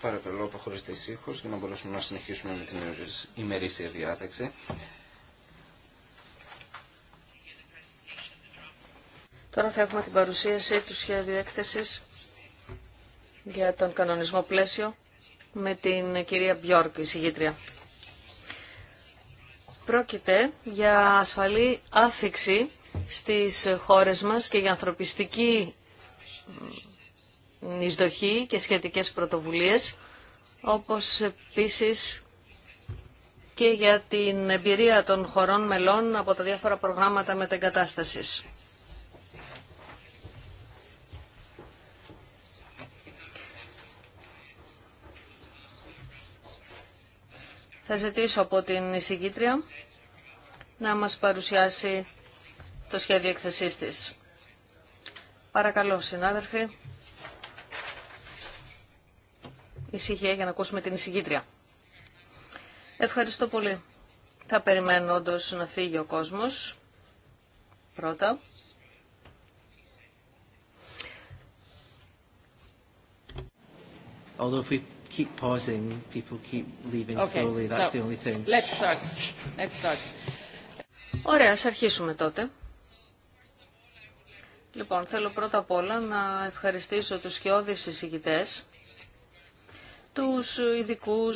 Παρακαλώ, αποχωρήστε ησύχω για να μπορέσουμε να συνεχίσουμε με την ημερήσια διάταξη. Τώρα θα έχουμε την παρουσίαση του σχέδιου έκθεση για τον κανονισμό πλαίσιο με την κυρία Μπιόρκ, η συγγήτρια. Πρόκειται για ασφαλή άφηξη στις χώρες μας και για ανθρωπιστική εισδοχή και σχετικές πρωτοβουλίες, όπως επίσης και για την εμπειρία των χωρών μελών από τα διάφορα προγράμματα μετεγκατάστασης. Θα ζητήσω από την εισηγήτρια να μας παρουσιάσει το σχέδιο εκθεσής της. Παρακαλώ, συνάδελφοι. Ησυχία για να ακούσουμε την εισηγήτρια. Ευχαριστώ πολύ. Θα περιμένω όντω να φύγει ο κόσμος. Πρώτα. Although if we keep pausing, people keep leaving slowly. That's the only thing. Let's start. Let's start. Ωραία, ας αρχίσουμε τότε. Λοιπόν, θέλω πρώτα απ' όλα να ευχαριστήσω τους σκιώδεις εισηγητές, τους ειδικού,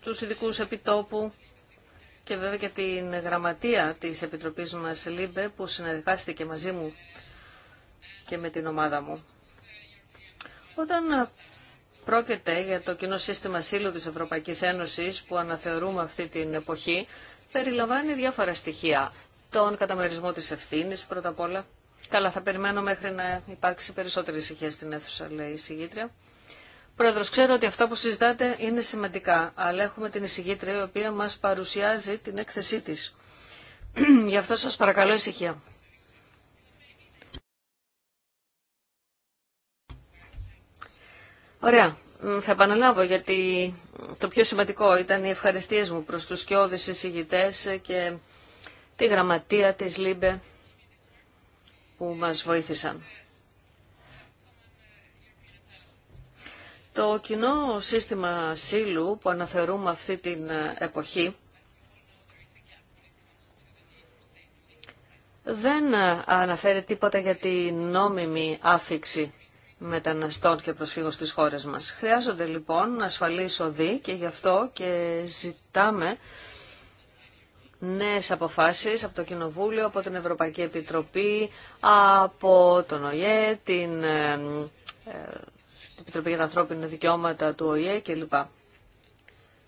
τους ειδικούς επιτόπου και βέβαια και την γραμματεία της Επιτροπής μας ΛΥΜΠΕ που συνεργάστηκε μαζί μου και με την ομάδα μου. Όταν πρόκειται για το κοινό σύστημα σύλλου της Ευρωπαϊκής Ένωσης που αναθεωρούμε αυτή την εποχή, περιλαμβάνει διάφορα στοιχεία. Τον καταμερισμό της ευθύνης πρώτα απ' όλα, Καλά, θα περιμένω μέχρι να υπάρξει περισσότερη ησυχία στην αίθουσα, λέει η συγγήτρια. Πρόεδρο, ξέρω ότι αυτά που συζητάτε είναι σημαντικά, αλλά έχουμε την εισηγήτρια η οποία μα παρουσιάζει την έκθεσή τη. Γι' αυτό σα παρακαλώ ησυχία. Ωραία. Θα επαναλάβω γιατί το πιο σημαντικό ήταν οι ευχαριστίες μου προς τους σκιώδεις εισηγητές και τη γραμματεία της ΛΥΜΠΕ που μας βοήθησαν. Το κοινό σύστημα σύλλου που αναθεωρούμε αυτή την ε, εποχή δεν ε, αναφέρει τίποτα για τη νόμιμη άφηξη μεταναστών και προσφύγων στις χώρες μας. Χρειάζονται λοιπόν ασφαλείς οδοί και γι' αυτό και ζητάμε νέες αποφάσεις από το Κοινοβούλιο, από την Ευρωπαϊκή Επιτροπή, από τον ΟΗΕ, την ε, ε, Επιτροπή για τα Ανθρώπινα Δικαιώματα του ΟΗΕ κλπ.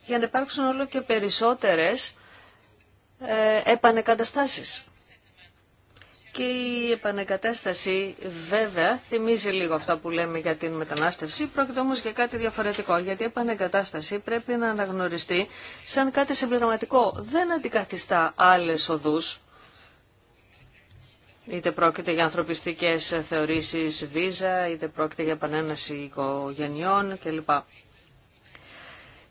Για να υπάρξουν όλο και περισσότερες ε, επανεκαταστάσεις και η επανεκατάσταση βέβαια θυμίζει λίγο αυτά που λέμε για την μετανάστευση, πρόκειται όμως για κάτι διαφορετικό, γιατί η επανεκατάσταση πρέπει να αναγνωριστεί σαν κάτι συμπληρωματικό. Δεν αντικαθιστά άλλες οδούς, είτε πρόκειται για ανθρωπιστικές θεωρήσεις βίζα, είτε πρόκειται για επανέναση οικογενειών κλπ.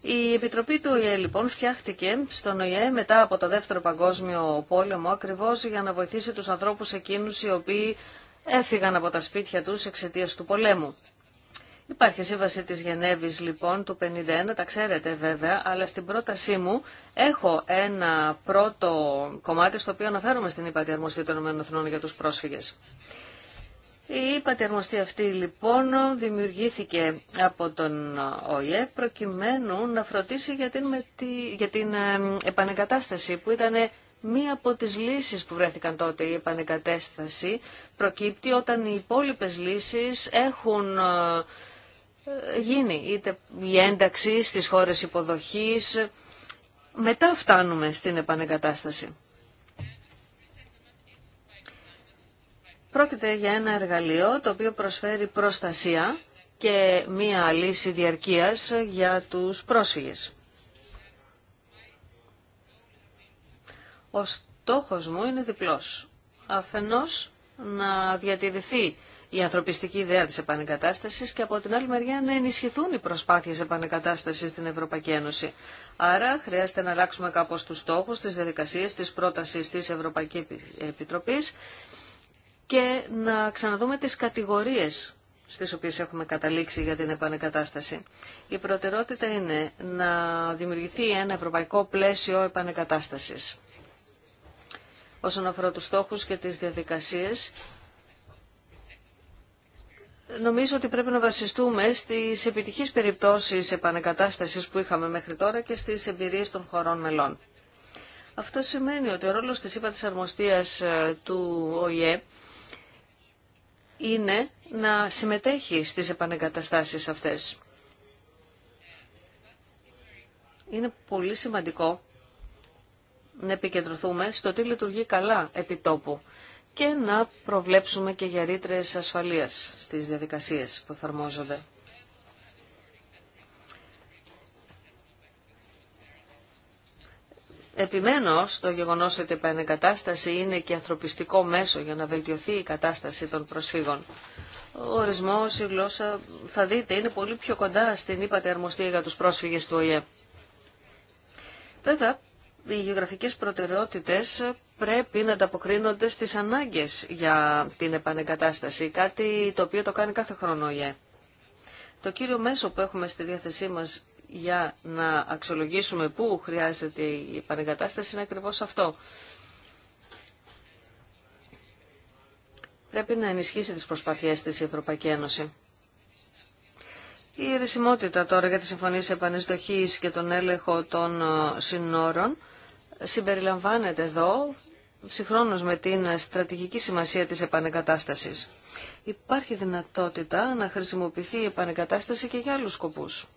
Η Επιτροπή του ΟΗΕ λοιπόν φτιάχτηκε στον ΟΗΕ μετά από το Δεύτερο Παγκόσμιο Πόλεμο ακριβώς για να βοηθήσει τους ανθρώπους εκείνους οι οποίοι έφυγαν από τα σπίτια τους εξαιτία του πολέμου. Υπάρχει σύμβαση της Γενέβης λοιπόν του 51, τα ξέρετε βέβαια, αλλά στην πρότασή μου έχω ένα πρώτο κομμάτι στο οποίο αναφέρομαι στην αρμοστή των ΗΠΑ για τους πρόσφυγες. Η πατερμοστή αυτή λοιπόν δημιουργήθηκε από τον ΟΗΕ προκειμένου να φροντίσει για την, για την επανεγκατάσταση που ήταν μία από τις λύσεις που βρέθηκαν τότε η επανεγκατάσταση προκύπτει όταν οι υπόλοιπες λύσεις έχουν ε, γίνει είτε η ένταξη στις χώρες υποδοχής μετά φτάνουμε στην επανεγκατάσταση. Πρόκειται για ένα εργαλείο το οποίο προσφέρει προστασία και μία λύση διαρκείας για τους πρόσφυγες. Ο στόχος μου είναι διπλός. Αφενός να διατηρηθεί η ανθρωπιστική ιδέα της επανεκατάστασης και από την άλλη μεριά να ενισχυθούν οι προσπάθειες επανεκατάστασης στην Ευρωπαϊκή Ένωση. Άρα χρειάζεται να αλλάξουμε κάπως τους στόχους, τις διαδικασίες, τις πρότασεις της Ευρωπαϊκής Επιτροπής και να ξαναδούμε τις κατηγορίες στις οποίες έχουμε καταλήξει για την επανεκατάσταση. Η προτεραιότητα είναι να δημιουργηθεί ένα ευρωπαϊκό πλαίσιο επανεκατάστασης. Όσον αφορά τους στόχους και τις διαδικασίες, νομίζω ότι πρέπει να βασιστούμε στις επιτυχείς περιπτώσεις επανεκατάστασης που είχαμε μέχρι τώρα και στις εμπειρίες των χωρών μελών. Αυτό σημαίνει ότι ο ρόλος της ΥΠΑ Αρμοστίας ε, του ΟΗΕ είναι να συμμετέχει στις επανεγκαταστάσεις αυτές. Είναι πολύ σημαντικό να επικεντρωθούμε στο τι λειτουργεί καλά επί τόπου και να προβλέψουμε και για ρήτρες ασφαλείας στις διαδικασίες που εφαρμόζονται. Επιμένω στο γεγονό ότι η επανεκατάσταση είναι και ανθρωπιστικό μέσο για να βελτιωθεί η κατάσταση των προσφύγων. Ο ορισμός, η γλώσσα, θα δείτε, είναι πολύ πιο κοντά στην ύπατη αρμοστία για του πρόσφυγες του ΟΗΕ. Βέβαια, οι γεωγραφικές προτεραιότητες πρέπει να ανταποκρίνονται στις ανάγκες για την επανεγκατάσταση, κάτι το οποίο το κάνει κάθε χρόνο ο Το κύριο μέσο που έχουμε στη διάθεσή μας για να αξιολογήσουμε πού χρειάζεται η επανεγκατάσταση είναι ακριβώς αυτό. Πρέπει να ενισχύσει τις προσπαθίες της η Ευρωπαϊκή Ένωση. Η ερεσιμότητα τώρα για τη Συμφωνία Επανεστοχής και τον έλεγχο των ε, συνόρων συμπεριλαμβάνεται εδώ συγχρόνως με την στρατηγική σημασία της επανεγκατάστασης. Υπάρχει δυνατότητα να χρησιμοποιηθεί η επανεγκατάσταση και για άλλους σκοπούς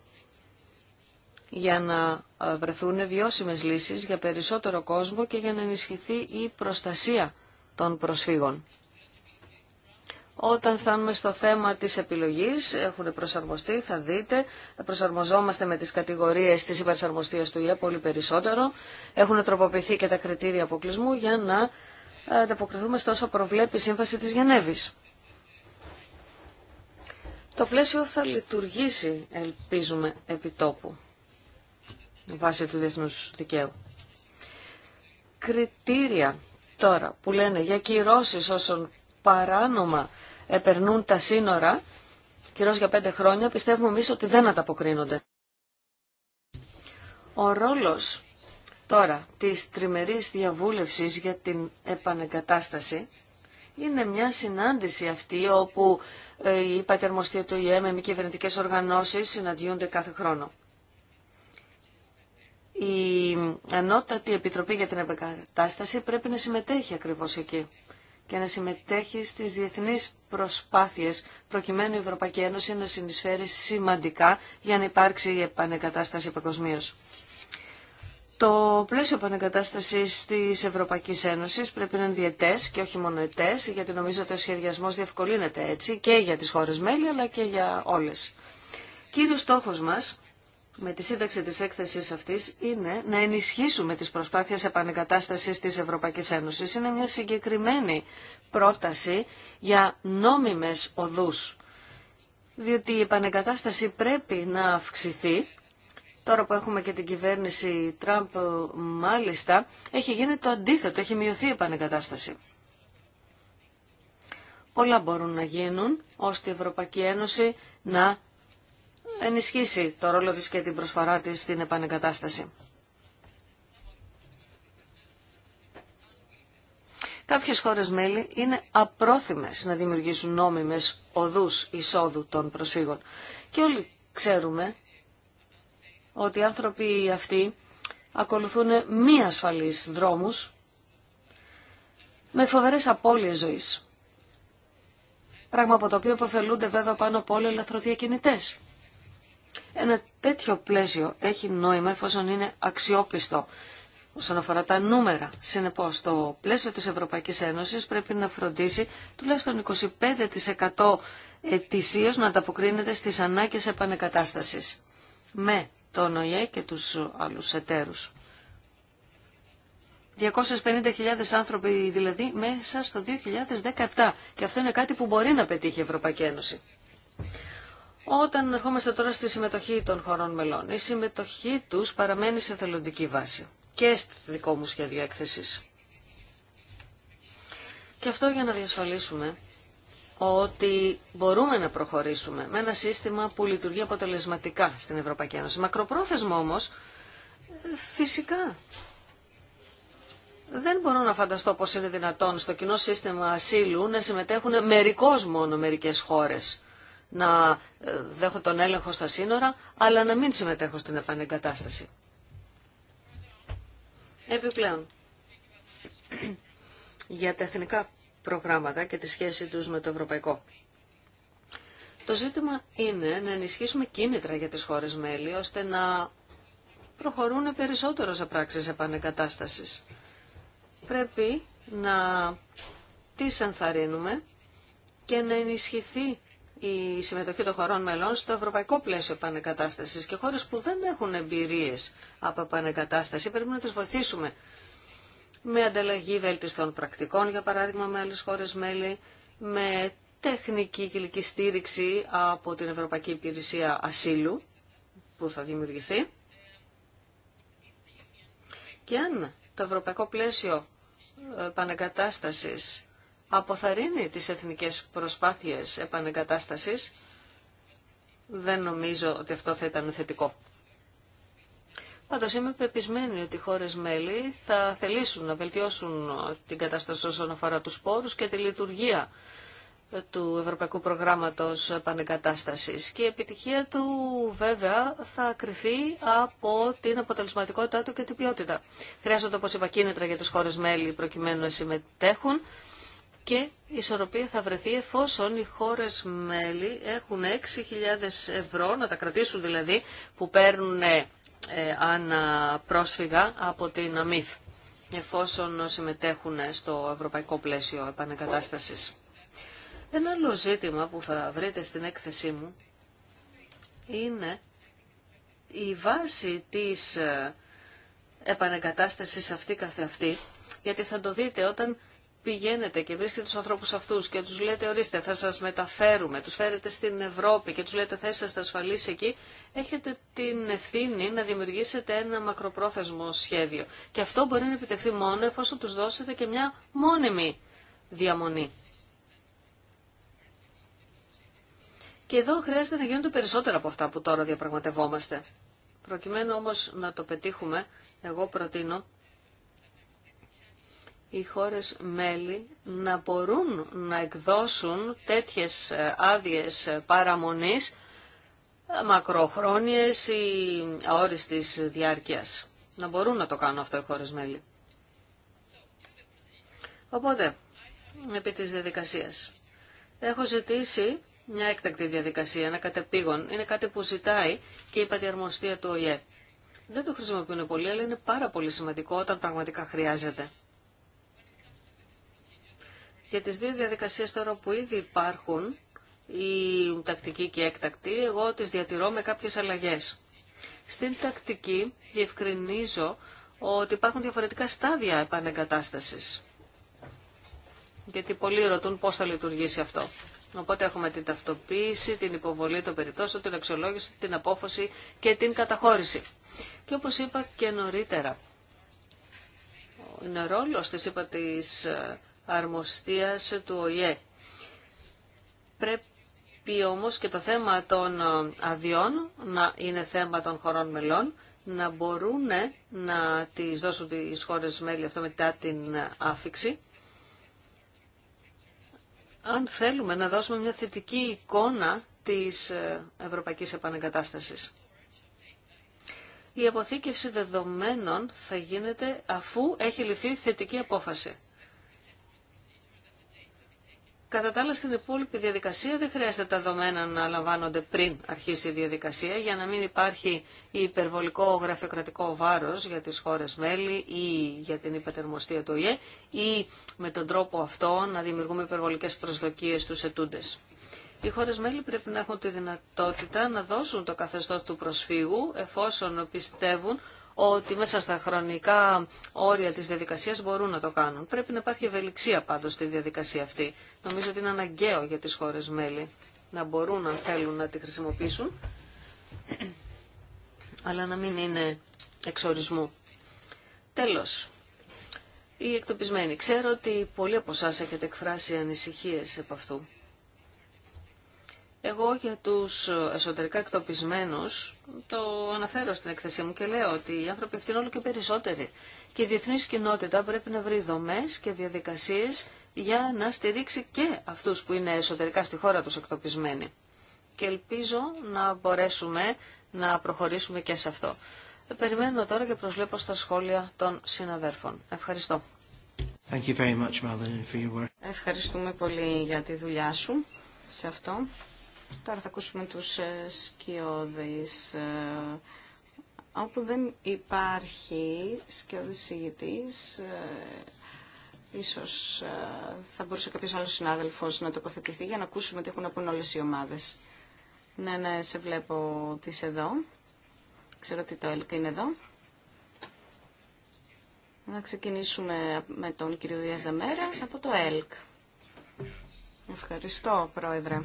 για να ε, βρεθούν βιώσιμες λύσεις για περισσότερο κόσμο και για να ενισχυθεί η προστασία των προσφύγων. Όταν φτάνουμε στο θέμα της επιλογής, έχουν προσαρμοστεί, θα δείτε, προσαρμοζόμαστε με τις κατηγορίες της υπερσαρμοστίας του ΙΕ πολύ περισσότερο, έχουν τροποποιηθεί και τα κριτήρια αποκλεισμού για να ε, ανταποκριθούμε στο όσο προβλέπει η Σύμβαση της Γενέβης. Το πλαίσιο θα λειτουργήσει, ελπίζουμε, επιτόπου βάσει του διεθνούς δικαίου. Κριτήρια τώρα που λένε για κυρώσεις όσων παράνομα επερνούν τα σύνορα, κυρώσεις για πέντε χρόνια, πιστεύουμε εμείς ότι δεν ανταποκρίνονται. Ο ρόλος τώρα της τριμερής διαβούλευσης για την επανεγκατάσταση είναι μια συνάντηση αυτή όπου η ΥΠΑ και του με κυβερνητικέ οργανώσεις συναντιούνται κάθε χρόνο η Ανώτατη Επιτροπή για την Επεκατάσταση πρέπει να συμμετέχει ακριβώς εκεί και να συμμετέχει στις διεθνείς προσπάθειες προκειμένου η Ευρωπαϊκή Ένωση να συνεισφέρει σημαντικά για να υπάρξει η επανεκατάσταση παγκοσμίω. Το πλαίσιο επανεκατάσταση τη Ευρωπαϊκή Ένωση πρέπει να είναι διετέ και όχι μόνο ετέ, γιατί νομίζω ότι ο σχεδιασμό διευκολύνεται έτσι και για τι χώρε μέλη αλλά και για όλε. Κύριο στόχο μα με τη σύνταξη της έκθεσης αυτής είναι να ενισχύσουμε τις προσπάθειες επανεγκατάστασης της Ευρωπαϊκής Ένωσης. Είναι μια συγκεκριμένη πρόταση για νόμιμες οδούς, διότι η επανεγκατάσταση πρέπει να αυξηθεί. Τώρα που έχουμε και την κυβέρνηση Τραμπ μάλιστα, έχει γίνει το αντίθετο, έχει μειωθεί η επανεγκατάσταση. Πολλά μπορούν να γίνουν ώστε η Ευρωπαϊκή Ένωση να ενισχύσει το ρόλο της και την προσφορά της στην επανεγκατάσταση. Κάποιες χώρες μέλη είναι απρόθυμες να δημιουργήσουν νόμιμες οδούς εισόδου των προσφύγων. Και όλοι ξέρουμε ότι οι άνθρωποι αυτοί ακολουθούν μη ασφαλείς δρόμους με φοβερές απώλειες ζωής. Πράγμα από το οποίο αποφελούνται βέβαια πάνω από όλοι οι λαθροδιακινητές. Ένα τέτοιο πλαίσιο έχει νόημα εφόσον είναι αξιόπιστο. Όσον αφορά τα νούμερα, Συνεπώ, το πλαίσιο της Ευρωπαϊκής Ένωσης πρέπει να φροντίσει τουλάχιστον 25% ετησίω να ανταποκρίνεται στις ανάγκες επανεκατάστασης με τον ΟΗΕ και τους άλλους εταίρους. 250.000 άνθρωποι δηλαδή μέσα στο 2017 και αυτό είναι κάτι που μπορεί να πετύχει η Ευρωπαϊκή Ένωση. Όταν ερχόμαστε τώρα στη συμμετοχή των χωρών μελών, η συμμετοχή τους παραμένει σε θελοντική βάση και στο δικό μου σχέδιο έκθεσης. Και αυτό για να διασφαλίσουμε ότι μπορούμε να προχωρήσουμε με ένα σύστημα που λειτουργεί αποτελεσματικά στην Ευρωπαϊκή Ένωση. Μακροπρόθεσμα όμως, φυσικά, δεν μπορώ να φανταστώ πώς είναι δυνατόν στο κοινό σύστημα ασύλου να συμμετέχουν μερικώς μόνο μερικές χώρες να ε, δέχω τον έλεγχο στα σύνορα, αλλά να μην συμμετέχω στην επανεγκατάσταση. Επιπλέον, για τα εθνικά προγράμματα και τη σχέση τους με το ευρωπαϊκό. Το ζήτημα είναι να ενισχύσουμε κίνητρα για τις χώρες μέλη, ώστε να προχωρούν περισσότερο σε πράξεις επανεγκατάστασης. Πρέπει να τις ανθαρρύνουμε και να ενισχυθεί η συμμετοχή των χωρών μελών στο ευρωπαϊκό πλαίσιο πανεκατάστασης και χώρε που δεν έχουν εμπειρίες από επανεκατάσταση πρέπει να τι βοηθήσουμε με ανταλλαγή βέλτιστων πρακτικών, για παράδειγμα με άλλε χώρε μέλη, με τεχνική υλική στήριξη από την Ευρωπαϊκή Υπηρεσία Ασύλου που θα δημιουργηθεί. Και αν το ευρωπαϊκό πλαίσιο επανεκατάστασης αποθαρρύνει τις εθνικές προσπάθειες επανεγκατάστασης, δεν νομίζω ότι αυτό θα ήταν θετικό. Πάντως είμαι πεπισμένη ότι οι χώρες μέλη θα θελήσουν να βελτιώσουν την κατάσταση όσον αφορά τους πόρους και τη λειτουργία του Ευρωπαϊκού Προγράμματος Επανεγκατάστασης. Και η επιτυχία του βέβαια θα κρυθεί από την αποτελεσματικότητά του και την ποιότητα. Χρειάζονται όπως είπα κίνητρα για τι χώρες μέλη προκειμένου να συμμετέχουν και η ισορροπία θα βρεθεί εφόσον οι χώρες μέλη έχουν 6.000 ευρώ, να τα κρατήσουν δηλαδή, που παίρνουν ε, πρόσφυγα από την ΑΜΙΘ, εφόσον συμμετέχουν στο ευρωπαϊκό πλαίσιο επανεκατάστασης. Ένα άλλο ζήτημα που θα βρείτε στην έκθεσή μου είναι η βάση της ε, επανεκατάστασης αυτή καθεαυτή, γιατί θα το δείτε όταν πηγαίνετε και βρίσκετε τους ανθρώπους αυτούς και τους λέτε ορίστε θα σας μεταφέρουμε, τους φέρετε στην Ευρώπη και τους λέτε θα είσαστε ασφαλείς εκεί, έχετε την ευθύνη να δημιουργήσετε ένα μακροπρόθεσμο σχέδιο. Και αυτό μπορεί να επιτευχθεί μόνο εφόσον τους δώσετε και μια μόνιμη διαμονή. Και εδώ χρειάζεται να γίνονται περισσότερα από αυτά που τώρα διαπραγματευόμαστε. Προκειμένου όμως να το πετύχουμε, εγώ προτείνω οι χώρες μέλη να μπορούν να εκδώσουν τέτοιες ε, άδειες ε, παραμονής ε, μακροχρόνιες ή αόριστης διάρκειας. Να μπορούν να το κάνουν αυτό οι χώρες μέλη. Οπότε, επί της διαδικασίας. Έχω ζητήσει μια έκτακτη διαδικασία, ένα κατεπήγον. Είναι κάτι που ζητάει και η πατιαρμοστία του ΟΙΕ. Δεν το χρησιμοποιούν πολύ, αλλά είναι πάρα πολύ σημαντικό όταν πραγματικά χρειάζεται. Για τις δύο διαδικασίες τώρα που ήδη υπάρχουν, η τακτική και η έκτακτη, εγώ τις διατηρώ με κάποιες αλλαγές. Στην τακτική διευκρινίζω ότι υπάρχουν διαφορετικά στάδια επανεγκατάστασης. Γιατί πολλοί ρωτούν πώς θα λειτουργήσει αυτό. Οπότε έχουμε την ταυτοποίηση, την υποβολή των περιπτώσεων, την αξιολόγηση, την απόφαση και την καταχώρηση. Και όπως είπα και νωρίτερα, είναι ρόλος της είπα της ε, αρμοστίας του ΟΗΕ. Πρέπει όμως και το θέμα των ε, αδειών να είναι θέμα των χωρών μελών, να μπορούν ε, να τις δώσουν τις χώρες μέλη αυτό μετά την ε, άφηξη. Αν θέλουμε να δώσουμε μια θετική εικόνα της Ευρωπαϊκής Επανεγκατάστασης. Η αποθήκευση δεδομένων θα γίνεται αφού έχει ληφθεί θετική απόφαση. Κατά τα άλλα, στην υπόλοιπη διαδικασία δεν χρειάζεται τα δεδομένα να λαμβάνονται πριν αρχίσει η διαδικασία για να μην υπάρχει υπερβολικό γραφειοκρατικό βάρο για τις χώρες μέλη ή για την υπερτερμοστία του ΙΕ ή με τον τρόπο αυτό να δημιουργούμε υπερβολικέ προσδοκίες στους ετούντε. Οι χώρες μέλη πρέπει να έχουν τη δυνατότητα να δώσουν το καθεστώ του προσφύγου εφόσον πιστεύουν ότι μέσα στα χρονικά όρια της διαδικασίας μπορούν να το κάνουν. Πρέπει να υπάρχει ευελιξία πάντως στη διαδικασία αυτή. Νομίζω ότι είναι αναγκαίο για τις χώρες μέλη να μπορούν αν θέλουν να τη χρησιμοποιήσουν, αλλά να μην είναι εξορισμού. Τέλος, οι εκτοπισμένοι. Ξέρω ότι πολλοί από εσά έχετε εκφράσει ανησυχίες από αυτού. Εγώ για τους εσωτερικά εκτοπισμένους το αναφέρω στην εκθεσή μου και λέω ότι οι άνθρωποι αυτοί είναι όλο και περισσότεροι. Και η διεθνή κοινότητα πρέπει να βρει δομέ και διαδικασίες για να στηρίξει και αυτούς που είναι εσωτερικά στη χώρα τους εκτοπισμένοι. Και ελπίζω να μπορέσουμε να προχωρήσουμε και σε αυτό. Περιμένω τώρα και προσβλέπω στα σχόλια των συναδέρφων. Ευχαριστώ. Thank you very much, Madeline, for your work. Ευχαριστούμε πολύ για τη δουλειά σου σε αυτό. Τώρα θα ακούσουμε τους ε, σκιώδεις. Ε, όπου δεν υπάρχει σκιώδης ηγητής, ε, ίσως θα μπορούσε κάποιος άλλος συνάδελφος να τοποθετηθεί για να ακούσουμε τι έχουν να πούν όλες οι ομάδες. Ναι, ναι, σε βλέπω ότι είσαι εδώ. Ξέρω ότι το ΕΛΚ είναι εδώ. Να ξεκινήσουμε με τον κύριο Διασδαμέρα από το ΕΛΚ. Ευχαριστώ, Πρόεδρε.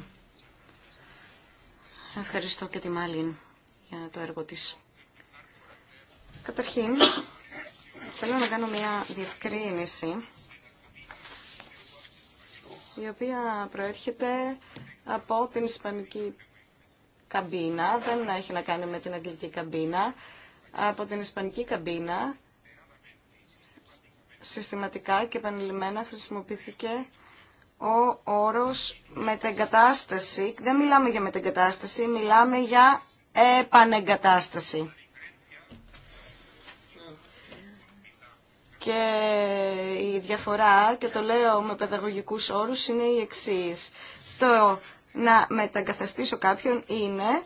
Ευχαριστώ και τη Μάλιν για το έργο της. Καταρχήν, θέλω να κάνω μια διευκρίνηση η οποία προέρχεται από την Ισπανική καμπίνα, δεν έχει να κάνει με την Αγγλική καμπίνα. Από την Ισπανική καμπίνα συστηματικά και επανειλημμένα χρησιμοποιήθηκε ο όρος μετεγκατάσταση, δεν μιλάμε για μετεγκατάσταση, μιλάμε για επανεγκατάσταση. Και η διαφορά, και το λέω με παιδαγωγικούς όρους, είναι η εξής. Το να μεταγκαθαστήσω κάποιον είναι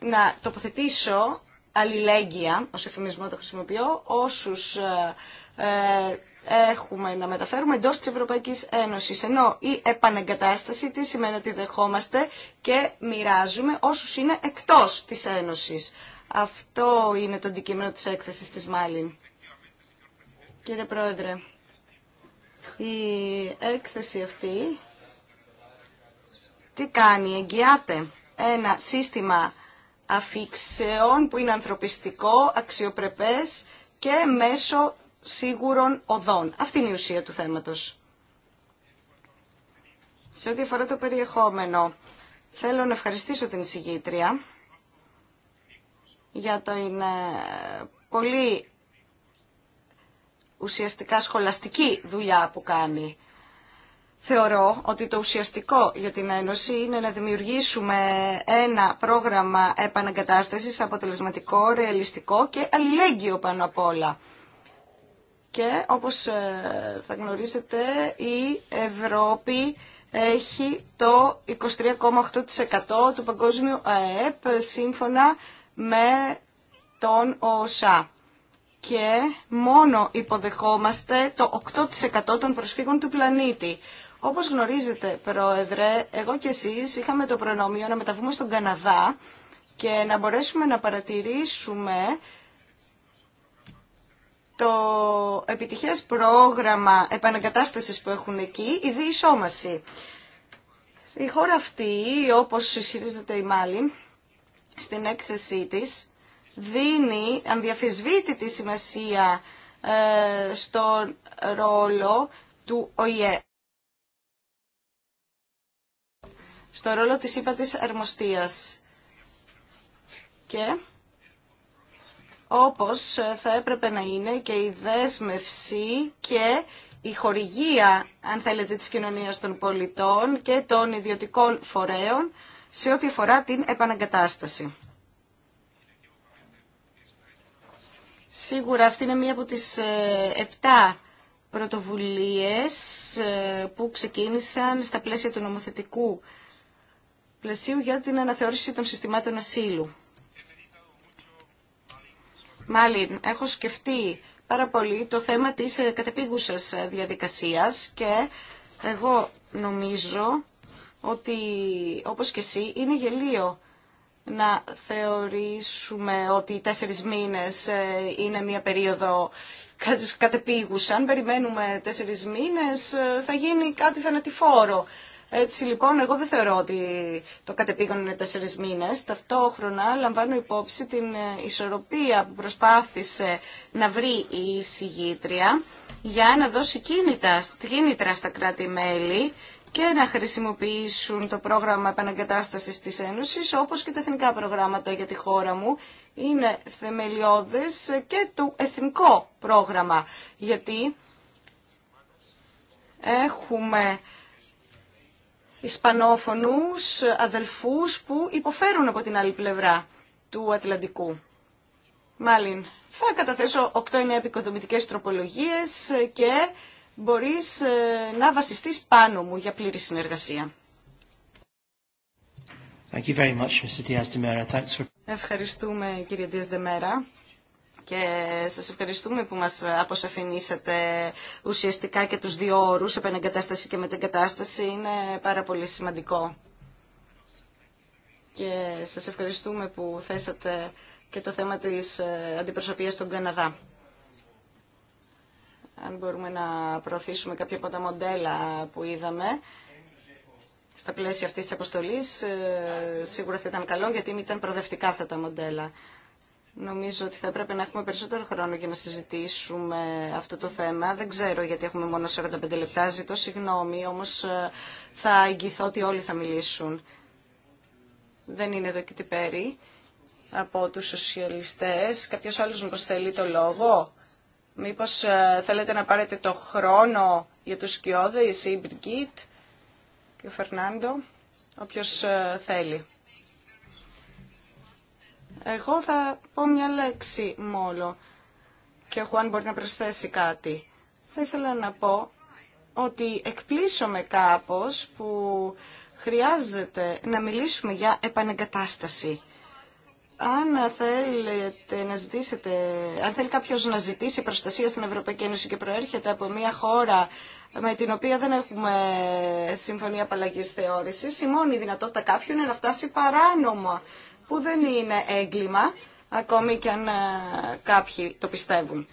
να τοποθετήσω αλληλέγγυα, ως εφημισμό το χρησιμοποιώ, όσους ε, ε, έχουμε να μεταφέρουμε εντός της Ευρωπαϊκής Ένωσης. Ενώ η επανεγκατάσταση τι σημαίνει ότι δεχόμαστε και μοιράζουμε όσους είναι εκτός της Ένωσης. Αυτό είναι το αντικείμενο της έκθεσης της Μάλιν. Κύριε Πρόεδρε, η έκθεση αυτή τι κάνει, εγγυάται ένα σύστημα αφήξεων που είναι ανθρωπιστικό, αξιοπρεπές και μέσω σίγουρων οδών. Αυτή είναι η ουσία του θέματος. Σε ό,τι αφορά το περιεχόμενο, θέλω να ευχαριστήσω την συγγήτρια για είναι πολύ ουσιαστικά σχολαστική δουλειά που κάνει. Θεωρώ ότι το ουσιαστικό για την Ένωση είναι να δημιουργήσουμε ένα πρόγραμμα επαναγκατάστασης αποτελεσματικό, ρεαλιστικό και αλληλέγγυο πάνω απ' όλα. Και όπως ε, θα γνωρίζετε η Ευρώπη έχει το 23,8% του παγκόσμιου ΑΕΠ σύμφωνα με τον ΟΣΑ. Και μόνο υποδεχόμαστε το 8% των προσφύγων του πλανήτη. Όπως γνωρίζετε, Πρόεδρε, εγώ και εσείς είχαμε το προνόμιο να μεταβούμε στον Καναδά και να μπορέσουμε να παρατηρήσουμε το επιτυχές πρόγραμμα επανακατάστασης που έχουν εκεί, η διεισόμαση. Η χώρα αυτή, όπως ισχυρίζεται η Μάλη, στην έκθεσή της, δίνει ανδιαφυσβήτητη σημασία ε, στον ρόλο του ΟΗΕ. Στο ρόλο της ύπατης αρμοστίας. Και όπως θα έπρεπε να είναι και η δέσμευση και η χορηγία, αν θέλετε, της κοινωνίας των πολιτών και των ιδιωτικών φορέων σε ό,τι αφορά την επαναγκατάσταση. Σίγουρα αυτή είναι μία από τις ε, επτά πρωτοβουλίες ε, που ξεκίνησαν στα πλαίσια του νομοθετικού πλαισίου για την αναθεώρηση των συστημάτων ασύλου. Μάλιν, έχω σκεφτεί πάρα πολύ το θέμα της ε, κατεπίγουσας ε, διαδικασίας και εγώ νομίζω ότι όπως και εσύ είναι γελίο να θεωρήσουμε ότι οι τέσσερις μήνες ε, είναι μια περίοδο κατεπίγουσα. Αν περιμένουμε τέσσερις μήνες θα γίνει κάτι θανατηφόρο. Έτσι λοιπόν, εγώ δεν θεωρώ ότι το κατεπήγον είναι τέσσερι μήνε. Ταυτόχρονα λαμβάνω υπόψη την ε, ισορροπία που προσπάθησε να βρει η συγγήτρια για να δώσει κίνητα, κίνητρα στα κράτη-μέλη και να χρησιμοποιήσουν το πρόγραμμα επαναγκατάστασης της Ένωσης, όπως και τα εθνικά προγράμματα για τη χώρα μου, είναι θεμελιώδες και το εθνικό πρόγραμμα, γιατί έχουμε ισπανόφωνους αδελφούς που υποφέρουν από την άλλη πλευρά του Ατλαντικού. Μάλιν, θα καταθέσω 8 είναι επικοδομητικές τροπολογίες και μπορείς ε, να βασιστείς πάνω μου για πλήρη συνεργασία. Ευχαριστούμε κύριε Δίας Δεμέρα και σας ευχαριστούμε που μας αποσαφηνίσατε ουσιαστικά και τους δύο όρους, επανεγκατάσταση και μετεγκατάσταση, είναι πάρα πολύ σημαντικό. Και σας ευχαριστούμε που θέσατε και το θέμα της ε, αντιπροσωπείας στον Καναδά. Αν μπορούμε να προωθήσουμε κάποια από τα μοντέλα που είδαμε, στα πλαίσια αυτής της αποστολής, ε, σίγουρα θα ήταν καλό γιατί ήταν προοδευτικά αυτά τα μοντέλα. Νομίζω ότι θα έπρεπε να έχουμε περισσότερο χρόνο για να συζητήσουμε αυτό το θέμα. Δεν ξέρω γιατί έχουμε μόνο 45 λεπτά. Ζητώ συγγνώμη, όμως ε, θα εγγυηθώ ότι όλοι θα μιλήσουν. Δεν είναι εδώ και τυπέρι από τους σοσιαλιστές. Κάποιος άλλος μήπως θέλει το λόγο. Μήπως ε, θέλετε να πάρετε το χρόνο για τους σκιώδε, ή Μπριγκίτ και ο Φερνάντο, όποιος ε, θέλει. Εγώ θα πω μια λέξη μόνο και ο Χουάν μπορεί να προσθέσει κάτι. Θα ήθελα να πω ότι εκπλήσωμαι κάπως που χρειάζεται να μιλήσουμε για επανεγκατάσταση. Αν θέλετε να ζητήσετε, αν θέλει κάποιος να ζητήσει προστασία στην Ευρωπαϊκή Ένωση και προέρχεται από μια χώρα με την οποία δεν έχουμε συμφωνία απαλλαγής θεώρησης, η μόνη δυνατότητα κάποιου είναι να φτάσει παράνομα που δεν είναι έγκλημα, ακόμη και αν ε, κάποιοι το πιστεύουν.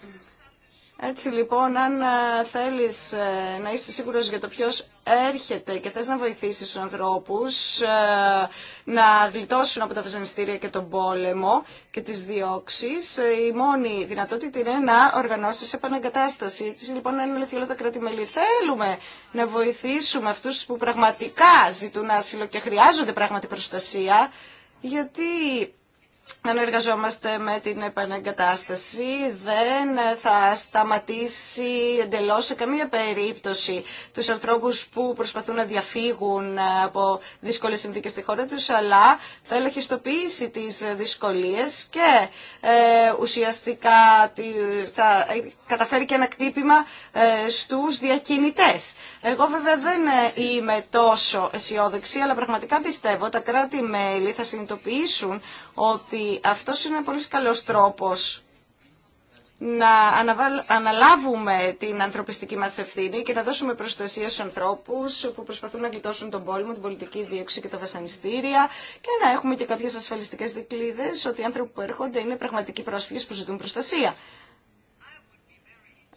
Έτσι λοιπόν, αν ε, θέλεις ε, να είσαι σίγουρος για το ποιος έρχεται και θες να βοηθήσεις τους ανθρώπους να γλιτώσουν από τα βασανιστήρια και τον πόλεμο και τις διώξεις, η μόνη δυνατότητα είναι να οργανώσεις επαναγκατάσταση. Έτσι λοιπόν, αν είναι όλα τα θέλουμε να βοηθήσουμε αυτούς που πραγματικά ζητούν άσυλο και χρειάζονται πράγματι προστασία, γιατί αν εργαζόμαστε με την επαναγκατάσταση δεν θα σταματήσει εντελώς σε καμία περίπτωση τους ανθρώπους που προσπαθούν να διαφύγουν από δύσκολες συνθήκες στη χώρα τους αλλά θα ελαχιστοποιήσει τις δυσκολίες και ε, ουσιαστικά θα καταφέρει και ένα κτύπημα ε, στους διακινητές. Εγώ βέβαια δεν είμαι τόσο αισιόδοξη αλλά πραγματικά πιστεύω τα κράτη-μέλη θα συνειδητοποιήσουν ότι ότι αυτό είναι ένα πολύ καλός τρόπος να αναλάβουμε την ανθρωπιστική μας ευθύνη και να δώσουμε προστασία στους ανθρώπους που προσπαθούν να γλιτώσουν τον πόλεμο, την πολιτική δίωξη και τα βασανιστήρια και να έχουμε και κάποιες ασφαλιστικές δικλείδες ότι οι άνθρωποι που έρχονται είναι πραγματικοί πρόσφυγες που ζητούν προστασία.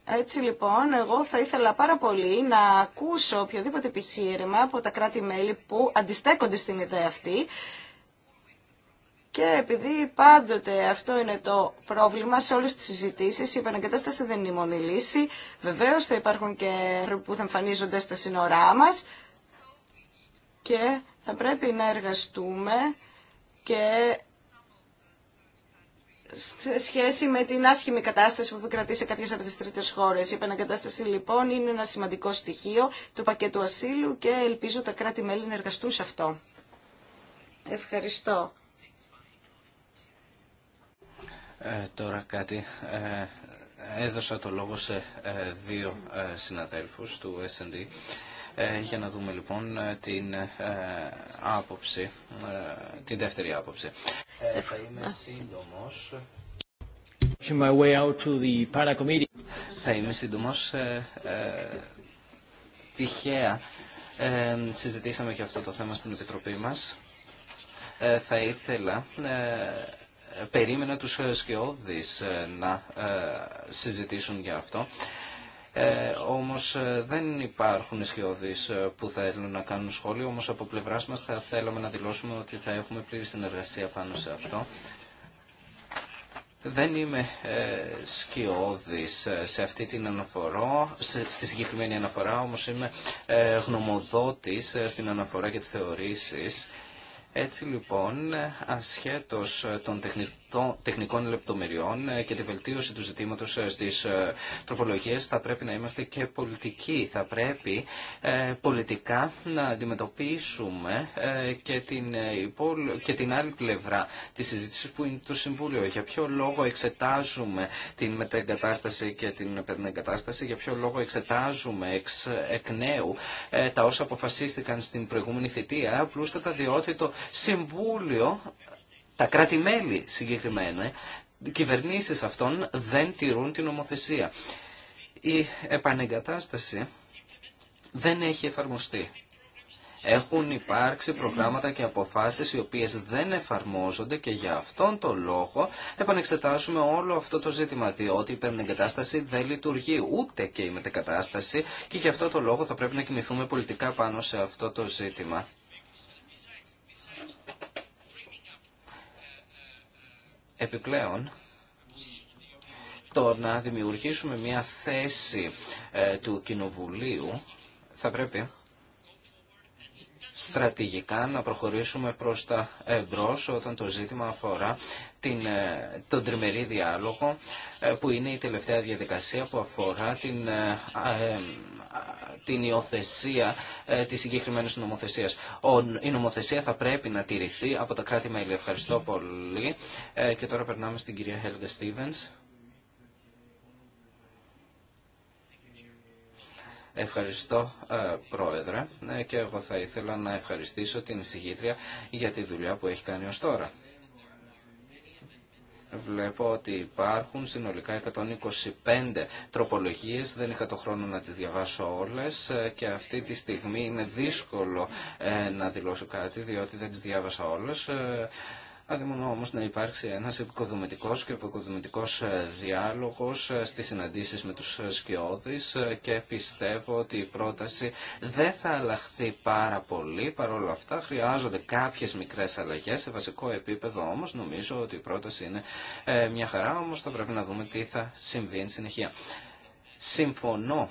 Έτσι λοιπόν, εγώ θα ήθελα πάρα πολύ να ακούσω οποιοδήποτε επιχείρημα από τα κράτη-μέλη που αντιστέκονται στην ιδέα αυτή και επειδή πάντοτε αυτό είναι το πρόβλημα σε όλες τις συζητήσεις, η επαναγκατάσταση δεν είναι η μόνη λύση. Βεβαίως θα υπάρχουν και άνθρωποι που θα εμφανίζονται στα σύνορά μας και θα πρέπει να εργαστούμε και σε σχέση με την άσχημη κατάσταση που επικρατεί σε κάποιες από τις τρίτες χώρες. Η επαναγκατάσταση λοιπόν είναι ένα σημαντικό στοιχείο του πακέτου ασύλου και ελπίζω τα κράτη-μέλη να εργαστούν σε αυτό. Ευχαριστώ. Ε, τώρα κάτι. Ε, έδωσα το λόγο σε ε, δύο συναδέλφους του S&D για να δούμε λοιπόν την άποψη, την δεύτερη άποψη. θα είμαι σύντομος. My way out to the θα είμαι σύντομος. τυχαία συζητήσαμε και αυτό το θέμα στην Επιτροπή μας. θα ήθελα περίμενα τους σκιώδεις ε, να ε, συζητήσουν για αυτό. Ε, όμως ε, δεν υπάρχουν ισχυώδεις που θα θέλουν να κάνουν σχόλιο, όμως από πλευράς μας θα θέλαμε να δηλώσουμε ότι θα έχουμε πλήρη συνεργασία πάνω σε αυτό. Δεν είμαι ε, σκιώδης σε αυτή την αναφορά, στη συγκεκριμένη αναφορά, όμως είμαι ε, γνωμοδότης στην αναφορά και τις θεωρήσεις έτσι λοιπόν, ασχέτως των τεχνικών των τεχνικών λεπτομεριών ε, και τη βελτίωση του ζητήματος ε, στι ε, τροπολογίε θα πρέπει να είμαστε και πολιτικοί. Θα πρέπει πολιτικά να αντιμετωπίσουμε και την, και την άλλη πλευρά τη συζήτηση που είναι το Συμβούλιο. Για ποιο λόγο εξετάζουμε την μεταγκατάσταση και την επενεγκατάσταση, για ποιο λόγο εξετάζουμε εκ νέου τα όσα αποφασίστηκαν στην προηγούμενη θητεία, απλούστατα διότι το Συμβούλιο τα κράτη-μέλη συγκεκριμένα, κυβερνήσεις αυτών δεν τηρούν την νομοθεσία. Η επανεγκατάσταση δεν έχει εφαρμοστεί. Έχουν υπάρξει προγράμματα και αποφάσεις οι οποίες δεν εφαρμόζονται και για αυτόν τον λόγο επανεξετάσουμε όλο αυτό το ζήτημα διότι η επανεγκατάσταση δεν λειτουργεί ούτε και η μετεκατάσταση και για αυτόν τον λόγο θα πρέπει να κινηθούμε πολιτικά πάνω σε αυτό το ζήτημα. Επιπλέον, το να δημιουργήσουμε μια θέση ε, του Κοινοβουλίου θα πρέπει στρατηγικά να προχωρήσουμε προς τα εμπρός όταν το ζήτημα αφορά την, ε, τον τριμερή διάλογο ε, που είναι η τελευταία διαδικασία που αφορά την, ε, την υιοθεσία της συγκεκριμένη νομοθεσίας. Η νομοθεσία θα πρέπει να τηρηθεί από τα κράτη-μέλη. Ευχαριστώ πολύ και τώρα περνάμε στην κυρία Helga Stevens. Ευχαριστώ ε, Πρόεδρε ναι, και εγώ θα ήθελα να ευχαριστήσω την εισηγήτρια για τη δουλειά που έχει κάνει ως τώρα. Βλέπω ότι υπάρχουν συνολικά 125 τροπολογίες, δεν είχα το χρόνο να τις διαβάσω όλες ε, και αυτή τη στιγμή είναι δύσκολο ε, να δηλώσω κάτι διότι δεν τις διάβασα όλες. Αδειμονώ όμως να υπάρξει ένας επικοδομητικός και επικοδομητικός ε, διάλογος ε, στις συναντήσεις με τους ε, σκιώδεις και πιστεύω ότι η πρόταση δεν θα αλλάχθεί πάρα πολύ. Παρ' όλα αυτά χρειάζονται κάποιες μικρές αλλαγές. Σε βασικό επίπεδο όμως νομίζω ότι η πρόταση είναι μια χαρά, όμως θα πρέπει να δούμε τι θα συμβεί εν συνεχεία. Συμφωνώ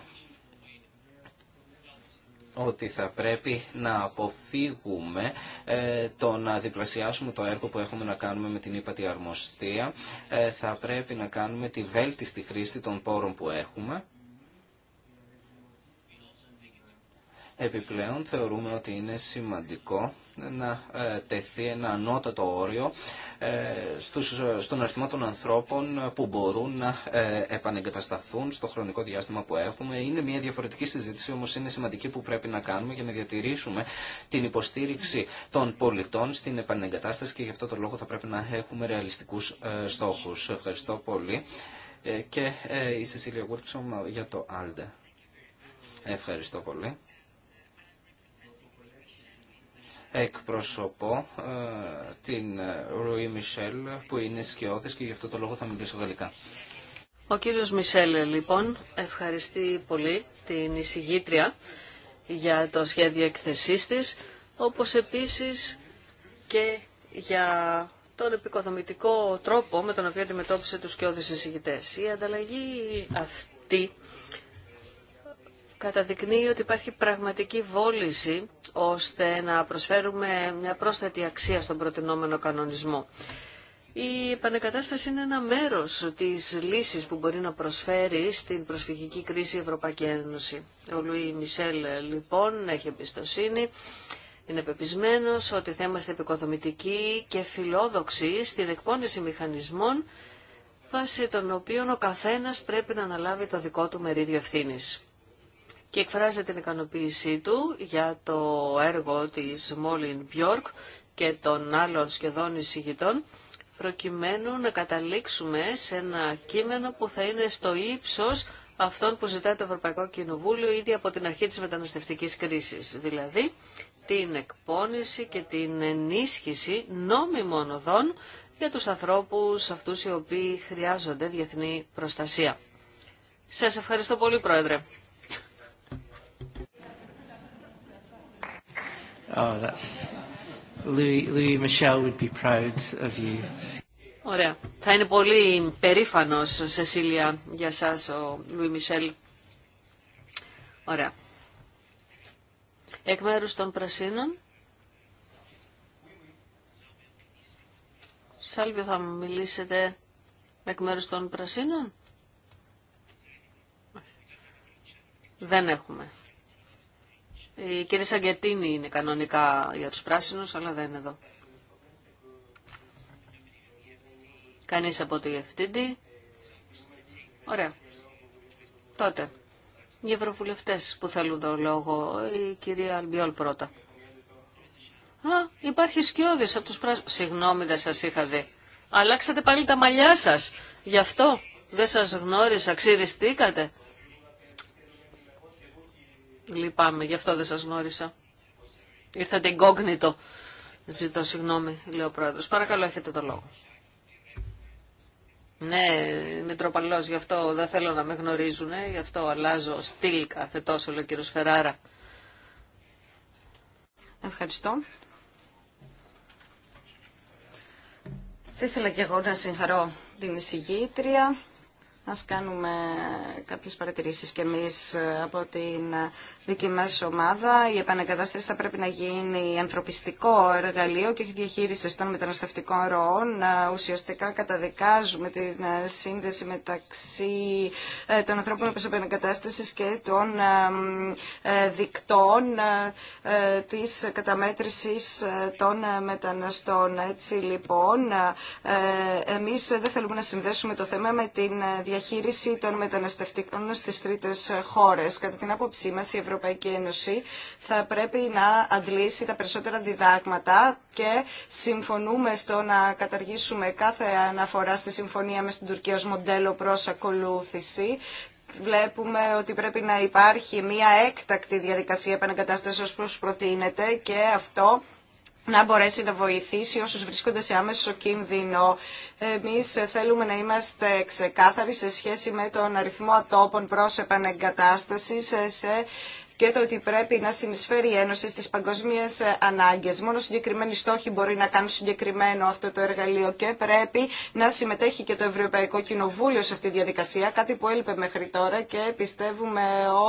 ότι θα πρέπει να αποφύγουμε ε, το να διπλασιάσουμε το έργο που έχουμε να κάνουμε με την ύπατη αρμοστία. Ε, θα πρέπει να κάνουμε τη βέλτιστη χρήση των πόρων που έχουμε Επιπλέον θεωρούμε ότι είναι σημαντικό να ε, τεθεί ένα ανώτατο όριο ε, στους, στον αριθμό των ανθρώπων που μπορούν να ε, επανεγκατασταθούν στο χρονικό διάστημα που έχουμε. Είναι μια διαφορετική συζήτηση, όμως είναι σημαντική που πρέπει να κάνουμε για να διατηρήσουμε την υποστήριξη των πολιτών στην επανεγκατάσταση και γι' αυτό το λόγο θα πρέπει να έχουμε ρεαλιστικούς στόχους. Ευχαριστώ πολύ. Και η Σεσίλια Γουρξομ για το Άλντε. Ευχαριστώ πολύ εκπροσωπώ ε, την ε, Ρουή Μισελ που είναι σκιώδης και γι' αυτό το λόγο θα μιλήσω γαλλικά. Ο κύριος Μισελ λοιπόν ευχαριστεί πολύ την εισηγήτρια για το σχέδιο εκθεσής της όπως επίσης και για τον επικοδομητικό τρόπο με τον οποίο αντιμετώπισε τους σκιώδης εισηγητές. Η ανταλλαγή αυτή καταδεικνύει ότι υπάρχει πραγματική βόληση ώστε να προσφέρουμε μια πρόσθετη αξία στον προτινόμενο κανονισμό. Η επανεκατάσταση είναι ένα μέρος της λύσης που μπορεί να προσφέρει στην προσφυγική κρίση η Ευρωπαϊκή Ένωση. Ο Λουί Μισελ λοιπόν έχει εμπιστοσύνη, είναι πεπισμένος ότι θα είμαστε επικοδομητικοί και φιλόδοξοι στην εκπόνηση μηχανισμών βάσει των οποίων ο καθένας πρέπει να αναλάβει το δικό του μερίδιο ευθύνης και εκφράζει την ικανοποίησή του για το έργο της Μόλιν Μπιόρκ και των άλλων σχεδόν εισηγητών προκειμένου να καταλήξουμε σε ένα κείμενο που θα είναι στο ύψος αυτών που ζητάει το Ευρωπαϊκό Κοινοβούλιο ήδη από την αρχή της μεταναστευτικής κρίσης, δηλαδή την εκπόνηση και την ενίσχυση νόμιμων οδών για τους ανθρώπους αυτούς οι οποίοι χρειάζονται διεθνή προστασία. Σας ευχαριστώ πολύ, Πρόεδρε. Ωραία. Θα είναι πολύ περήφανος, Σεσίλια, για σας ο Λουί Μισελ. Ωραία. Εκ μέρους των Πρασίνων. Σάλβιο, θα μιλήσετε εκ μέρους των Πρασίνων. Δεν έχουμε η κυρία Σαγκετίνη είναι κανονικά για τους πράσινους, αλλά δεν είναι εδώ. Κανείς από το EFTD. Ωραία. Τότε, οι ευρωβουλευτές που θέλουν το λόγο, η κυρία Αλμπιόλ πρώτα. Α, υπάρχει σκιώδης από τους πράσινους. Συγγνώμη, δεν σας είχα δει. Αλλάξατε πάλι τα μαλλιά σας. Γι' αυτό δεν σας γνώρισα, ξυριστήκατε. Λυπάμαι, γι' αυτό δεν σας γνώρισα. Ήρθατε εγκόγνητο. Ζητώ συγγνώμη, λέει ο πρόεδρος. Παρακαλώ, έχετε το λόγο. Ναι, είμαι τροπαλός, γι' αυτό δεν θέλω να με γνωρίζουν, γι' αυτό αλλάζω στυλ κάθε τόσο, λέει ο κύριος Φεράρα. Ευχαριστώ. Θα ήθελα και εγώ να συγχαρώ την εισηγήτρια. Ας κάνουμε κάποιες παρατηρήσεις και εμείς από την δική μα ομάδα. Η επανακατάσταση θα πρέπει να γίνει ανθρωπιστικό εργαλείο και όχι διαχείριση των μεταναστευτικών ροών. Ουσιαστικά καταδικάζουμε την ε, σύνδεση μεταξύ ε, των ανθρώπων προς επανακατάσταση και των ε, δικτών τη καταμέτρηση των μεταναστών. Έτσι λοιπόν, εμείς δεν θέλουμε να συνδέσουμε το θέμα με την διαχείριση των μεταναστευτικών στι τρίτε χώρε Κατά την άποψή μα, η Ευρωπαϊκή Ένωση θα πρέπει να αντλήσει τα περισσότερα διδάγματα και συμφωνούμε στο να καταργήσουμε κάθε αναφορά στη συμφωνία με την Τουρκία ως μοντέλο προς ακολούθηση βλέπουμε ότι πρέπει να υπάρχει μια έκτακτη διαδικασία επανακατάστασης προς προτείνεται και αυτό να μπορέσει να βοηθήσει όσους βρίσκονται σε άμεσο κίνδυνο. Εμείς θέλουμε να είμαστε ξεκάθαροι σε σχέση με τον αριθμό ατόπων προς επανεγκατάσταση σε και το ότι πρέπει να συνεισφέρει η Ένωση στις παγκοσμίες ε, ανάγκες. Μόνο συγκεκριμένοι στόχοι μπορεί να κάνουν συγκεκριμένο αυτό το εργαλείο και πρέπει να συμμετέχει και το Ευρωπαϊκό Κοινοβούλιο σε αυτή τη διαδικασία, κάτι που έλειπε μέχρι τώρα και πιστεύουμε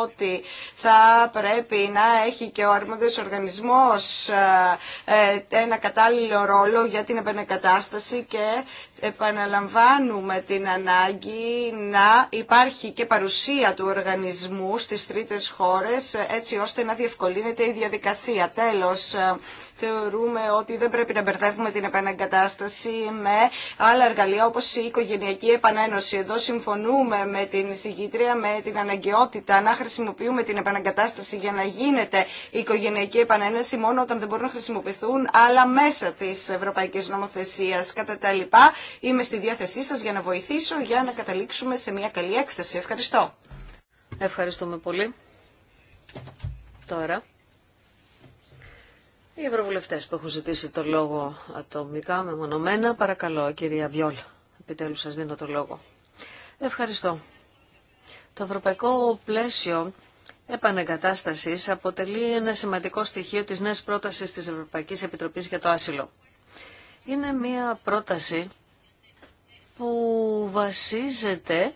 ότι θα πρέπει να έχει και ο αρμόδιος οργανισμός ε, ε, ένα κατάλληλο ρόλο για την επανεκατάσταση και επαναλαμβάνουμε την ανάγκη να υπάρχει και παρουσία του οργανισμού στις τρίτες χώρες έτσι ώστε να διευκολύνεται η διαδικασία. Τέλος, ε, θεωρούμε ότι δεν πρέπει να μπερδεύουμε την επαναγκατάσταση με άλλα εργαλεία όπως η οικογενειακή επανένωση. Εδώ συμφωνούμε με την συγκήτρια με την αναγκαιότητα να χρησιμοποιούμε την επαναγκατάσταση για να γίνεται η οικογενειακή επανένωση μόνο όταν δεν μπορούν να χρησιμοποιηθούν άλλα μέσα της ευρωπαϊκής νομοθεσίας. Κατά τα λοιπά, Είμαι στη διάθεσή σας για να βοηθήσω για να καταλήξουμε σε μια καλή έκθεση. Ευχαριστώ. Ευχαριστούμε πολύ. Τώρα, οι ευρωβουλευτές που έχουν ζητήσει το λόγο ατομικά, μεμονωμένα, παρακαλώ κυρία Βιόλ, επιτέλους σας δίνω το λόγο. Ευχαριστώ. Το ευρωπαϊκό πλαίσιο επανεγκατάστασης αποτελεί ένα σημαντικό στοιχείο της νέας πρότασης της Ευρωπαϊκής Επιτροπής για το άσυλο. Είναι μια πρόταση που βασίζεται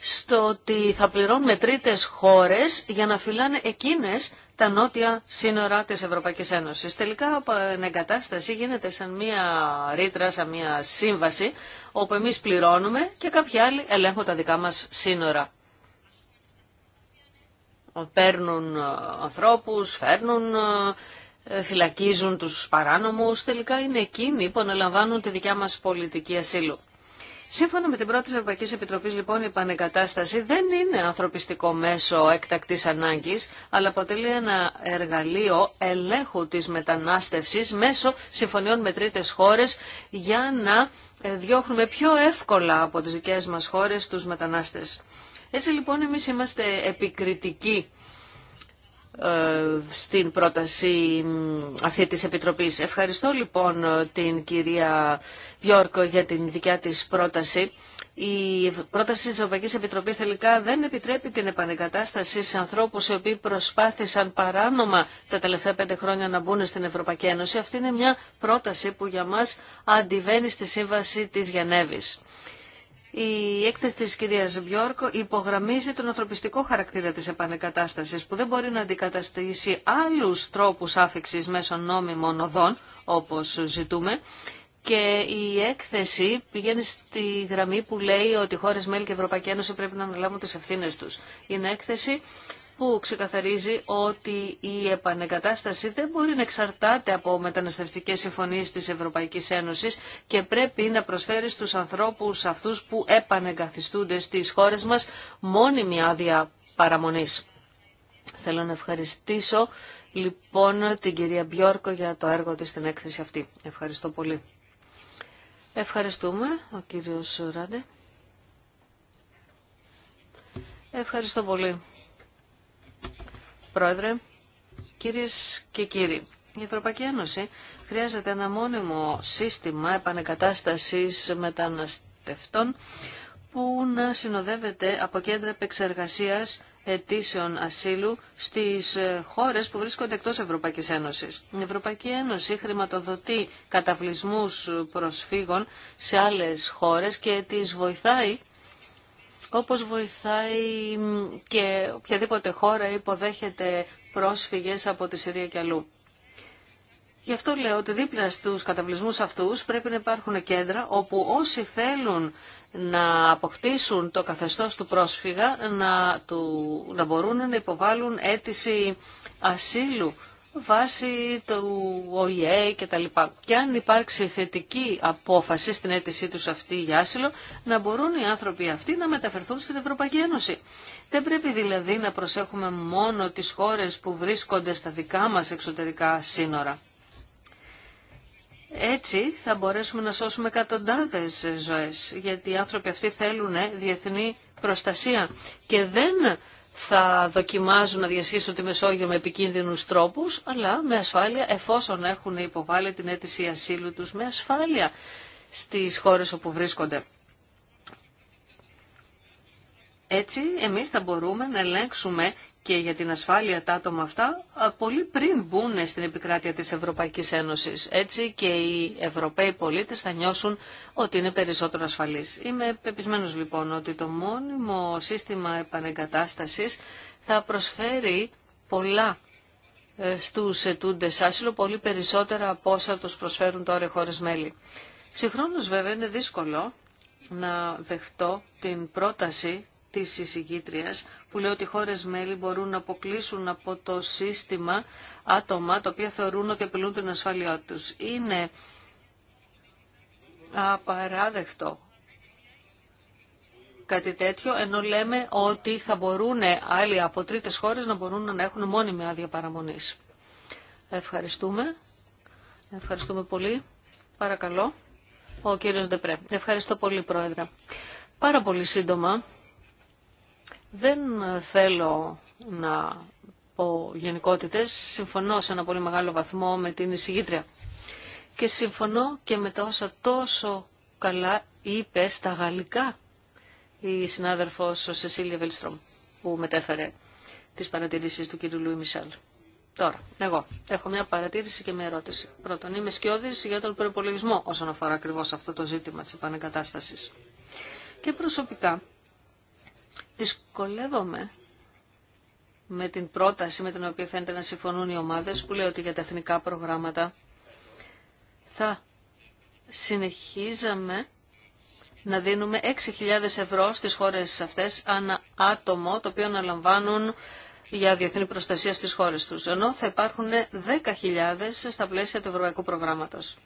στο ότι θα πληρώνουν τρίτες χώρες για να φυλάνε εκείνες τα νότια σύνορα της Ευρωπαϊκής Ένωσης. Τελικά η εγκατάσταση γίνεται σαν μία ρήτρα, σαν μία σύμβαση, όπου εμείς πληρώνουμε και κάποιοι άλλοι ελέγχουν τα δικά μας σύνορα. Παίρνουν ε, ανθρώπους, φέρνουν, ε, ε, φυλακίζουν τους παράνομους. Τελικά είναι εκείνοι που αναλαμβάνουν τη δικιά μας πολιτική ασύλου. Σύμφωνα με την πρώτη Ευρωπαϊκή Επιτροπής λοιπόν, η πανεγκατάσταση δεν είναι ανθρωπιστικό μέσο εκτακτής ανάγκης αλλά αποτελεί ένα εργαλείο ελέγχου της μετανάστευσης μέσω συμφωνιών με τρίτες χώρες για να ε, διώχνουμε πιο εύκολα από τις δικές μας χώρες τους μετανάστες. Έτσι λοιπόν εμείς είμαστε επικριτικοί ε, στην πρόταση αυτή της Επιτροπής. Ευχαριστώ λοιπόν την κυρία Γιώργο για την δικιά της πρόταση. Η πρόταση της Ευρωπαϊκής Επιτροπής τελικά δεν επιτρέπει την επανεγκατάσταση σε ανθρώπους οι οποίοι προσπάθησαν παράνομα τα τελευταία πέντε χρόνια να μπουν στην Ευρωπαϊκή Ένωση. Αυτή είναι μια πρόταση που για μας αντιβαίνει στη Σύμβαση της Γενέβης η έκθεση της κυρίας Μπιόρκ υπογραμμίζει τον ανθρωπιστικό χαρακτήρα της επανεκατάστασης που δεν μπορεί να αντικαταστήσει άλλους τρόπους άφηξης μέσω νόμιμων οδών όπως ζητούμε και η έκθεση πηγαίνει στη γραμμή που λέει ότι οι χώρες μέλη και η Ευρωπαϊκή Ένωση πρέπει να αναλάβουν τις ευθύνες τους. Είναι έκθεση που ξεκαθαρίζει ότι η επανεγκατάσταση δεν μπορεί να εξαρτάται από μεταναστευτικές συμφωνίες της Ευρωπαϊκής Ένωσης και πρέπει να προσφέρει στους ανθρώπους αυτούς που επανεγκαθιστούνται στις χώρες μας μόνιμη άδεια παραμονής. Θέλω να ευχαριστήσω λοιπόν την κυρία Μπιόρκο για το έργο της στην έκθεση αυτή. Ευχαριστώ πολύ. Ευχαριστούμε, ο κύριος Ράντε. Ευχαριστώ πολύ. Πρόεδρε, κυρίες και κύριοι, η Ευρωπαϊκή Ένωση χρειάζεται ένα μόνιμο σύστημα επανεκατάστασης μεταναστευτών που να συνοδεύεται από κέντρα επεξεργασίας αιτήσεων ασύλου στις χώρες που βρίσκονται εκτός Ευρωπαϊκής Ένωσης. Η Ευρωπαϊκή Ένωση χρηματοδοτεί καταβλισμούς προσφύγων σε άλλες χώρες και τις βοηθάει όπως βοηθάει και οποιαδήποτε χώρα υποδέχεται πρόσφυγες από τη Συρία και αλλού. Γι' αυτό λέω ότι δίπλα στους καταβλισμούς αυτούς πρέπει να υπάρχουν κέντρα όπου όσοι θέλουν να αποκτήσουν το καθεστώς του πρόσφυγα να, του, να μπορούν να υποβάλουν αίτηση ασύλου βάσει του ΟΗΕ και τα λοιπά. Και αν υπάρξει θετική απόφαση στην αίτησή τους αυτή για άσυλο, να μπορούν οι άνθρωποι αυτοί να μεταφερθούν στην Ευρωπαϊκή Ένωση. Δεν πρέπει δηλαδή να προσέχουμε μόνο τις χώρες που βρίσκονται στα δικά μας εξωτερικά σύνορα. Έτσι θα μπορέσουμε να σώσουμε εκατοντάδες ζωές, γιατί οι άνθρωποι αυτοί θέλουν διεθνή προστασία και δεν θα δοκιμάζουν να διασχίσουν τη Μεσόγειο με επικίνδυνου τρόπου, αλλά με ασφάλεια εφόσον έχουν υποβάλει την αίτηση ασύλου του με ασφάλεια στι χώρε όπου βρίσκονται. Έτσι εμείς θα μπορούμε να ελέγξουμε και για την ασφάλεια τα άτομα αυτά πολύ πριν μπουν στην επικράτεια της Ευρωπαϊκής Ένωσης. Έτσι και οι Ευρωπαίοι πολίτες θα νιώσουν ότι είναι περισσότερο ασφαλείς. Είμαι πεπισμένος λοιπόν ότι το μόνιμο σύστημα επανεγκατάστασης θα προσφέρει πολλά ε, στους ετούντες άσυλο, πολύ περισσότερα από όσα τους προσφέρουν τώρα οι χώρες μέλη. Συγχρόνως βέβαια είναι δύσκολο να δεχτώ την πρόταση της εισηγήτριας που λέει ότι οι χώρες μέλη μπορούν να αποκλείσουν από το σύστημα άτομα τα οποία θεωρούν ότι απειλούν την ασφαλειά τους. Είναι απαράδεκτο κάτι τέτοιο, ενώ λέμε ότι θα μπορούν άλλοι από τρίτες χώρες να μπορούν να έχουν μόνιμη άδεια παραμονής. Ευχαριστούμε. Ευχαριστούμε πολύ. Παρακαλώ. Ο κύριος Ντεπρέ. Ευχαριστώ πολύ, Πρόεδρε. Πάρα πολύ σύντομα δεν θέλω να πω γενικότητες. Συμφωνώ σε ένα πολύ μεγάλο βαθμό με την εισηγήτρια. Και συμφωνώ και με τα όσα τόσο καλά είπε στα γαλλικά η συνάδελφος ο Σεσίλια Βελστρόμ που μετέφερε τις παρατηρήσεις του κ. Λουί Μισελ. Τώρα, εγώ έχω μια παρατήρηση και μια ερώτηση. Πρώτον, είμαι σκιώδης για τον προπολογισμό όσον αφορά ακριβώς αυτό το ζήτημα της επανεκατάστασης. Και προσωπικά δυσκολεύομαι με την πρόταση με την οποία φαίνεται να συμφωνούν οι ομάδες που λέει ότι για τα εθνικά προγράμματα θα συνεχίζαμε να δίνουμε 6.000 ευρώ στις χώρες αυτές ανά άτομο το οποίο αναλαμβάνουν για διεθνή προστασία στις χώρες τους, ενώ θα υπάρχουν 10.000 στα πλαίσια του Ευρωπαϊκού Προγράμματος.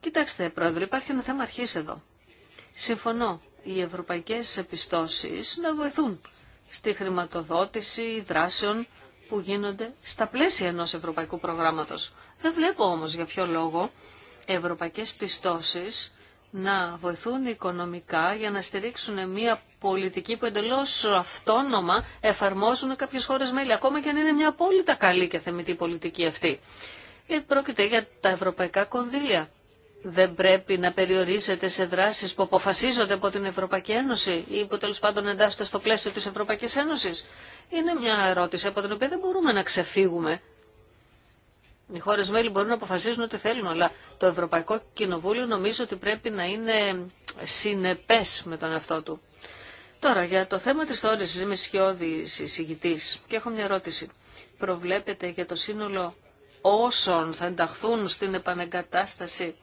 Κοιτάξτε, Πρόεδρε, υπάρχει ένα θέμα αρχής εδώ. Συμφωνώ οι ευρωπαϊκές επιστώσεις να βοηθούν στη χρηματοδότηση δράσεων που γίνονται στα πλαίσια ενός ευρωπαϊκού προγράμματος. Δεν βλέπω όμως για ποιο λόγο ευρωπαϊκές πιστώσεις να βοηθούν οικονομικά για να στηρίξουν μια πολιτική που εντελώς αυτόνομα εφαρμόζουν κάποιες χώρες μέλη, ακόμα και αν είναι μια απόλυτα καλή και θεμητή πολιτική αυτή. Ε, πρόκειται για τα ευρωπαϊκά κονδύλια δεν πρέπει να περιορίζεται σε δράσεις που αποφασίζονται από την Ευρωπαϊκή Ένωση ή που τέλος πάντων εντάσσονται στο πλαίσιο της Ευρωπαϊκής Ένωσης. Είναι μια ερώτηση από την οποία δεν μπορούμε να ξεφύγουμε. Οι χώρες μέλη μπορούν να αποφασίζουν ό,τι θέλουν, αλλά το Ευρωπαϊκό Κοινοβούλιο νομίζω ότι πρέπει να είναι συνεπές με τον εαυτό του. Τώρα, για το θέμα της θεώρησης είμαι σιώδης εισηγητής και έχω μια ερώτηση. Προβλέπετε για το σύνολο όσων θα ενταχθούν στην επανεγκατάσταση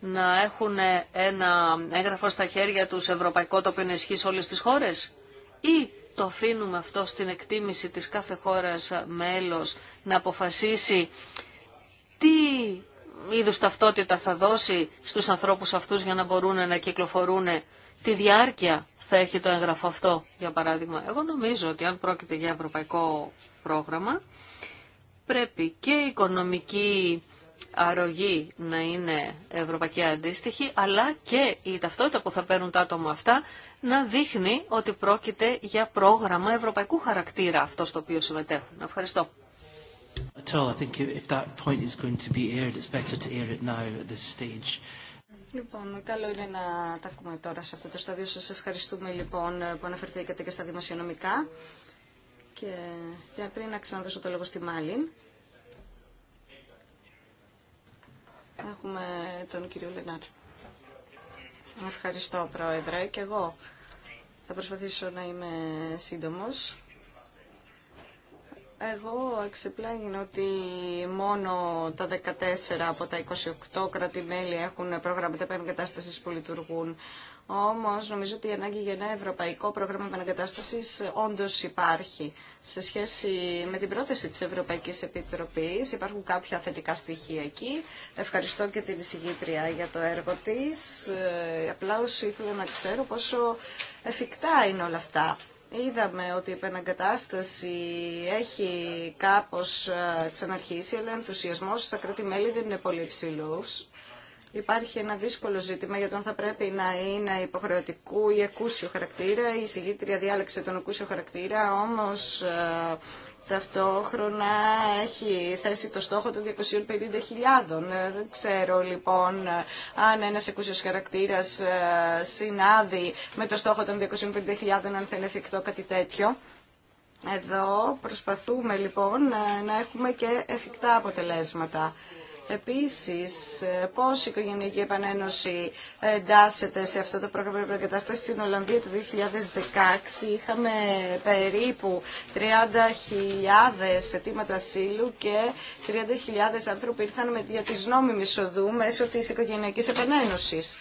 να έχουν ένα έγγραφο στα χέρια τους ευρωπαϊκό το οποίο σε όλες τις χώρες ή το αφήνουμε αυτό στην εκτίμηση της κάθε χώρας μέλος να αποφασίσει τι είδου ταυτότητα θα δώσει στους ανθρώπους αυτούς για να μπορούν να κυκλοφορούν τη διάρκεια θα έχει το έγγραφο αυτό, για παράδειγμα. Εγώ νομίζω ότι αν πρόκειται για ευρωπαϊκό πρόγραμμα, πρέπει και οικονομική αρρωγή να είναι ευρωπαϊκή αντίστοιχη, αλλά και η ταυτότητα που θα παίρνουν τα άτομα αυτά να δείχνει ότι πρόκειται για πρόγραμμα ευρωπαϊκού χαρακτήρα αυτό στο οποίο συμμετέχουν. Ευχαριστώ. Λοιπόν, καλό είναι να τα ακούμε τώρα σε αυτό το στάδιο. Σας ευχαριστούμε λοιπόν που αναφερθήκατε και στα δημοσιονομικά. Και για πριν να ξαναδώσω το λόγο στη Μάλιν. Έχουμε τον κύριο Λενάρ. Ευχαριστώ, Πρόεδρε. Και εγώ θα προσπαθήσω να είμαι σύντομος. Εγώ εξεπλάγει ότι μόνο τα 14 από τα 28 κράτη-μέλη έχουν προγράμματα επέμβαση που λειτουργούν. Όμω, νομίζω ότι η ανάγκη για ένα ευρωπαϊκό πρόγραμμα επανεγκατάσταση όντω υπάρχει. Σε σχέση με την πρόθεση της Ευρωπαϊκής Επιτροπής υπάρχουν κάποια θετικά στοιχεία εκεί. Ευχαριστώ και την εισηγήτρια για το έργο της. Ε, Απλά ήθελα να ξέρω πόσο εφικτά είναι όλα αυτά. Είδαμε ότι η επαναγκατάσταση έχει κάπως ε, ξαναρχίσει, αλλά ενθουσιασμός στα κράτη-μέλη δεν είναι πολύ υψηλός. Υπάρχει ένα δύσκολο ζήτημα για το αν θα πρέπει να είναι υποχρεωτικού ή εκούσιο χαρακτήρα. Η συγγήτρια διάλεξε τον εκούσιο χαρακτήρα, όμως ε, ταυτόχρονα έχει θέσει το στόχο των 250.000. Ε, δεν ξέρω λοιπόν αν ένας εκούσιος χαρακτήρας ε, συνάδει με το στόχο των 250.000, αν θα είναι εφικτό κάτι τέτοιο. Εδώ προσπαθούμε λοιπόν να έχουμε και εφικτά αποτελέσματα. Επίσης, πώς η οικογενειακή επανένωση εντάσσεται σε αυτό το πρόγραμμα επανακατάσταση στην Ολλανδία το 2016. Είχαμε περίπου 30.000 αιτήματα σύλλου και 30.000 άνθρωποι ήρθαν με, δια οδού μέσω της οικογενειακής επανένωσης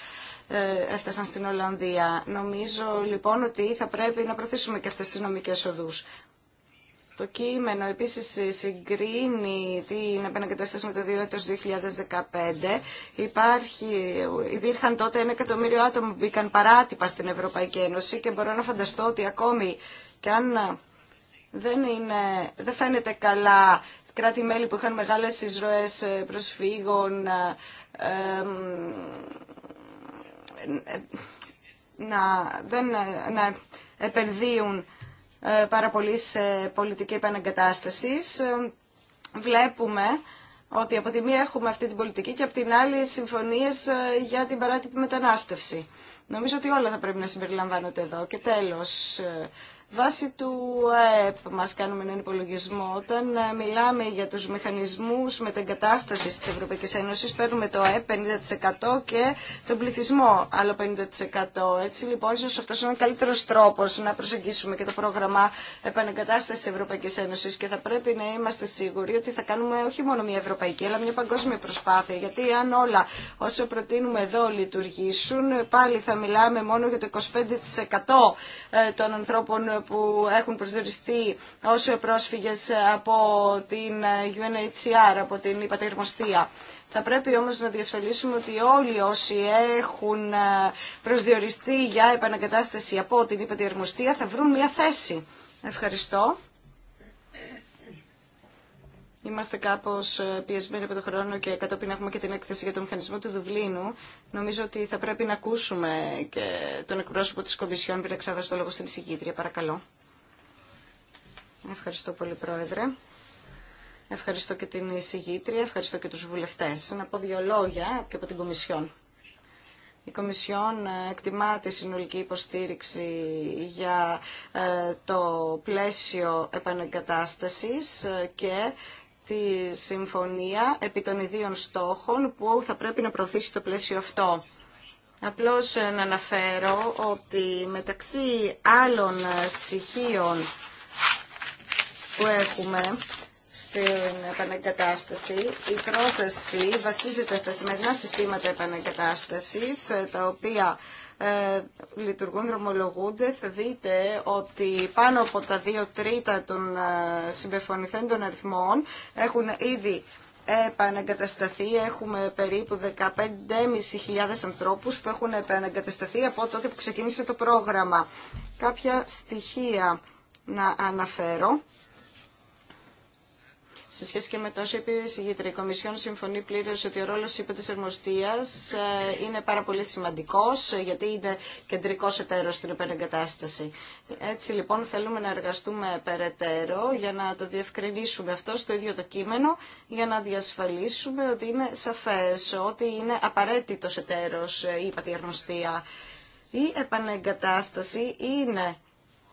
ε, έφτασαν στην Ολλανδία. Νομίζω λοιπόν ότι θα πρέπει να προθέσουμε και αυτές τις νομικές οδούς. Το κείμενο επίσης συγκρίνει την επανακατάσταση με το 2015. Υπάρχει, υπήρχαν τότε ένα εκατομμύριο άτομα που μπήκαν παράτυπα στην Ευρωπαϊκή Ένωση και μπορώ να φανταστώ ότι ακόμη και αν δεν, είναι, δεν φαίνεται καλά κράτη-μέλη που είχαν μεγάλες εισρωές ε, προσφύγων, ε, ε, να, δεν, να επενδύουν ε, πάρα πολύ σε πολιτική επαναγκατάσταση. Ε, βλέπουμε ότι από τη μία έχουμε αυτή την πολιτική και από την άλλη συμφωνίες ε, για την παράτυπη μετανάστευση. Νομίζω ότι όλα θα πρέπει να συμπεριλαμβάνονται εδώ. Και τέλος, Βάσει του ΑΕΠ μας κάνουμε έναν υπολογισμό. Όταν ε, μιλάμε για τους μηχανισμούς μεταγκατάστασης της Ευρωπαϊκής Ένωσης, παίρνουμε το ΑΕΠ 50% και τον πληθυσμό άλλο 50%. Έτσι λοιπόν, ίσως αυτός είναι ο καλύτερος τρόπος να προσεγγίσουμε και το πρόγραμμα επανεγκατάστασης της Ευρωπαϊκής Ένωσης και θα πρέπει να είμαστε σίγουροι ότι θα κάνουμε όχι μόνο μια ευρωπαϊκή, αλλά μια παγκόσμια προσπάθεια. Γιατί αν όλα όσο προτείνουμε εδώ λειτουργήσουν, πάλι θα μιλάμε μόνο για το 25% ε, των ανθρώπων που έχουν προσδιοριστεί ως πρόσφυγες από την UNHCR, από την υπατερμοστία. Θα πρέπει όμως να διασφαλίσουμε ότι όλοι όσοι έχουν ε, προσδιοριστεί για επανακατάσταση από την υπατερμοστία θα βρουν μια θέση. Ευχαριστώ. Είμαστε κάπω ε, πιεσμένοι από τον χρόνο και κατόπιν έχουμε και την έκθεση για τον μηχανισμό του Δουβλίνου. Νομίζω ότι θα πρέπει να ακούσουμε και τον εκπρόσωπο τη Κομισιόν πριν εξάδωσε το λόγο στην εισηγήτρια. Παρακαλώ. Ευχαριστώ πολύ, Πρόεδρε. Ευχαριστώ και την εισηγήτρια, ευχαριστώ και τους βουλευτές. Να πω δύο λόγια και από την Κομισιόν. Η Κομισιόν ε, εκτιμά τη συνολική υποστήριξη για ε, το πλαίσιο επανεγκατάστασης και τη συμφωνία επί των ιδίων στόχων που θα πρέπει να προωθήσει το πλαίσιο αυτό. Απλώς να αναφέρω ότι μεταξύ άλλων στοιχείων που έχουμε στην επανεγκατάσταση. Η πρόθεση βασίζεται στα σημερινά συστήματα επανεγκατάστασης, τα οποία ε, λειτουργούν, δρομολογούνται, θα δείτε ότι πάνω από τα δύο τρίτα των ε, συμπεφωνηθέντων αριθμών έχουν ήδη επαναγκατασταθεί. Έχουμε περίπου 15.500 ανθρώπους που έχουν επαναγκατασταθεί από τότε που ξεκίνησε το πρόγραμμα. Κάποια στοιχεία να αναφέρω σε σχέση και με τόσο όσο η Κομισιόν συμφωνεί πλήρω ότι ο ρόλο τη υπερτισερμοστία ε, είναι πάρα πολύ σημαντικό, ε, γιατί είναι κεντρικό εταίρο στην επανεγκατάσταση. Έτσι λοιπόν θέλουμε να εργαστούμε περαιτέρω για να το διευκρινίσουμε αυτό στο ίδιο το κείμενο, για να διασφαλίσουμε ότι είναι σαφέ, ότι είναι απαραίτητο εταίρο ε, η υπερδεσμοστία. Η επανεγκατάσταση είναι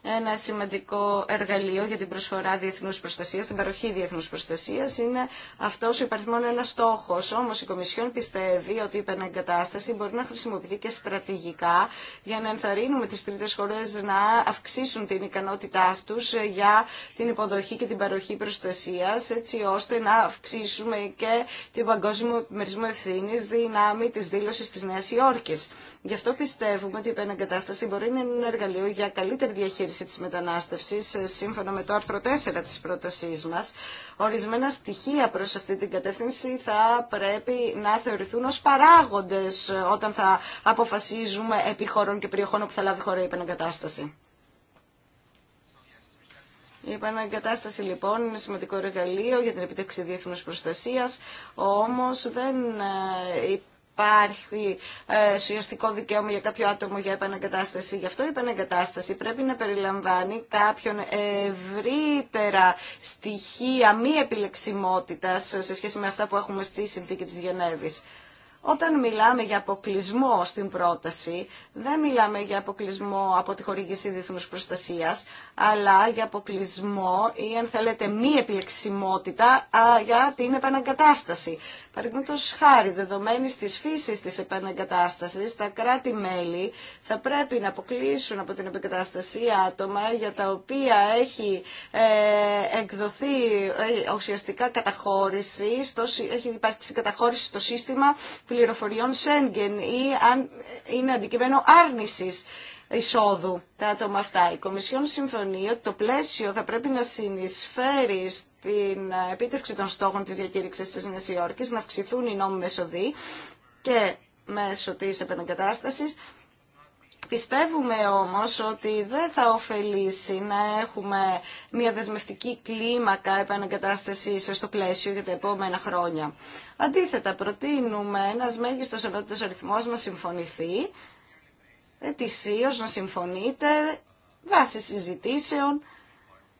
ένα σημαντικό εργαλείο για την προσφορά διεθνούς προστασίας, την παροχή διεθνούς προστασίας, είναι αυτός ο υπαριθμόν ένα στόχος. Όμως η Κομισιόν πιστεύει ότι η επαναγκατάσταση μπορεί να χρησιμοποιηθεί και στρατηγικά για να ενθαρρύνουμε τις τρίτες χώρες να αυξήσουν την ικανότητά τους για την υποδοχή και την παροχή προστασίας, έτσι ώστε να αυξήσουμε και την παγκόσμιο μερισμό ευθύνης δυνάμει της δήλωσης της Νέας Υόρκης. Γι' αυτό πιστεύουμε ότι η επαναγκατάσταση μπορεί να είναι ένα εργαλείο για καλύτερη διαχείριση της μετανάστευσης ε, σύμφωνα με το άρθρο 4 της πρότασής μας. Ορισμένα στοιχεία προς αυτή την κατεύθυνση θα πρέπει να θεωρηθούν ως παράγοντες ε, όταν θα αποφασίζουμε επί χωρών και περιοχών όπου θα λάβει χώρα η επαναγκατάσταση. Η επαναγκατάσταση λοιπόν είναι σημαντικό εργαλείο για την επιτεύξη διεθνούς προστασίας, όμως δεν ε, υπάρχει ε, σωστικό δικαίωμα για κάποιο άτομο για επαναγκατάσταση. Γι' αυτό η επαναγκατάσταση πρέπει να περιλαμβάνει κάποιον ευρύτερα στοιχεία μη επιλεξιμότητας σε σχέση με αυτά που έχουμε στη συνθήκη της Γενέβης. Όταν μιλάμε για αποκλεισμό στην πρόταση, δεν μιλάμε για αποκλεισμό από τη χορήγηση διεθνούς προστασίας, αλλά για αποκλεισμό ή αν θέλετε μη επιλεξιμότητα για την επαναγκατάσταση. Παραδείγματο χάρη, δεδομένη τη φύση τη επαναγκατάσταση, τα κράτη-μέλη θα πρέπει να αποκλείσουν από την επαναγκατάσταση άτομα για τα οποία έχει ε, εκδοθεί ε, ουσιαστικά καταχώρηση, στο, έχει υπάρξει καταχώρηση στο σύστημα πληροφοριών Σέγγεν ή αν είναι αντικείμενο άρνησης εισόδου τα άτομα αυτά. Η Κομισιόν συμφωνεί ότι το πλαίσιο θα πρέπει να συνεισφέρει στην επίτευξη των στόχων της διακήρυξης της Νέας Υόρκης, να αυξηθούν οι νόμοι μεσοδοί και μέσω της επαναγκατάστασης Πιστεύουμε όμως ότι δεν θα ωφελήσει να έχουμε μια δεσμευτική κλίμακα επαναγκατάσταση στο πλαίσιο για τα επόμενα χρόνια. Αντίθετα, προτείνουμε ένας μέγιστος ενότητας αριθμός να συμφωνηθεί, ετησίως να συμφωνείτε βάσει συζητήσεων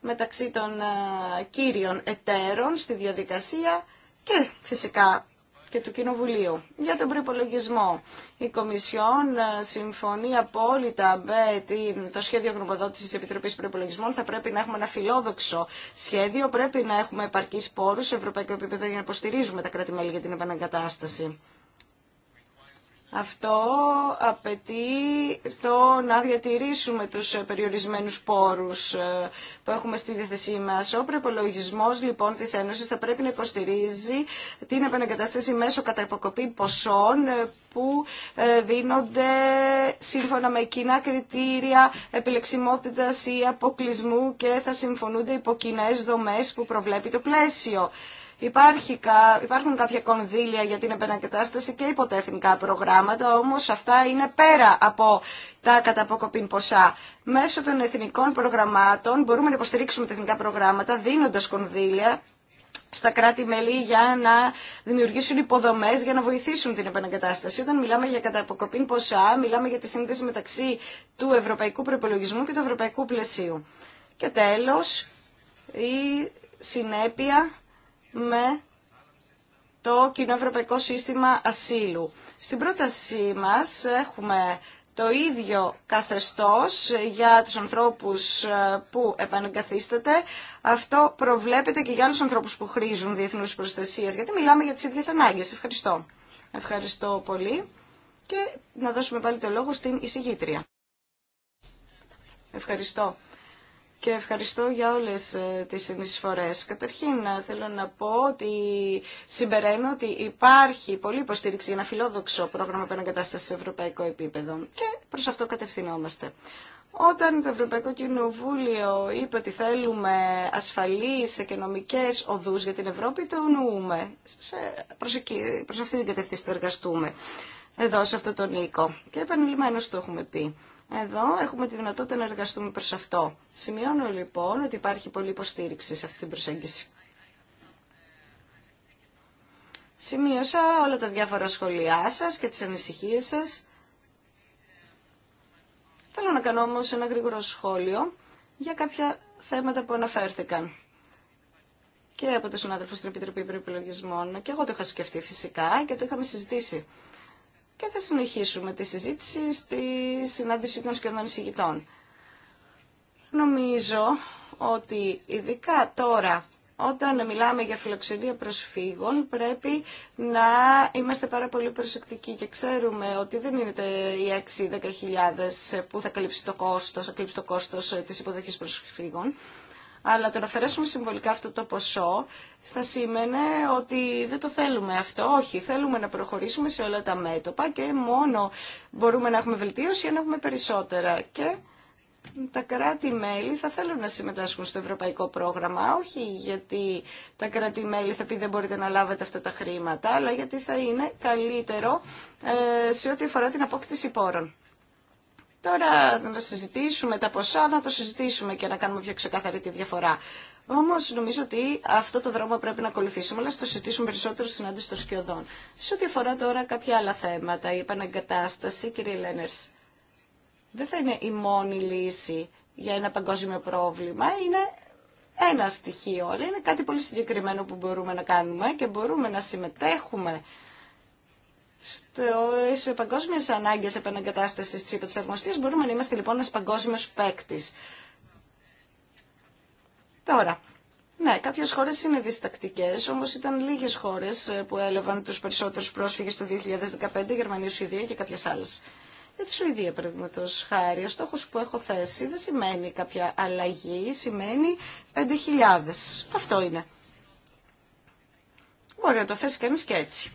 μεταξύ των ε, κύριων εταίρων στη διαδικασία και φυσικά και του Κοινοβουλίου. Για τον προπολογισμό, η Κομισιόν ε, συμφωνεί απόλυτα με το σχέδιο γνωμοδότηση τη Επιτροπή Προπολογισμών. Θα πρέπει να έχουμε ένα φιλόδοξο σχέδιο, πρέπει να έχουμε επαρκεί πόρου σε ευρωπαϊκό επίπεδο για να υποστηρίζουμε τα κράτη-μέλη για την επαναγκατάσταση. Αυτό απαιτεί στο να διατηρήσουμε τους περιορισμένους πόρους ε, που έχουμε στη διαθεσή μας. Ο προπολογισμό λοιπόν της Ένωσης θα πρέπει να υποστηρίζει την επαναγκαταστήση μέσω καταποκοπή ποσών ε, που ε, δίνονται σύμφωνα με κοινά κριτήρια επιλεξιμότητας ή αποκλεισμού και θα συμφωνούνται υπό κοινέ δομές που προβλέπει το πλαίσιο. Υπάρχει, υπάρχουν κάποια κονδύλια για την επανακατάσταση και υποτεθνικά προγράμματα, όμως αυτά είναι πέρα από τα καταποκοπήν ποσά. Μέσω των εθνικών προγραμμάτων μπορούμε να υποστηρίξουμε τεχνικά προγράμματα δίνοντας κονδύλια στα κράτη-μέλη για να δημιουργήσουν υποδομέ για να βοηθήσουν την επανακατάσταση. Όταν μιλάμε για καταποκοπήν ποσά, μιλάμε για τη σύνδεση μεταξύ του ευρωπαϊκού προπολογισμού και του ευρωπαϊκού πλαισίου. Και τέλο, η συνέπεια με το κοινό ευρωπαϊκό σύστημα ασύλου. Στην πρότασή μας έχουμε το ίδιο καθεστώς για τους ανθρώπους ε, που επανεγκαθίσταται. Αυτό προβλέπεται και για άλλους ανθρώπους που χρήζουν διεθνούς προστασίες. γιατί μιλάμε για τις ίδιες ανάγκες. Ευχαριστώ. Ευχαριστώ πολύ και να δώσουμε πάλι το λόγο στην εισηγήτρια. Ευχαριστώ και ευχαριστώ για όλες ε, τις συνεισφορές. Καταρχήν ε, θέλω να πω ότι συμπεραίνω ότι υπάρχει πολλή υποστήριξη για ένα φιλόδοξο πρόγραμμα επαναγκατάστασης σε ευρωπαϊκό επίπεδο και προς αυτό κατευθυνόμαστε. Όταν το Ευρωπαϊκό Κοινοβούλιο είπε ότι θέλουμε ασφαλείς οικονομικές οδούς για την Ευρώπη, το νοούμε. Σε, προς, εκεί, προς αυτή την κατευθύνση θα εργαστούμε εδώ σε αυτό τον οίκο. Και επανειλημμένως το έχουμε πει. Εδώ έχουμε τη δυνατότητα να εργαστούμε προς αυτό. Σημειώνω λοιπόν ότι υπάρχει πολλή υποστήριξη σε αυτή την προσέγγιση. Σημείωσα όλα τα διάφορα σχόλιά σας και τις ανησυχίες σας. Θέλω να κάνω όμως ένα γρήγορο σχόλιο για κάποια θέματα που αναφέρθηκαν και από τον συνάδελφο στην Επιτροπή Προεπιλογισμών. Και εγώ το είχα σκεφτεί φυσικά και το είχαμε συζητήσει και θα συνεχίσουμε τη συζήτηση στη συνάντηση των σχεδόν εισηγητών. Νομίζω ότι ειδικά τώρα όταν μιλάμε για φιλοξενία προσφύγων πρέπει να είμαστε πάρα πολύ προσεκτικοί και ξέρουμε ότι δεν είναι οι 6-10 που θα καλύψει το κόστος, θα καλύψει το κόστος ε, της υποδοχής προσφύγων. Αλλά το να αφαιρέσουμε συμβολικά αυτό το ποσό θα σήμαινε ότι δεν το θέλουμε αυτό. Όχι, θέλουμε να προχωρήσουμε σε όλα τα μέτωπα και μόνο μπορούμε να έχουμε βελτίωση αν έχουμε περισσότερα. Και τα κράτη-μέλη θα θέλουν να συμμετάσχουν στο ευρωπαϊκό πρόγραμμα, όχι γιατί τα κράτη-μέλη θα πει δεν μπορείτε να λάβετε αυτά τα χρήματα, αλλά γιατί θα είναι καλύτερο ε, σε ό,τι αφορά την απόκτηση πόρων. Τώρα να συζητήσουμε τα ποσά, να το συζητήσουμε και να κάνουμε πιο ξεκαθαρή τη διαφορά. Όμω νομίζω ότι αυτό το δρόμο πρέπει να ακολουθήσουμε, αλλά στο συζητήσουμε περισσότερο συνάντηση των σκιωδών. Σε ό,τι αφορά τώρα κάποια άλλα θέματα, η επαναγκατάσταση, κύριε Λένερ, δεν θα είναι η μόνη λύση για ένα παγκόσμιο πρόβλημα. Είναι ένα στοιχείο, αλλά είναι κάτι πολύ συγκεκριμένο που μπορούμε να κάνουμε και μπορούμε να συμμετέχουμε στι παγκόσμιε ανάγκε επαναγκατάσταση τη υπερσαρμοστία μπορούμε να είμαστε λοιπόν ένα παγκόσμιο παίκτη. Τώρα, ναι, κάποιε χώρε είναι διστακτικέ. Όμω ήταν λίγε χώρε ε, που έλαβαν του περισσότερου πρόσφυγε το 2015, Γερμανία, Σουηδία και κάποιε άλλε. Για τη Σουηδία, παραδείγματο χάρη, ο στόχο που έχω θέσει δεν σημαίνει κάποια αλλαγή, σημαίνει 5.000. Αυτό είναι. Μπορεί να το θέσει κανεί και έτσι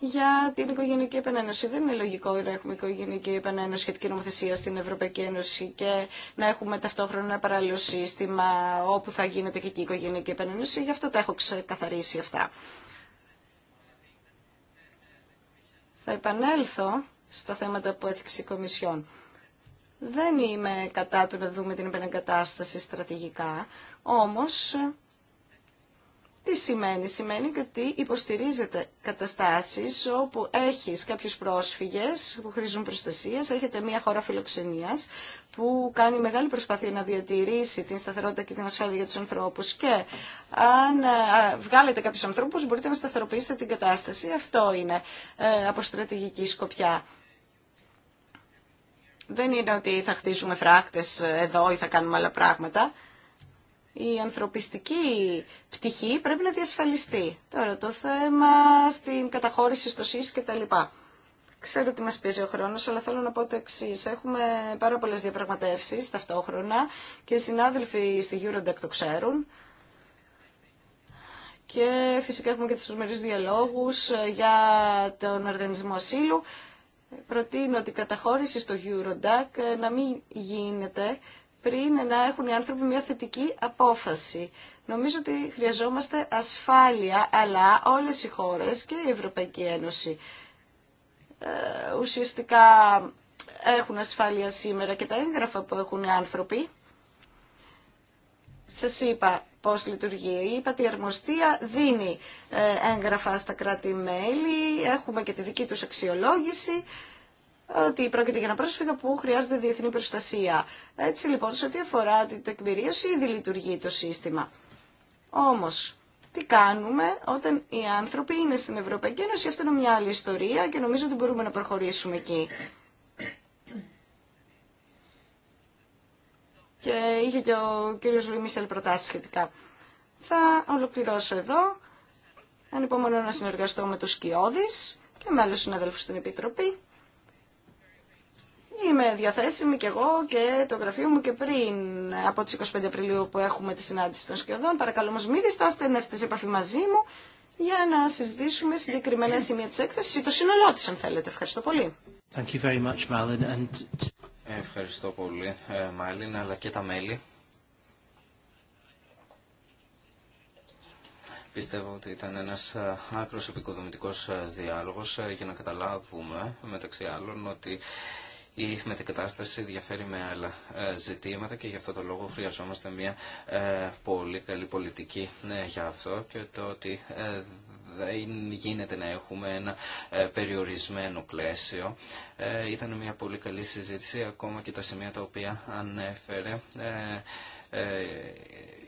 για την οικογενειακή επανένωση. Δεν είναι λογικό να έχουμε οικογενειακή επανένωση σχετική νομοθεσία στην Ευρωπαϊκή Ένωση και να έχουμε ταυτόχρονα ένα παράλληλο σύστημα όπου θα γίνεται και εκεί η οικογενειακή επανένωση. Γι' αυτό τα έχω ξεκαθαρίσει αυτά. Θα επανέλθω στα θέματα που έθιξε η Κομισιόν. Δεν είμαι κατά του να δούμε την επανεγκατάσταση στρατηγικά, όμως τι σημαίνει, σημαίνει ότι υποστηρίζεται καταστάσεις όπου έχεις κάποιους πρόσφυγες που χρήζουν προστασίες, έχετε μια χώρα φιλοξενίας που κάνει μεγάλη προσπάθεια να διατηρήσει την σταθερότητα και την ασφάλεια για τους ανθρώπους και αν ε, βγάλετε κάποιους ανθρώπους μπορείτε να σταθεροποιήσετε την κατάσταση. Αυτό είναι ε, από στρατηγική σκοπιά. Δεν είναι ότι θα χτίσουμε φράκτες ε, εδώ ή θα κάνουμε άλλα πράγματα η ανθρωπιστική πτυχή πρέπει να διασφαλιστεί. Τώρα το θέμα στην καταχώρηση στο ΣΥΣ και τα λοιπά. Ξέρω ότι μας πιέζει ο χρόνος, αλλά θέλω να πω το εξή. Έχουμε πάρα πολλές διαπραγματεύσεις ταυτόχρονα και οι συνάδελφοι στη Eurodac το ξέρουν. Και φυσικά έχουμε και τους μερίς διαλόγους ε, για τον οργανισμό ασύλου. Προτείνω ότι η καταχώρηση στο Eurodac ε, να μην γίνεται πριν να έχουν οι άνθρωποι μια θετική απόφαση. Νομίζω ότι χρειαζόμαστε ασφάλεια, αλλά όλες οι χώρες και η Ευρωπαϊκή Ένωση ε, ουσιαστικά έχουν ασφάλεια σήμερα και τα έγγραφα που έχουν οι άνθρωποι. Σας είπα πώς λειτουργεί. Είπα ότι η αρμοστία δίνει ε, έγγραφα στα κράτη-μέλη, έχουμε και τη δική τους αξιολόγηση ότι πρόκειται για ένα πρόσφυγα που χρειάζεται διεθνή προστασία. Έτσι λοιπόν, σε ό,τι αφορά την τεκμηρίωση, ήδη λειτουργεί το σύστημα. Όμω, τι κάνουμε όταν οι άνθρωποι είναι στην Ευρωπαϊκή Ένωση, αυτό είναι μια άλλη ιστορία και νομίζω ότι μπορούμε να προχωρήσουμε εκεί. Και είχε και ο κύριος Λουιμίσελ προτάσει σχετικά. Θα ολοκληρώσω εδώ. Ανυπομονώ να συνεργαστώ με τους Κιώδης και με άλλους συναδέλφους στην Επιτροπή Είμαι διαθέσιμη και εγώ και το γραφείο μου και πριν από τις 25 Απριλίου που έχουμε τη συνάντηση των σκιωδών. Παρακαλώ όμως μη διστάστε να έρθετε σε επαφή μαζί μου για να συζητήσουμε συγκεκριμένα σημεία της έκθεσης ή το σύνολό της αν θέλετε. Ευχαριστώ πολύ. Thank you very much, Malin. And... Ευχαριστώ πολύ, Μάλιν, ε, αλλά και τα μέλη. Πιστεύω ότι ήταν ένας ε, άκρος επικοδομητικός ε, διάλογος για να καταλάβουμε, μεταξύ άλλων, ότι η μετεκατάσταση διαφέρει με άλλα ε, ζητήματα και γι' αυτό το λόγο χρειαζόμαστε μια ε, πολύ καλή πολιτική ναι, για αυτό και το ότι ε, δεν γίνεται να έχουμε ένα περιορισμένο πλαίσιο. Ήταν μια πολύ καλή συζήτηση, ακόμα και τα σημεία τα οποία ανέφερε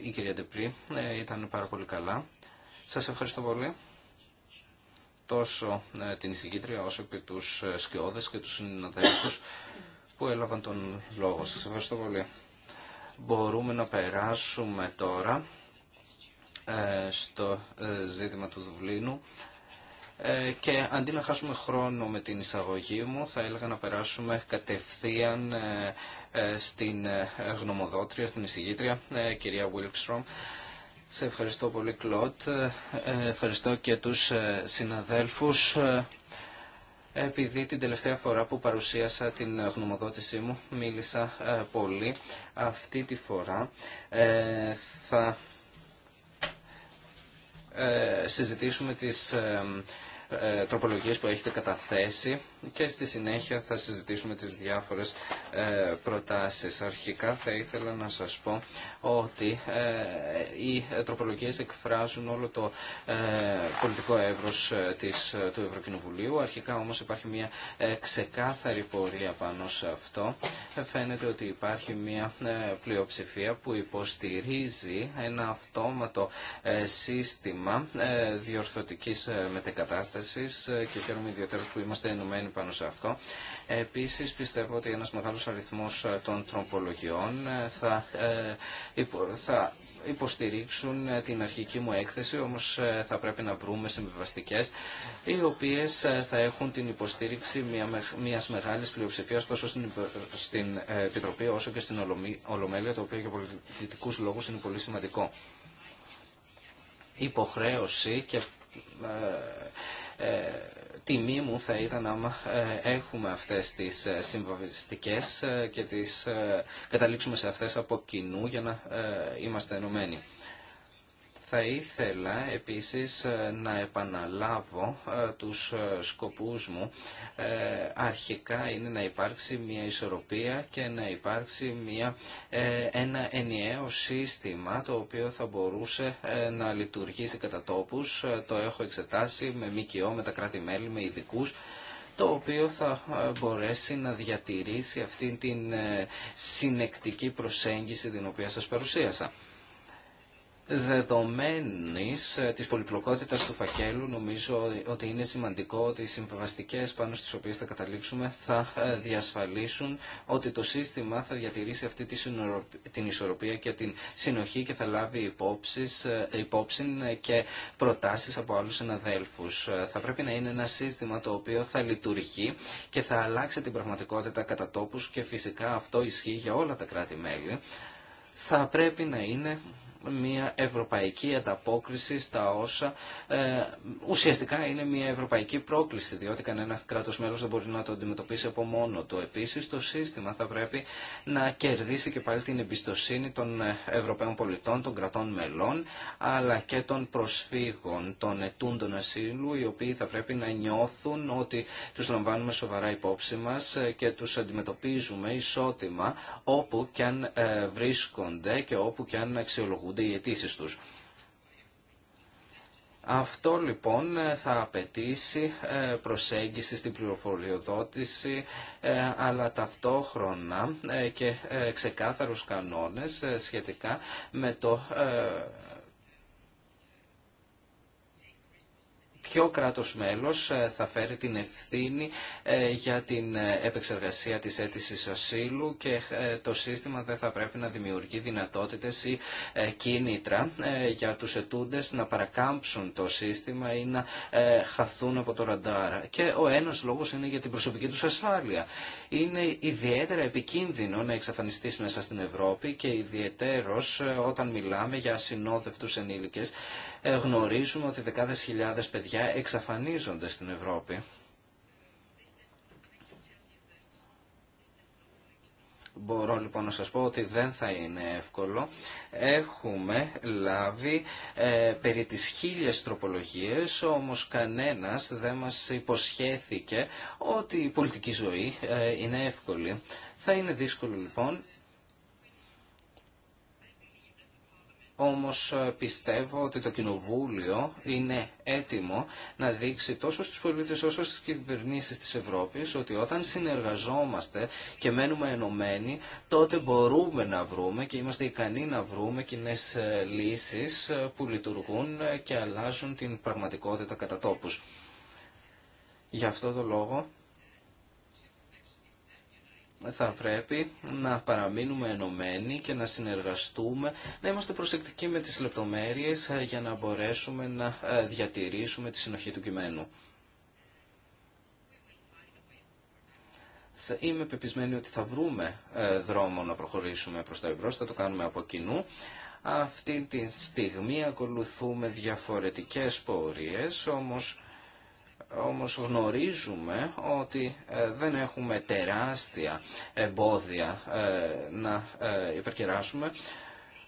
η κυρία Ντεπρή ήταν πάρα πολύ καλά. Σας ευχαριστώ πολύ τόσο ε, την εισηγήτρια όσο και τους ε, σκιώδε και τους συναδέλφου που έλαβαν τον λόγο. σα. ευχαριστώ πολύ. Μπορούμε να περάσουμε τώρα ε, στο ζήτημα του Δουβλίνου και αντί να χάσουμε χρόνο με την εισαγωγή μου θα έλεγα να περάσουμε κατευθείαν στην γνωμοδότρια, στην εισηγήτρια, κυρία Βίλξτρομ σε ευχαριστώ πολύ Κλωτ. Ε, ευχαριστώ και τους ε, συναδέλφους. Ε, επειδή την τελευταία φορά που παρουσίασα την γνωμοδότησή μου μίλησα πολύ, αυτή τη φορά θα συζητήσουμε τις τροπολογίες που έχετε καταθέσει και στη συνέχεια θα συζητήσουμε τις διάφορες ε, προτάσεις. Αρχικά θα ήθελα να σας πω ότι ε, οι τροπολογίες εκφράζουν όλο το ε, πολιτικό εύρος της, του Ευρωκοινοβουλίου. Αρχικά όμως υπάρχει μια ξεκάθαρη πορεία πάνω σε αυτό. Φαίνεται ότι υπάρχει μια πλειοψηφία που υποστηρίζει ένα αυτόματο σύστημα διορθωτικής μετεκατάστασης και χαίρομαι ιδιαίτερα που είμαστε ενωμένοι πάνω σε αυτό. Επίσης πιστεύω ότι ένας μεγάλος αριθμό ε, των τροπολογιών ε, θα, ε, θα υποστηρίξουν την αρχική μου έκθεση, όμως θα πρέπει να βρούμε συμβιβαστικές, οι οποίες θα έχουν την υποστήριξη μιας μεγάλης πλειοψηφίας τόσο στην Επιτροπή όσο και στην Ολομέλεια, το οποίο για πολιτικούς λόγους είναι πολύ σημαντικό. Υποχρέωση και ε, τιμή μου θα ήταν να ε, έχουμε αυτές τις ε, συμβαβιστικές ε, και τις καταλήξουμε σε αυτές από κοινού για να είμαστε ενωμένοι. Θα ήθελα επίσης ε, να επαναλάβω ε, τους ε, σκοπούς μου. Αρχικά είναι να υπάρξει μια ισορροπία και να υπάρξει μια, ένα ενιαίο σύστημα το οποίο θα μπορούσε να λειτουργήσει κατά τόπους. Το έχω εξετάσει με ΜΚΟ, με τα κράτη-μέλη, με ειδικού το οποίο θα μπορέσει να διατηρήσει αυτήν την συνεκτική προσέγγιση την οποία σας παρουσίασα δεδομένη ε, τη πολυπλοκότητα του φακέλου νομίζω ότι είναι σημαντικό ότι οι συμβαστικέ πάνω στι οποίε θα καταλήξουμε θα ε, διασφαλίσουν ότι το σύστημα θα διατηρήσει αυτή την ισορροπία και την συνοχή και θα λάβει ε, υπόψη και προτάσει από άλλου συναδέλφου. Θα πρέπει να είναι ένα σύστημα το οποίο θα λειτουργεί και θα αλλάξει την πραγματικότητα κατά τόπου και φυσικά αυτό ισχύει για όλα τα κράτη-μέλη. Θα πρέπει να είναι μια ευρωπαϊκή ανταπόκριση στα όσα ε, ουσιαστικά είναι μια ευρωπαϊκή πρόκληση, διότι κανένα κράτος μέλος δεν μπορεί να το αντιμετωπίσει από μόνο του. Επίσης, το σύστημα θα πρέπει να κερδίσει και πάλι την εμπιστοσύνη των ε, Ευρωπαίων πολιτών, των κρατών μελών, αλλά και των προσφύγων, των ετούντων ασύλου, οι οποίοι θα πρέπει να νιώθουν ότι τους λαμβάνουμε σοβαρά υπόψη μας ε, και τους αντιμετωπίζουμε ισότιμα όπου και αν ε, βρίσκονται και όπου και αν αξιολογούνται τους. Αυτό λοιπόν θα απαιτήσει ε, προσέγγιση στην πληροφοριοδότηση ε, αλλά ταυτόχρονα ε, και ξεκάθαρους κανόνες σχετικά με το ποιο κράτος μέλος ε, θα φέρει την ευθύνη ε, για την ε, επεξεργασία της αίτηση ασύλου και το σύστημα δεν θα πρέπει να δημιουργεί δυνατότητες ή κίνητρα για τους ετούντες να παρακάμψουν το σύστημα ή να χαθούν από το ραντάρα. Και ο ένας λόγος είναι για την προσωπική τους ασφάλεια. Είναι ιδιαίτερα επικίνδυνο να εξαφανιστείς μέσα στην Ευρώπη και ιδιαίτερος όταν μιλάμε για ασυνόδευτους ενήλικες ε, γνωρίζουμε ότι δεκάδες χιλιάδες παιδιά εξαφανίζονται στην Ευρώπη. Μπορώ λοιπόν να σας πω ότι δεν θα είναι εύκολο. Έχουμε λάβει ε, περί τις χίλιες τροπολογίες, όμως κανένας δεν μας υποσχέθηκε ότι η πολιτική ζωή ε, είναι εύκολη. Θα είναι δύσκολο λοιπόν όμως ε, πιστεύω ότι το Κοινοβούλιο είναι έτοιμο να δείξει τόσο στους πολίτες όσο στις κυβερνήσεις της Ευρώπης ότι όταν συνεργαζόμαστε και μένουμε ενωμένοι τότε μπορούμε να βρούμε και είμαστε ικανοί να βρούμε κοινέ ε, λύσεις ε, που λειτουργούν και αλλάζουν την πραγματικότητα κατά τόπους. Γι' αυτό το λόγο θα πρέπει να παραμείνουμε ενωμένοι και να συνεργαστούμε, να είμαστε προσεκτικοί με τις λεπτομέρειες ε, για να μπορέσουμε να ε, διατηρήσουμε τη συνοχή του κειμένου. Είμαι πεπισμένη ότι θα βρούμε ε, δρόμο να προχωρήσουμε προς τα εμπρός, θα το κάνουμε από κοινού. Αυτή τη στιγμή ακολουθούμε διαφορετικές πορείες, όμως όμως γνωρίζουμε ότι ε, δεν έχουμε τεράστια εμπόδια ε, να ε, υπερκεράσουμε,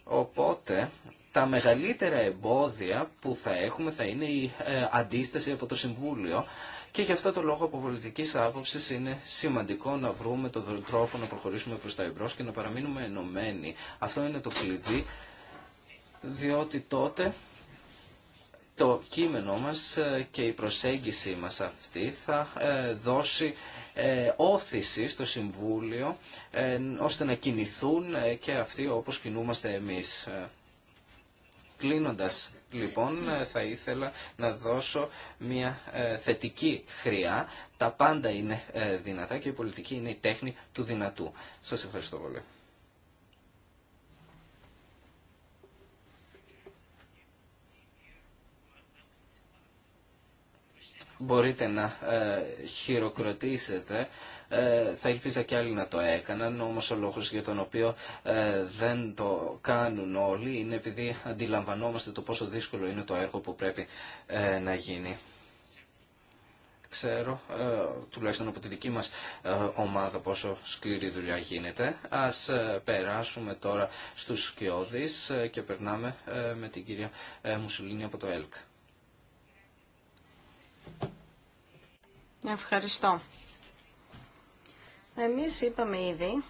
οπότε τα μεγαλύτερα εμπόδια που θα έχουμε θα είναι η αντίσταση από το Συμβούλιο και γι' αυτό το λόγο από πολιτικής άποψης είναι σημαντικό να βρούμε τον τρόπο να προχωρήσουμε προς τα εμπρός και να παραμείνουμε ενωμένοι. Αυτό είναι το κλειδί, διότι τότε το κείμενό μας ε, και η προσέγγιση μας αυτή θα ε, δώσει ε, όθηση στο Συμβούλιο ώστε να κινηθούν και αυτοί όπως κινούμαστε εμείς. Κλείνοντας λοιπόν θα ήθελα να δώσω μια θετική χρειά. Τα πάντα είναι δυνατά και η πολιτική είναι η τέχνη του δυνατού. Σας ευχαριστώ πολύ. μπορείτε να ε, χειροκροτήσετε. Ε, θα ελπίζα και άλλοι να το έκαναν, όμως ο λόγος για τον οποίο ε, δεν το κάνουν όλοι είναι επειδή αντιλαμβανόμαστε το πόσο δύσκολο είναι το έργο που πρέπει να γίνει. Ξέρω, τουλάχιστον από τη δική μας ομάδα, πόσο σκληρή δουλειά γίνεται. Ας περάσουμε τώρα στους σκιώδεις και περνάμε με την κυρία Μουσουλίνη από το ΕΛΚ. Ευχαριστώ. Εμείς είπαμε ήδη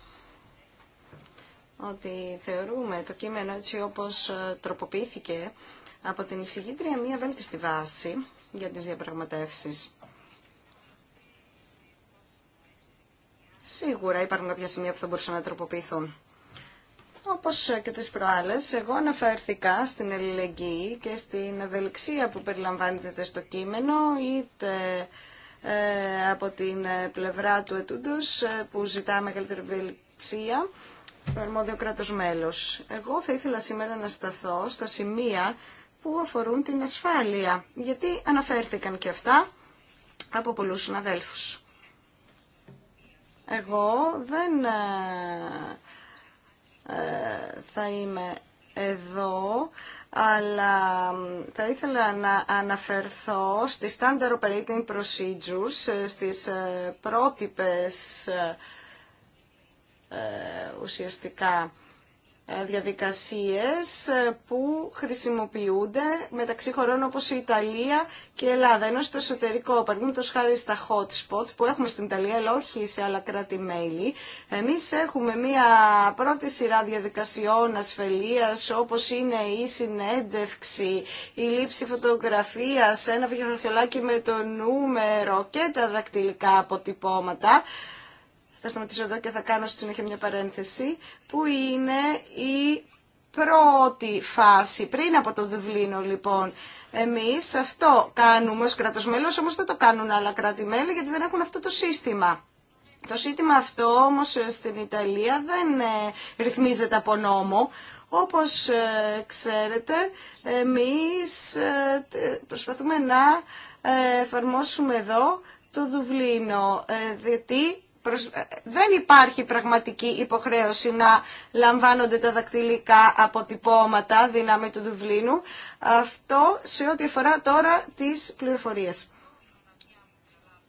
ότι θεωρούμε το κείμενο έτσι όπως ε, τροποποιήθηκε από την εισηγήτρια μία βέλτιστη βάση για τις διαπραγματεύσεις. Σίγουρα υπάρχουν κάποια σημεία που θα μπορούσαν να τροποποιηθούν. Όπως και τις προάλλες, εγώ αναφέρθηκα στην ελληνική και στην ευελιξία που περιλαμβάνεται στο κείμενο, είτε ε, από την πλευρά του ετούντος ε, που ζητά μεγαλύτερη ευελιξία, το αρμόδιο κράτος μέλος. Εγώ θα ήθελα σήμερα να σταθώ στα σημεία που αφορούν την ασφάλεια, γιατί αναφέρθηκαν και αυτά από πολλούς συναδέλφους. Εγώ δεν ε, ε, θα είμαι εδώ, αλλά θα ήθελα να αναφερθώ στις Standard Operating Procedures, ε, στις ε, πρότυπες ουσιαστικά ε, διαδικασίες ε, που χρησιμοποιούνται μεταξύ χωρών όπως η Ιταλία και η Ελλάδα. Ενώ στο εσωτερικό, παραδείγματος χάρη στα hot spot που έχουμε στην Ιταλία, αλλά όχι σε άλλα κράτη-μέλη, εμείς έχουμε μία πρώτη σειρά διαδικασιών ασφαλείας όπως είναι η συνέντευξη, η λήψη φωτογραφίας, ένα βιοχολάκι με το νούμερο και τα δακτυλικά αποτυπώματα θα σταματήσω εδώ και θα κάνω στη συνέχεια μια παρένθεση, που είναι η πρώτη φάση, πριν από το Δουβλίνο λοιπόν. Εμείς αυτό κάνουμε ως κράτος μέλος, όμως δεν το κάνουν άλλα κράτη-μέλη γιατί δεν έχουν αυτό το σύστημα. Το σύστημα αυτό όμως στην Ιταλία δεν ε, ρυθμίζεται από νόμο. Όπως ε, ξέρετε, εμείς ε, προσπαθούμε να εφαρμόσουμε εδώ το Δουβλίνο, γιατί ε, δεν υπάρχει πραγματική υποχρέωση να λαμβάνονται τα δακτυλικά αποτυπώματα δύναμη του Δουβλίνου. Αυτό σε ό,τι αφορά τώρα τις πληροφορίες.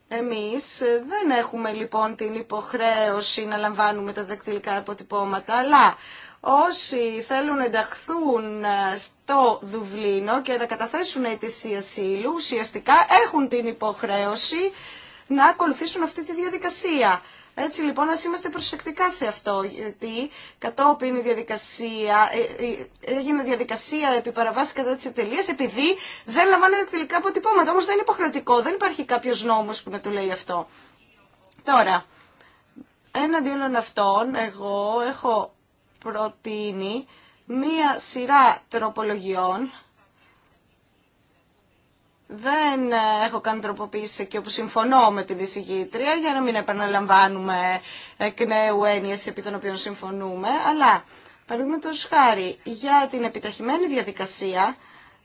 Εμείς ε, δεν έχουμε λοιπόν την υποχρέωση να λαμβάνουμε τα δακτυλικά αποτυπώματα, αλλά όσοι θέλουν να ενταχθούν ε, στο Δουβλίνο και να καταθέσουν αίτηση ασύλου, ουσιαστικά έχουν την υποχρέωση να ακολουθήσουν αυτή τη διαδικασία. Έτσι λοιπόν ας είμαστε προσεκτικά σε αυτό, γιατί κατόπιν η διαδικασία, ε, ε, έγινε διαδικασία επί κατά της εταιρείας επειδή δεν λαμβάνεται τελικά αποτυπώματα, όμως δεν είναι υποχρεωτικό, δεν υπάρχει κάποιος νόμος που να το λέει αυτό. Τώρα, έναντι όλων αυτών, εγώ έχω προτείνει μία σειρά τροπολογιών δεν ε, έχω καν τροποποίηση και όπου συμφωνώ με την εισηγήτρια για να μην επαναλαμβάνουμε εκ νέου έννοιες επί των οποίων συμφωνούμε, αλλά παραδείγματο χάρη για την επιταχυμένη διαδικασία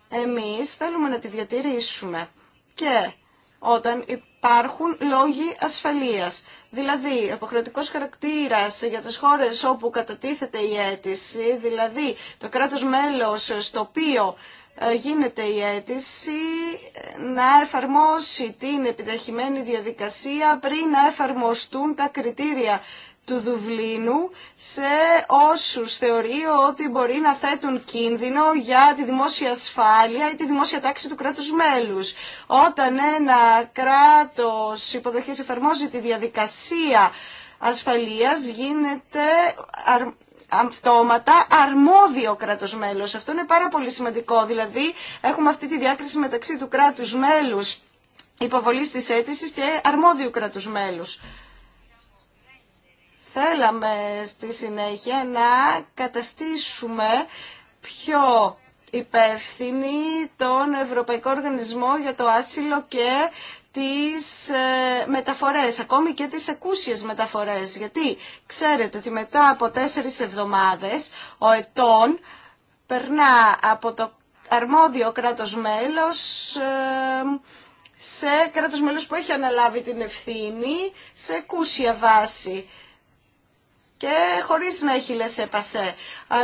εμείς θέλουμε να τη διατηρήσουμε και όταν υπάρχουν λόγοι ασφαλείας. Δηλαδή, υποχρεωτικό χαρακτήρα για τι χώρε όπου κατατίθεται η αίτηση, δηλαδή το κράτο μέλο στο οποίο ε, γίνεται η αίτηση να εφαρμόσει την επιταχυμένη διαδικασία πριν να εφαρμοστούν τα κριτήρια του Δουβλίνου σε όσους θεωρεί ότι μπορεί να θέτουν κίνδυνο για τη δημόσια ασφάλεια ή τη δημόσια τάξη του κράτους μέλους. Όταν ένα κράτος υποδοχής εφαρμόζει τη διαδικασία ασφαλείας γίνεται αυτόματα αρμόδιο κράτο μέλο. Αυτό είναι πάρα πολύ σημαντικό. Δηλαδή έχουμε αυτή τη διάκριση μεταξύ του κρατου μέλους υποβολής της αιτηση και αρμόδιου κρατου μέλους. Θέλαμε στη συνέχεια να καταστήσουμε πιο υπεύθυνη τον Ευρωπαϊκό Οργανισμό για το Άσυλο και τις ε, μεταφορές, ακόμη και τις ακούσιες μεταφορές. Γιατί ξέρετε ότι μετά από τέσσερις εβδομάδες ο ετών περνά από το αρμόδιο κράτος μέλος ε, σε κράτος μέλος που έχει αναλάβει την ευθύνη σε ακούσια βάση και χωρίς να έχει λες επασέ.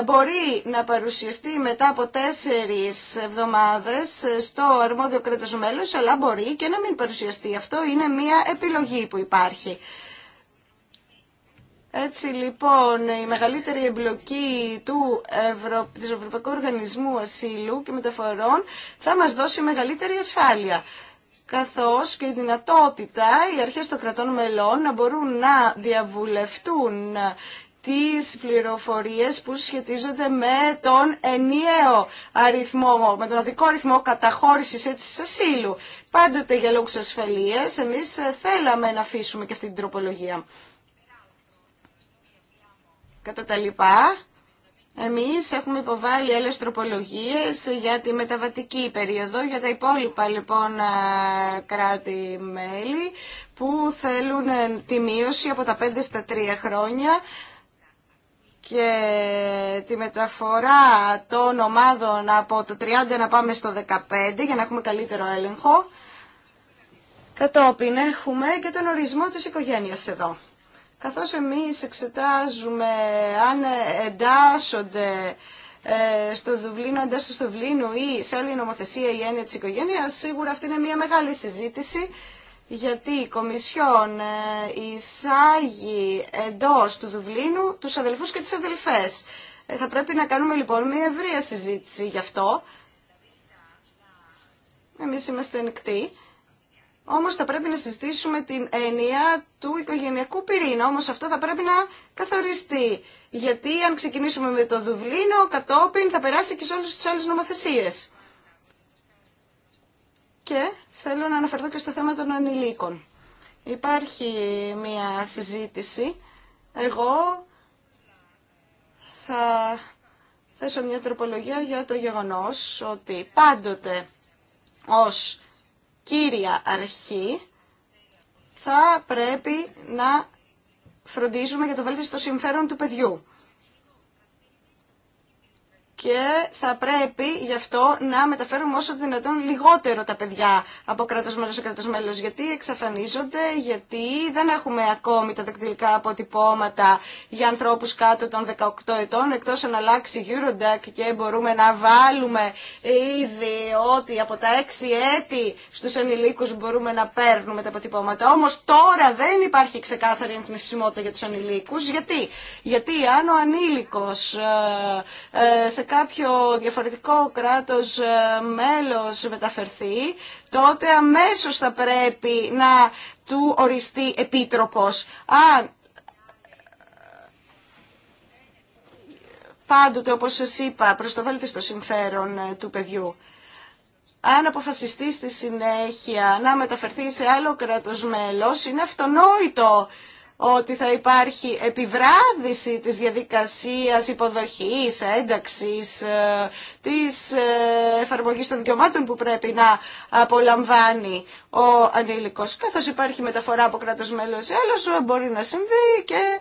Μπορεί να παρουσιαστεί μετά από τέσσερις εβδομάδες ε, στο αρμόδιο κράτος μέλος, αλλά μπορεί και να μην παρουσιαστεί. Αυτό είναι μια επιλογή που υπάρχει. Έτσι λοιπόν η μεγαλύτερη εμπλοκή του Ευρωπαϊκού Οργανισμού Ασύλου και Μεταφορών θα μας δώσει μεγαλύτερη ασφάλεια καθώς και η δυνατότητα οι αρχές των κρατών μελών να μπορούν να διαβουλευτούν τις πληροφορίες που σχετίζονται με τον ενιαίο αριθμό, με τον αδικό αριθμό καταχώρησης έτσι ασύλου. Πάντοτε για λόγους ασφαλείας, εμείς θέλαμε να αφήσουμε και αυτή την τροπολογία. Κατά τα λοιπά, εμείς έχουμε υποβάλει άλλες τροπολογίες για τη μεταβατική περίοδο, για τα υπόλοιπα λοιπόν ε, κράτη-μέλη που θέλουν ε, τη μείωση από τα 5 στα 3 χρόνια και τη μεταφορά των ομάδων από το 30 να πάμε στο 15 για να έχουμε καλύτερο έλεγχο. Κατόπιν έχουμε και τον ορισμό της οικογένειας εδώ. Καθώς εμείς εξετάζουμε αν εντάσσονται ε, στο Δουβλίνο, εντάσσονται στο Δουβλίνο ή σε άλλη νομοθεσία η έννοια της οικογένειας, σίγουρα αυτή είναι μια μεγάλη συζήτηση γιατί η Κομισιόν ε, εισάγει εντός του Δουβλίνου τους αδελφούς και τις αδελφές. Ε, θα πρέπει να κάνουμε λοιπόν μια ευρεία συζήτηση γι' αυτό. Εμείς είμαστε ανοιχτοί όμως θα πρέπει να συζητήσουμε την έννοια του οικογενειακού πυρήνα. Όμως αυτό θα πρέπει να καθοριστεί. Γιατί αν ξεκινήσουμε με το Δουβλίνο, κατόπιν θα περάσει και σε όλες τις άλλες νομοθεσίες. Και θέλω να αναφερθώ και στο θέμα των ανηλίκων. Υπάρχει μια συζήτηση. Εγώ θα θέσω μια τροπολογία για το γεγονός ότι πάντοτε ως κύρια αρχή θα πρέπει να φροντίζουμε για το βέλτιστο συμφέρον του παιδιού και θα πρέπει γι' αυτό να μεταφέρουμε όσο δυνατόν λιγότερο τα παιδιά από κράτο μέλο σε κράτο μέλο. Γιατί εξαφανίζονται, γιατί δεν έχουμε ακόμη τα δακτυλικά αποτυπώματα για ανθρώπου κάτω των 18 ετών, εκτό αν αλλάξει Eurodac και μπορούμε να βάλουμε ήδη ότι από τα 6 έτη στου ανηλίκους μπορούμε να παίρνουμε τα αποτυπώματα. Όμω τώρα δεν υπάρχει ξεκάθαρη εμπνευσιμότητα για του ανηλίκους. Γιατί? γιατί αν ο ανήλικο ε, ε, κάποιο διαφορετικό κράτος ε, μέλος μεταφερθεί, τότε αμέσως θα πρέπει να του οριστεί επίτροπος. Α, πάντοτε, όπως σας είπα, προς το βέλτιστο συμφέρον ε, του παιδιού. Αν αποφασιστεί στη συνέχεια να μεταφερθεί σε άλλο κράτος μέλος, είναι αυτονόητο ότι θα υπάρχει επιβράδυση της διαδικασίας υποδοχής, ένταξης, ε, της ε, εφαρμογής των δικαιωμάτων που πρέπει να απολαμβάνει ο ανήλικος. Καθώς υπάρχει μεταφορά από κράτος μέλος σε άλλο, μπορεί να συμβεί και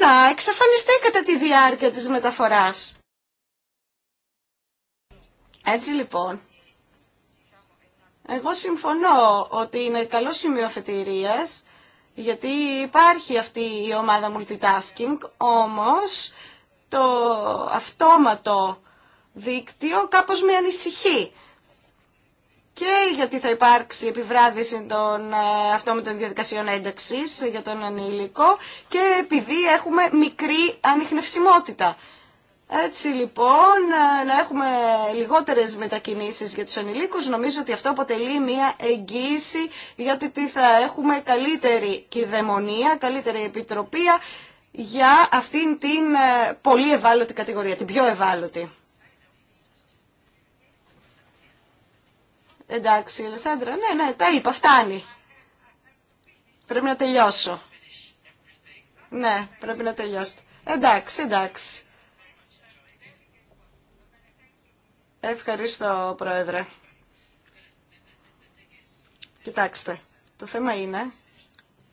να εξαφανιστεί κατά τη διάρκεια της μεταφοράς. Έτσι λοιπόν, εγώ συμφωνώ ότι είναι καλό σημείο αφετηρίας γιατί υπάρχει αυτή η ομάδα multitasking, όμως το αυτόματο δίκτυο κάπως με ανησυχεί και γιατί θα υπάρξει επιβράδυση των ε, αυτόματων διαδικασιών ένταξη για τον ανήλικο και επειδή έχουμε μικρή ανιχνευσιμότητα. Έτσι λοιπόν, ε, να έχουμε λιγότερες μετακινήσεις για τους ανηλίκους, νομίζω ότι αυτό αποτελεί μια εγγύηση για το ότι θα έχουμε καλύτερη κυδαιμονία, καλύτερη επιτροπία για αυτήν την ε, πολύ ευάλωτη κατηγορία, την πιο ευάλωτη. Εντάξει, λεσάντρα, ναι, ναι, τα είπα, φτάνει. Πρέπει να τελειώσω. Ναι, πρέπει να τελειώσω. Εντάξει, εντάξει. Ευχαριστώ, Πρόεδρε. Κοιτάξτε, το θέμα είναι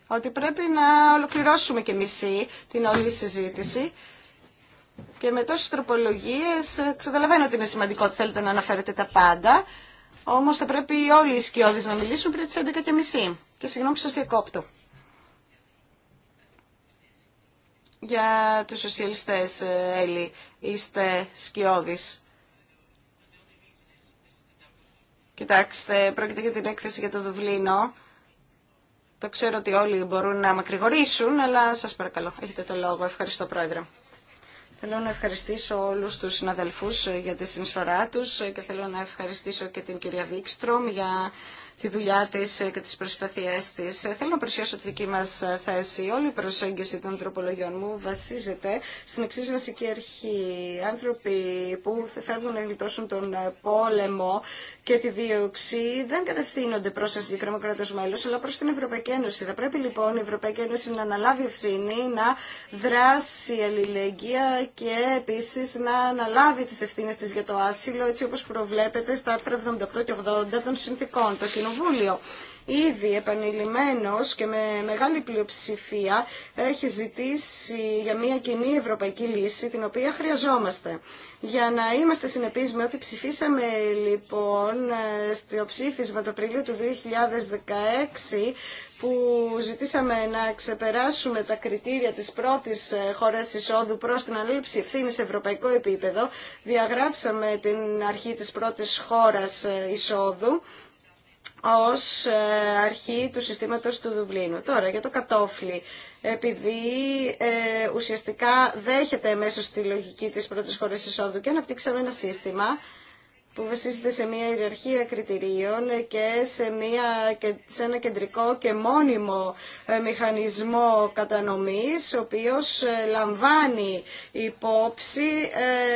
ότι πρέπει να ολοκληρώσουμε και μισή την όλη συζήτηση και με τόσες τροπολογίες καταλαβαίνω ε, ότι είναι σημαντικό ότι θέλετε να αναφέρετε τα πάντα όμως θα πρέπει όλοι οι σκιώδεις να μιλήσουν πριν τις 11.30 και συγγνώμη που σας διακόπτω. Για τους σοσιαλιστές, ε, Έλλη, είστε σκιώδεις. Κοιτάξτε, πρόκειται για την έκθεση για το Δουβλίνο. Το ξέρω ότι όλοι μπορούν να μακρηγορήσουν, αλλά σας παρακαλώ, έχετε το λόγο. Ευχαριστώ, Πρόεδρε. Θέλω να ευχαριστήσω όλους τους συναδελφούς ε, για τη συνεισφορά τους ε, και θέλω να ευχαριστήσω και την κυρία Βίκστρομ για τη δουλειά της και τις προσπαθίες της. Θέλω να παρουσιάσω τη δική μας θέση. Όλη η προσέγγιση των τροπολογιών μου βασίζεται στην εξή βασική αρχή. Άνθρωποι που φεύγουν να γλιτώσουν τον πόλεμο και τη δίωξη δεν κατευθύνονται προς ένα συγκεκριμένο κράτος μέλος, αλλά προς την Ευρωπαϊκή Ένωση. Θα πρέπει λοιπόν η Ευρωπαϊκή Ένωση να αναλάβει ευθύνη, να δράσει αλληλεγγύα και επίσης να αναλάβει τις ευθύνες της για το άσυλο, έτσι όπως προβλέπεται στα άρθρα 78 και 80 των συνθήκων. Το ήδη επανειλημμένος και με μεγάλη πλειοψηφία έχει ζητήσει για μια κοινή ευρωπαϊκή λύση την οποία χρειαζόμαστε. Για να είμαστε συνεπείς με ό,τι ψηφίσαμε λοιπόν στο ψήφισμα το Απριλίο του 2016 που ζητήσαμε να ξεπεράσουμε τα κριτήρια της πρώτης ε, χώρας εισόδου προς την αλήψη ευθύνη σε ευρωπαϊκό επίπεδο, διαγράψαμε την αρχή της πρώτης χώρας ε, εισόδου ως ε, αρχή του συστήματος του Δουβλίνου. Τώρα για το κατόφλι, επειδή ε, ουσιαστικά δέχεται μέσω στη λογική της πρώτης χώρας εισόδου και αναπτύξαμε ένα σύστημα που βασίζεται σε μια ιεραρχία κριτηρίων και σε, μια, ένα κεντρικό και μόνιμο ε, μηχανισμό κατανομής, ο οποίος ε, λαμβάνει υπόψη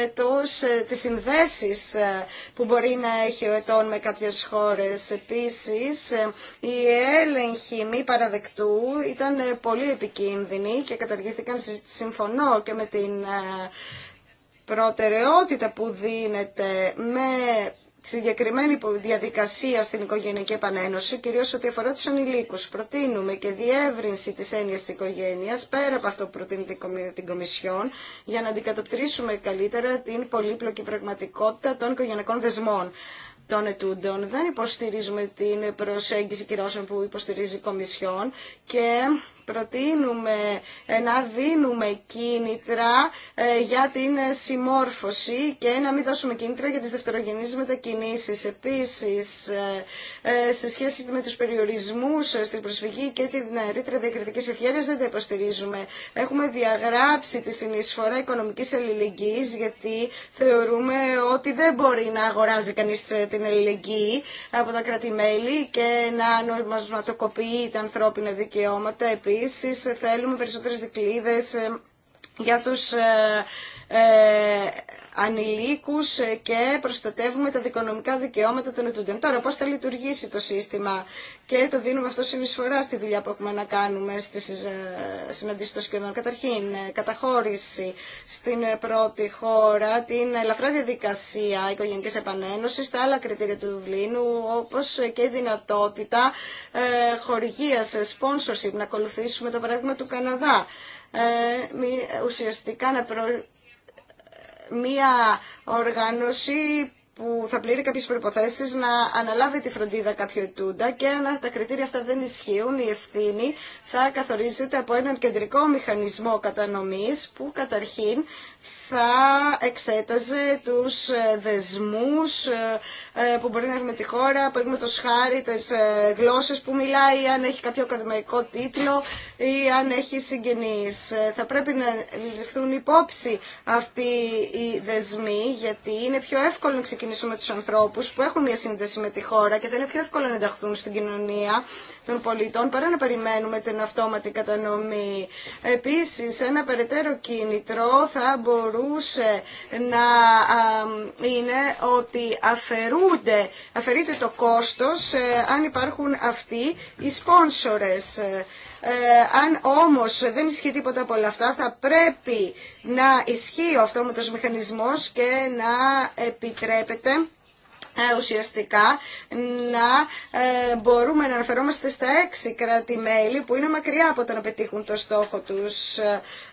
ε, τους, τις συνδέσεις που μπορεί να έχει ο ετών με κάποιες χώρες. Επίσης, η έλεγχη μη παραδεκτού ήταν πολύ επικίνδυνη και καταργήθηκαν, συμφωνώ και με την προτεραιότητα που δίνεται με συγκεκριμένη διαδικασία στην οικογενειακή επανένωση, κυρίω ό,τι αφορά του ανήλικου. Προτείνουμε και διεύρυνση τη έννοια τη οικογένεια, πέρα από αυτό που προτείνει την Κομισιόν, για να αντικατοπτρίσουμε καλύτερα την πολύπλοκη πραγματικότητα των οικογενειακών δεσμών των ετούντων. Δεν υποστηρίζουμε την προσέγγιση κυρώσεων που υποστηρίζει η Κομισιόν και προτείνουμε ε, να δίνουμε κίνητρα ε, για την συμμόρφωση και να μην δώσουμε κίνητρα για τις δευτερογενείς μετακινήσεις. Επίσης, ε, σε σχέση με τους περιορισμούς στην προσφυγή και την ρήτρα διακριτικής ευχαίρειας, δεν τα υποστηρίζουμε. Έχουμε διαγράψει τη συνεισφορά οικονομικής αλληλεγγύης γιατί θεωρούμε ότι δεν μπορεί να αγοράζει κανείς την ελληνική από τα κράτη-μέλη και να νοηματοκοποιεί τα ανθρώπινα δικαιώματα θέλουμε περισσότερες δικλείδες ε, για τους ε, ε, ανηλίκους και προστατεύουμε τα δικονομικά δικαιώματα των ετούντων. Τώρα πώς θα λειτουργήσει το σύστημα και το δίνουμε αυτό συνεισφορά στη δουλειά που έχουμε να κάνουμε στις ε, συναντήσεις των σκηνών. Καταρχήν, ε, καταχώρηση στην πρώτη χώρα, την ελαφρά διαδικασία οικογενικής επανένωσης, τα άλλα κριτήρια του Δουβλίνου, όπως και η δυνατότητα χορηγίας, sponsorship, να ακολουθήσουμε το παράδειγμα του Καναδά. ουσιαστικά να προ μία οργάνωση που θα πλήρει κάποιες προϋποθέσεις να αναλάβει τη φροντίδα κάποιου ετούντα και αν τα κριτήρια αυτά δεν ισχύουν, η ευθύνη θα καθορίζεται από έναν κεντρικό μηχανισμό κατανομής που καταρχήν θα εξέταζε τους ε, δεσμούς ε, ε, που μπορεί να έχουμε τη χώρα, το σχάρι, τις γλώσσες που μιλάει, αν έχει κάποιο ακαδημαϊκό τίτλο ή αν έχει συγγενείς. Θα πρέπει να ληφθούν υπόψη αυτοί οι δεσμοί, γιατί είναι πιο εύκολο να ξεκινήσουμε τους ανθρώπους που έχουν μια σύνδεση με τη χώρα και δεν είναι πιο εύκολο να ενταχθούν στην κοινωνία των πολιτών παρά να περιμένουμε την αυτόματη κατανομή. Επίσης, ένα περαιτέρω κίνητρο θα μπορούσε να είναι ότι αφαιρούνται, αφαιρείται το κόστος ε, αν υπάρχουν αυτοί οι σπόνσορες. Ε, αν όμως δεν ισχύει τίποτα από όλα αυτά, θα πρέπει να ισχύει ο αυτόματος μηχανισμός και να επιτρέπεται ε, ουσιαστικά να ε, μπορούμε να αναφερόμαστε στα έξι κράτη-μέλη που είναι μακριά από το να πετύχουν το στόχο τους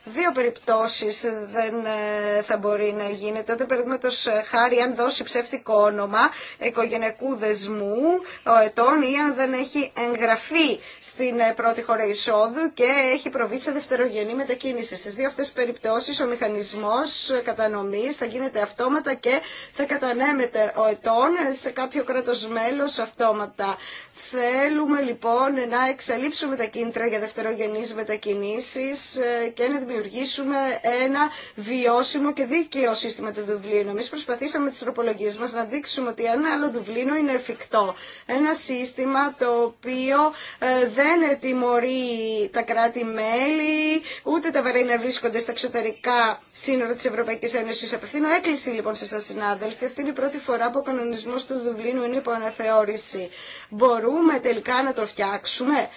δύο περιπτώσεις δεν ε, θα μπορεί να γίνει. Τότε παραδείγματο ε, χάρη αν δώσει ψεύτικο όνομα οικογενειακού δεσμού ο ετών ή αν δεν έχει εγγραφεί στην ε, πρώτη χώρα εισόδου και έχει προβεί σε δευτερογενή μετακίνηση. Στις δύο αυτές περιπτώσεις ο μηχανισμός κατανομής θα γίνεται αυτόματα και θα κατανέμεται ο ετών σε κάποιο κράτος αυτόματα. Θέλουμε λοιπόν να εξαλείψουμε τα κίνητρα για δευτερογενείς μετακινήσεις ε, και να δημιουργήσουμε ένα βιώσιμο και δίκαιο σύστημα του Δουβλίνου. Εμείς προσπαθήσαμε με τις τροπολογίες μας να δείξουμε ότι ένα άλλο Δουβλίνο είναι εφικτό. Ένα σύστημα το οποίο ε, δεν τιμωρεί τα κράτη-μέλη, ούτε τα βαρένα βρίσκονται στα εξωτερικά σύνορα της Ευρωπαϊκής Ένωσης. Απευθύνω έκκληση λοιπόν σε εσάς συνάδελφοι. Αυτή είναι η πρώτη φορά που ο κανονισμός του Δουβλίνου είναι υπό αναθεώρηση. Μπορούμε μπορούμε τελικά να το φτιάξουμε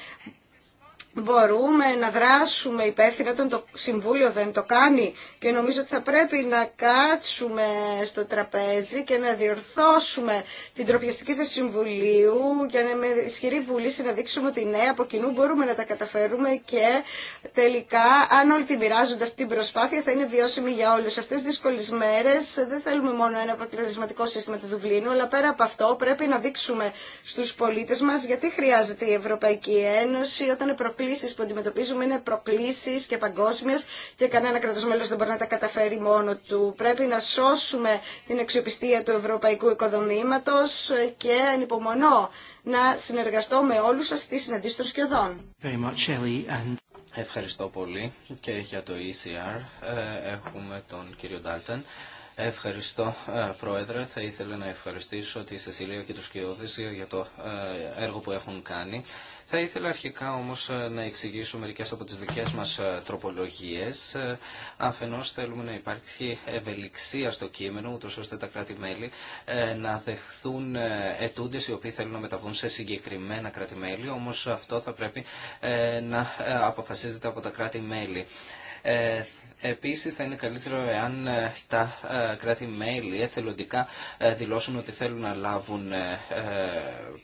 μπορούμε να δράσουμε υπεύθυνα όταν το Συμβούλιο δεν το κάνει και νομίζω ότι θα πρέπει να κάτσουμε στο τραπέζι και να διορθώσουμε την τροπιαστική θέση Συμβουλίου για να με ισχυρή βουλή να δείξουμε ότι ναι, από κοινού μπορούμε να τα καταφέρουμε και τελικά αν όλοι τη μοιράζονται αυτή την προσπάθεια θα είναι βιώσιμη για όλους. Σε αυτές τις δύσκολες μέρες δεν θέλουμε μόνο ένα αποκλεισματικό σύστημα του Δουβλίνου, αλλά πέρα από αυτό πρέπει να δείξουμε στους πολίτες μας γιατί χρειάζεται η Ευρωπαϊκή Ένωση όταν προκλήσει που αντιμετωπίζουμε είναι προκλήσει και παγκόσμιε και κανένα κρατός μέλο δεν μπορεί να τα καταφέρει μόνο του. Πρέπει να σώσουμε την αξιοπιστία του ευρωπαϊκού οικοδομήματος και ανυπομονώ να συνεργαστώ με όλου σα στη συναντήση των σκιωδών. Ευχαριστώ πολύ και για το ECR ε, έχουμε τον κύριο Ντάλτεν. Ευχαριστώ, ε, Πρόεδρε. Θα ήθελα να ευχαριστήσω τη Σεσίλια και τους Κιώδης για το ε, έργο που έχουν κάνει. Θα ήθελα αρχικά όμως ε, να εξηγήσω μερικές από τις δικές μας ε, τροπολογίες. Ε, αφενός θέλουμε να υπάρξει ευελιξία στο κείμενο, ούτως ώστε τα κράτη-μέλη να δεχθούν ετούντες οι οποίοι θέλουν να μεταβούν σε συγκεκριμένα κράτη-μέλη, όμως αυτό θα πρέπει να αποφασίζεται από τα κράτη-μέλη Επίσης θα είναι καλύτερο εάν ε, τα ε, κράτη-μέλη εθελοντικά ε, δηλώσουν ότι θέλουν να λάβουν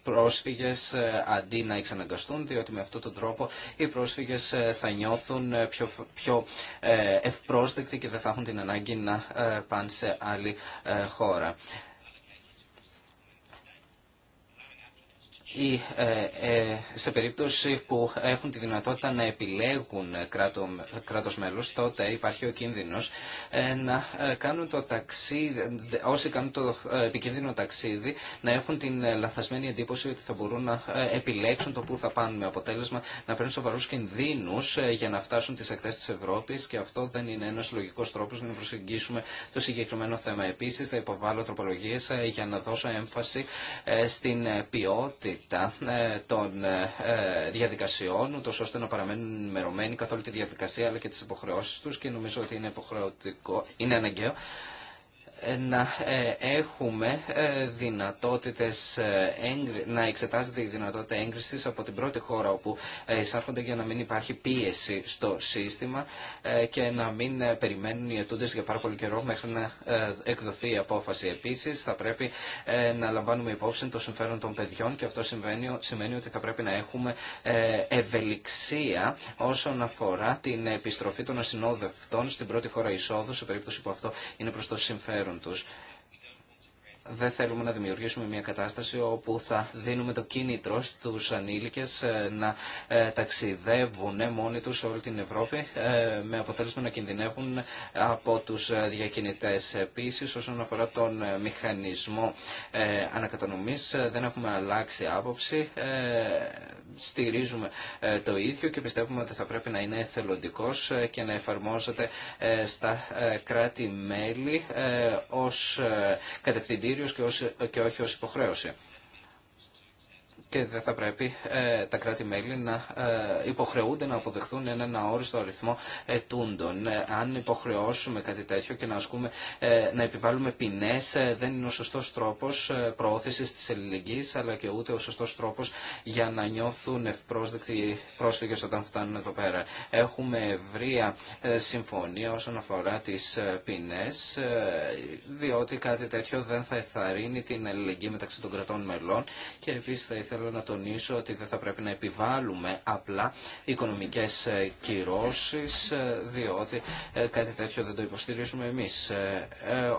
πρόσφυγες αντί να εξαναγκαστούν, διότι με αυτόν τον τρόπο οι πρόσφυγες θα νιώθουν πιο, πιο ευπρόσδεκτοι και δεν θα έχουν την ανάγκη να πάνε σε άλλη χώρα. ή ε, ε, σε περίπτωση που έχουν τη δυνατότητα να επιλέγουν κράτο, κράτος μέλους, τότε υπάρχει ο κίνδυνος ε, να κάνουν το ταξίδι, όσοι κάνουν το επικίνδυνο ταξίδι, να έχουν την λαθασμένη εντύπωση ότι θα μπορούν να επιλέξουν το που θα πάνε με αποτέλεσμα να παίρνουν σοβαρούς κινδύνους για να φτάσουν τις εκθέσει της Ευρώπης και αυτό δεν είναι ένας λογικός τρόπος να προσεγγίσουμε το συγκεκριμένο θέμα. Επίσης θα υποβάλω τροπολογίες για να δώσω έμφαση στην ποιότητα ταχύτητα ε, των ε, ε, διαδικασιών, ούτω ώστε να παραμένουν ενημερωμένοι καθ' όλη τη διαδικασία αλλά και τι υποχρεώσει τους και νομίζω ότι είναι, υποχρεωτικό, είναι αναγκαίο να ε, έχουμε ε, δυνατότητες, ε, να εξετάζεται η δυνατότητα έγκρισης από την πρώτη χώρα όπου εισάρχονται για να μην υπάρχει πίεση στο σύστημα και να μην περιμένουν οι ετούντες για πάρα πολύ καιρό μέχρι να εκδοθεί η απόφαση. Επίσης θα πρέπει να λαμβάνουμε υπόψη το συμφέρον των παιδιών και αυτό σημαίνει, ότι θα πρέπει να έχουμε ευελιξία όσον αφορά την επιστροφή των ασυνόδευτών στην πρώτη χώρα εισόδου σε περίπτωση που αυτό είναι προς το συμφέρον συμφέρον δεν θέλουμε να δημιουργήσουμε μια κατάσταση όπου θα δίνουμε το κίνητρο στους ανήλικες ε, να ε, ταξιδεύουν μόνοι τους σε όλη την Ευρώπη ε, με αποτέλεσμα να κινδυνεύουν από τους διακινητές. Επίσης όσον αφορά τον μηχανισμό ανακατανομής δεν έχουμε αλλάξει άποψη, στηρίζουμε το ίδιο και πιστεύουμε ότι θα πρέπει να είναι εθελοντικός και να εφαρμόζεται στα κράτη-μέλη ως κατευθυντή και, και όχι ω υποχρέωση και δεν θα πρέπει ε, τα κράτη-μέλη να ε, υποχρεούνται να αποδεχθούν έναν αόριστο αριθμό ετούντων. Ε, αν υποχρεώσουμε κάτι τέτοιο και να, ασκούμε, ε, να επιβάλλουμε ποινέ, δεν είναι ο σωστό τρόπο προώθηση τη ελληνική, αλλά και ούτε ο σωστό τρόπο για να νιώθουν ευπρόσδεκτοι πρόσφυγε όταν φτάνουν εδώ πέρα. Έχουμε ευρεία συμφωνία όσον αφορά τι ποινέ, διότι κάτι τέτοιο δεν θα εθαρρύνει την ελληνική μεταξύ των κρατών μελών και επίση θα ήθελα να τονίσω ότι δεν θα πρέπει να επιβάλλουμε απλά οικονομικές ε, κυρώσεις, ε, διότι ε, κάτι τέτοιο δεν το υποστηρίζουμε εμείς.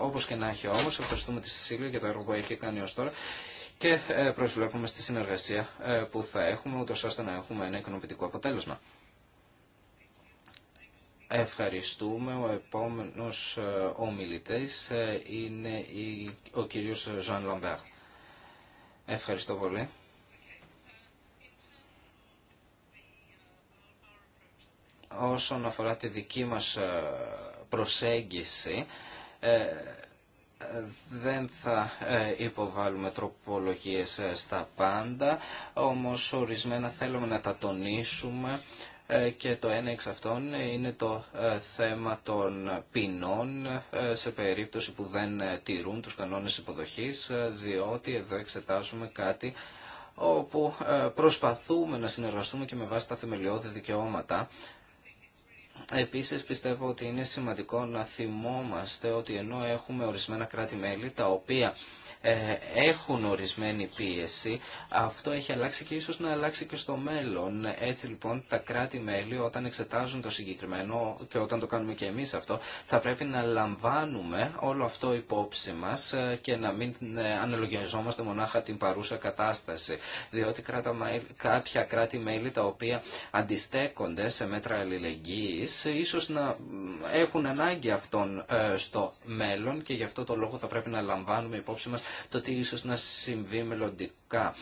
Όπως και να έχει όμως, ευχαριστούμε τη Σίλια για το έργο που έχει κάνει ως τώρα και προσβλέπουμε στη συνεργασία που θα έχουμε, ούτως ώστε να έχουμε ένα ικανοποιητικό αποτέλεσμα. Ευχαριστούμε. Ο επόμενο ομιλητή είναι ο κύριος Ζαν Λαμπέρ. Ευχαριστώ πολύ. όσον αφορά τη δική μας ε, προσέγγιση ε, δεν θα ε, υποβάλουμε τροπολογίες στα πάντα, όμως ορισμένα θέλουμε να τα τονίσουμε και το ένα εξ αυτών είναι το θέμα των ποινών σε περίπτωση που δεν τηρούν τους κανόνες υποδοχής, διότι εδώ εξετάζουμε κάτι όπου προσπαθούμε να συνεργαστούμε και με βάση τα θεμελιώδη δικαιώματα Επίσης πιστεύω ότι είναι σημαντικό να θυμόμαστε ότι ενώ έχουμε ορισμένα κράτη-μέλη τα οποία ε, έχουν ορισμένη πίεση, αυτό έχει αλλάξει και ίσως να αλλάξει και στο μέλλον. Έτσι λοιπόν τα κράτη-μέλη όταν εξετάζουν το συγκεκριμένο και όταν το κάνουμε και εμείς αυτό, θα πρέπει να λαμβάνουμε όλο αυτό υπόψη μας ε, και να μην ε, αναλογιαζόμαστε μονάχα την παρούσα κατάσταση. Διότι κάποια κράτη-μέλη τα οποία αντιστέκονται σε μέτρα αλληλεγγύη ίσω ίσως να έχουν ανάγκη αυτών ε, στο μέλλον και γι' αυτό το λόγο θα πρέπει να λαμβάνουμε υπόψη μας το τι ίσως να συμβεί μελλοντικά.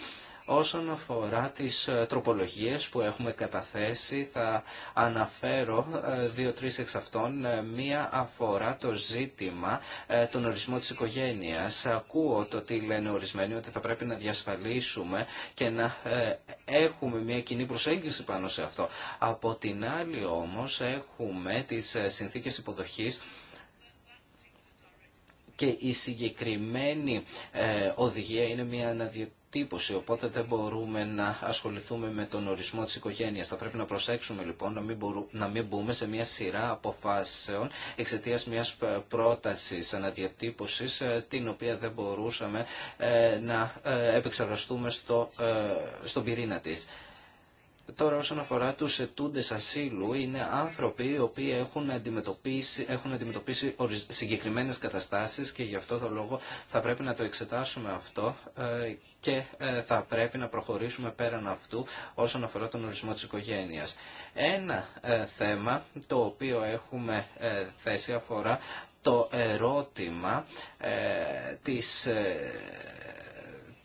Όσον αφορά τις ε, τροπολογίες που έχουμε καταθέσει θα αναφέρω ε, δύο-τρεις εξ αυτών. Ε, μία αφορά το ζήτημα τον ορισμό της οικογένειας. Ακούω το τι λένε ορισμένοι ότι θα πρέπει να διασφαλίσουμε και να έχουμε μια κοινή προσέγγιση πάνω σε αυτό. Από την άλλη όμως έχουμε τις συνθήκες υποδοχής και η συγκεκριμένη οδηγία είναι μια οπότε δεν μπορούμε να ασχοληθούμε με τον ορισμό της οικογένειας. Θα πρέπει να προσέξουμε λοιπόν να μην, να μπούμε σε μια σειρά αποφάσεων εξαιτίας μιας ε, πρότασης αναδιατύπωσης ε, την οποία δεν μπορούσαμε ε, να επεξεργαστούμε στο, στον πυρήνα της. Τώρα όσον αφορά τους ετούντες ασύλου, είναι άνθρωποι οι οποίοι έχουν αντιμετωπίσει, έχουν αντιμετωπίσει συγκεκριμένες καταστάσεις και γι' αυτό το λόγο θα πρέπει να το εξετάσουμε αυτό ε, και ε, θα πρέπει να προχωρήσουμε πέραν αυτού όσον αφορά τον ορισμό της οικογένειας. Ένα ε, θέμα το οποίο έχουμε θέσει αφορά το ερώτημα της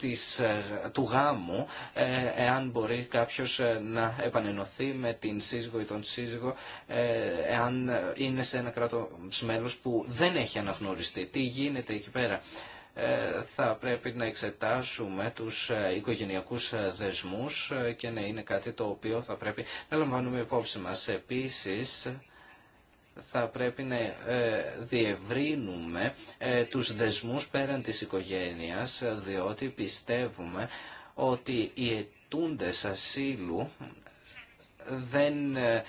της, ε, του γάμου ε, εάν μπορεί κάποιος ε, να επανενωθεί με την σύζυγο ή τον σύζυγο εάν είναι σε ένα κράτος μέλος που δεν έχει αναγνωριστεί. Τι γίνεται εκεί πέρα θα πρέπει να εξετάσουμε τους οικογενειακούς δεσμούς και να είναι κάτι το οποίο θα πρέπει να λαμβάνουμε υπόψη μας. Επίσης, θα πρέπει να ε, διευρύνουμε ε, τους δεσμούς πέραν της οικογένειας, διότι πιστεύουμε ότι οι ετούντες ασύλου δεν ε,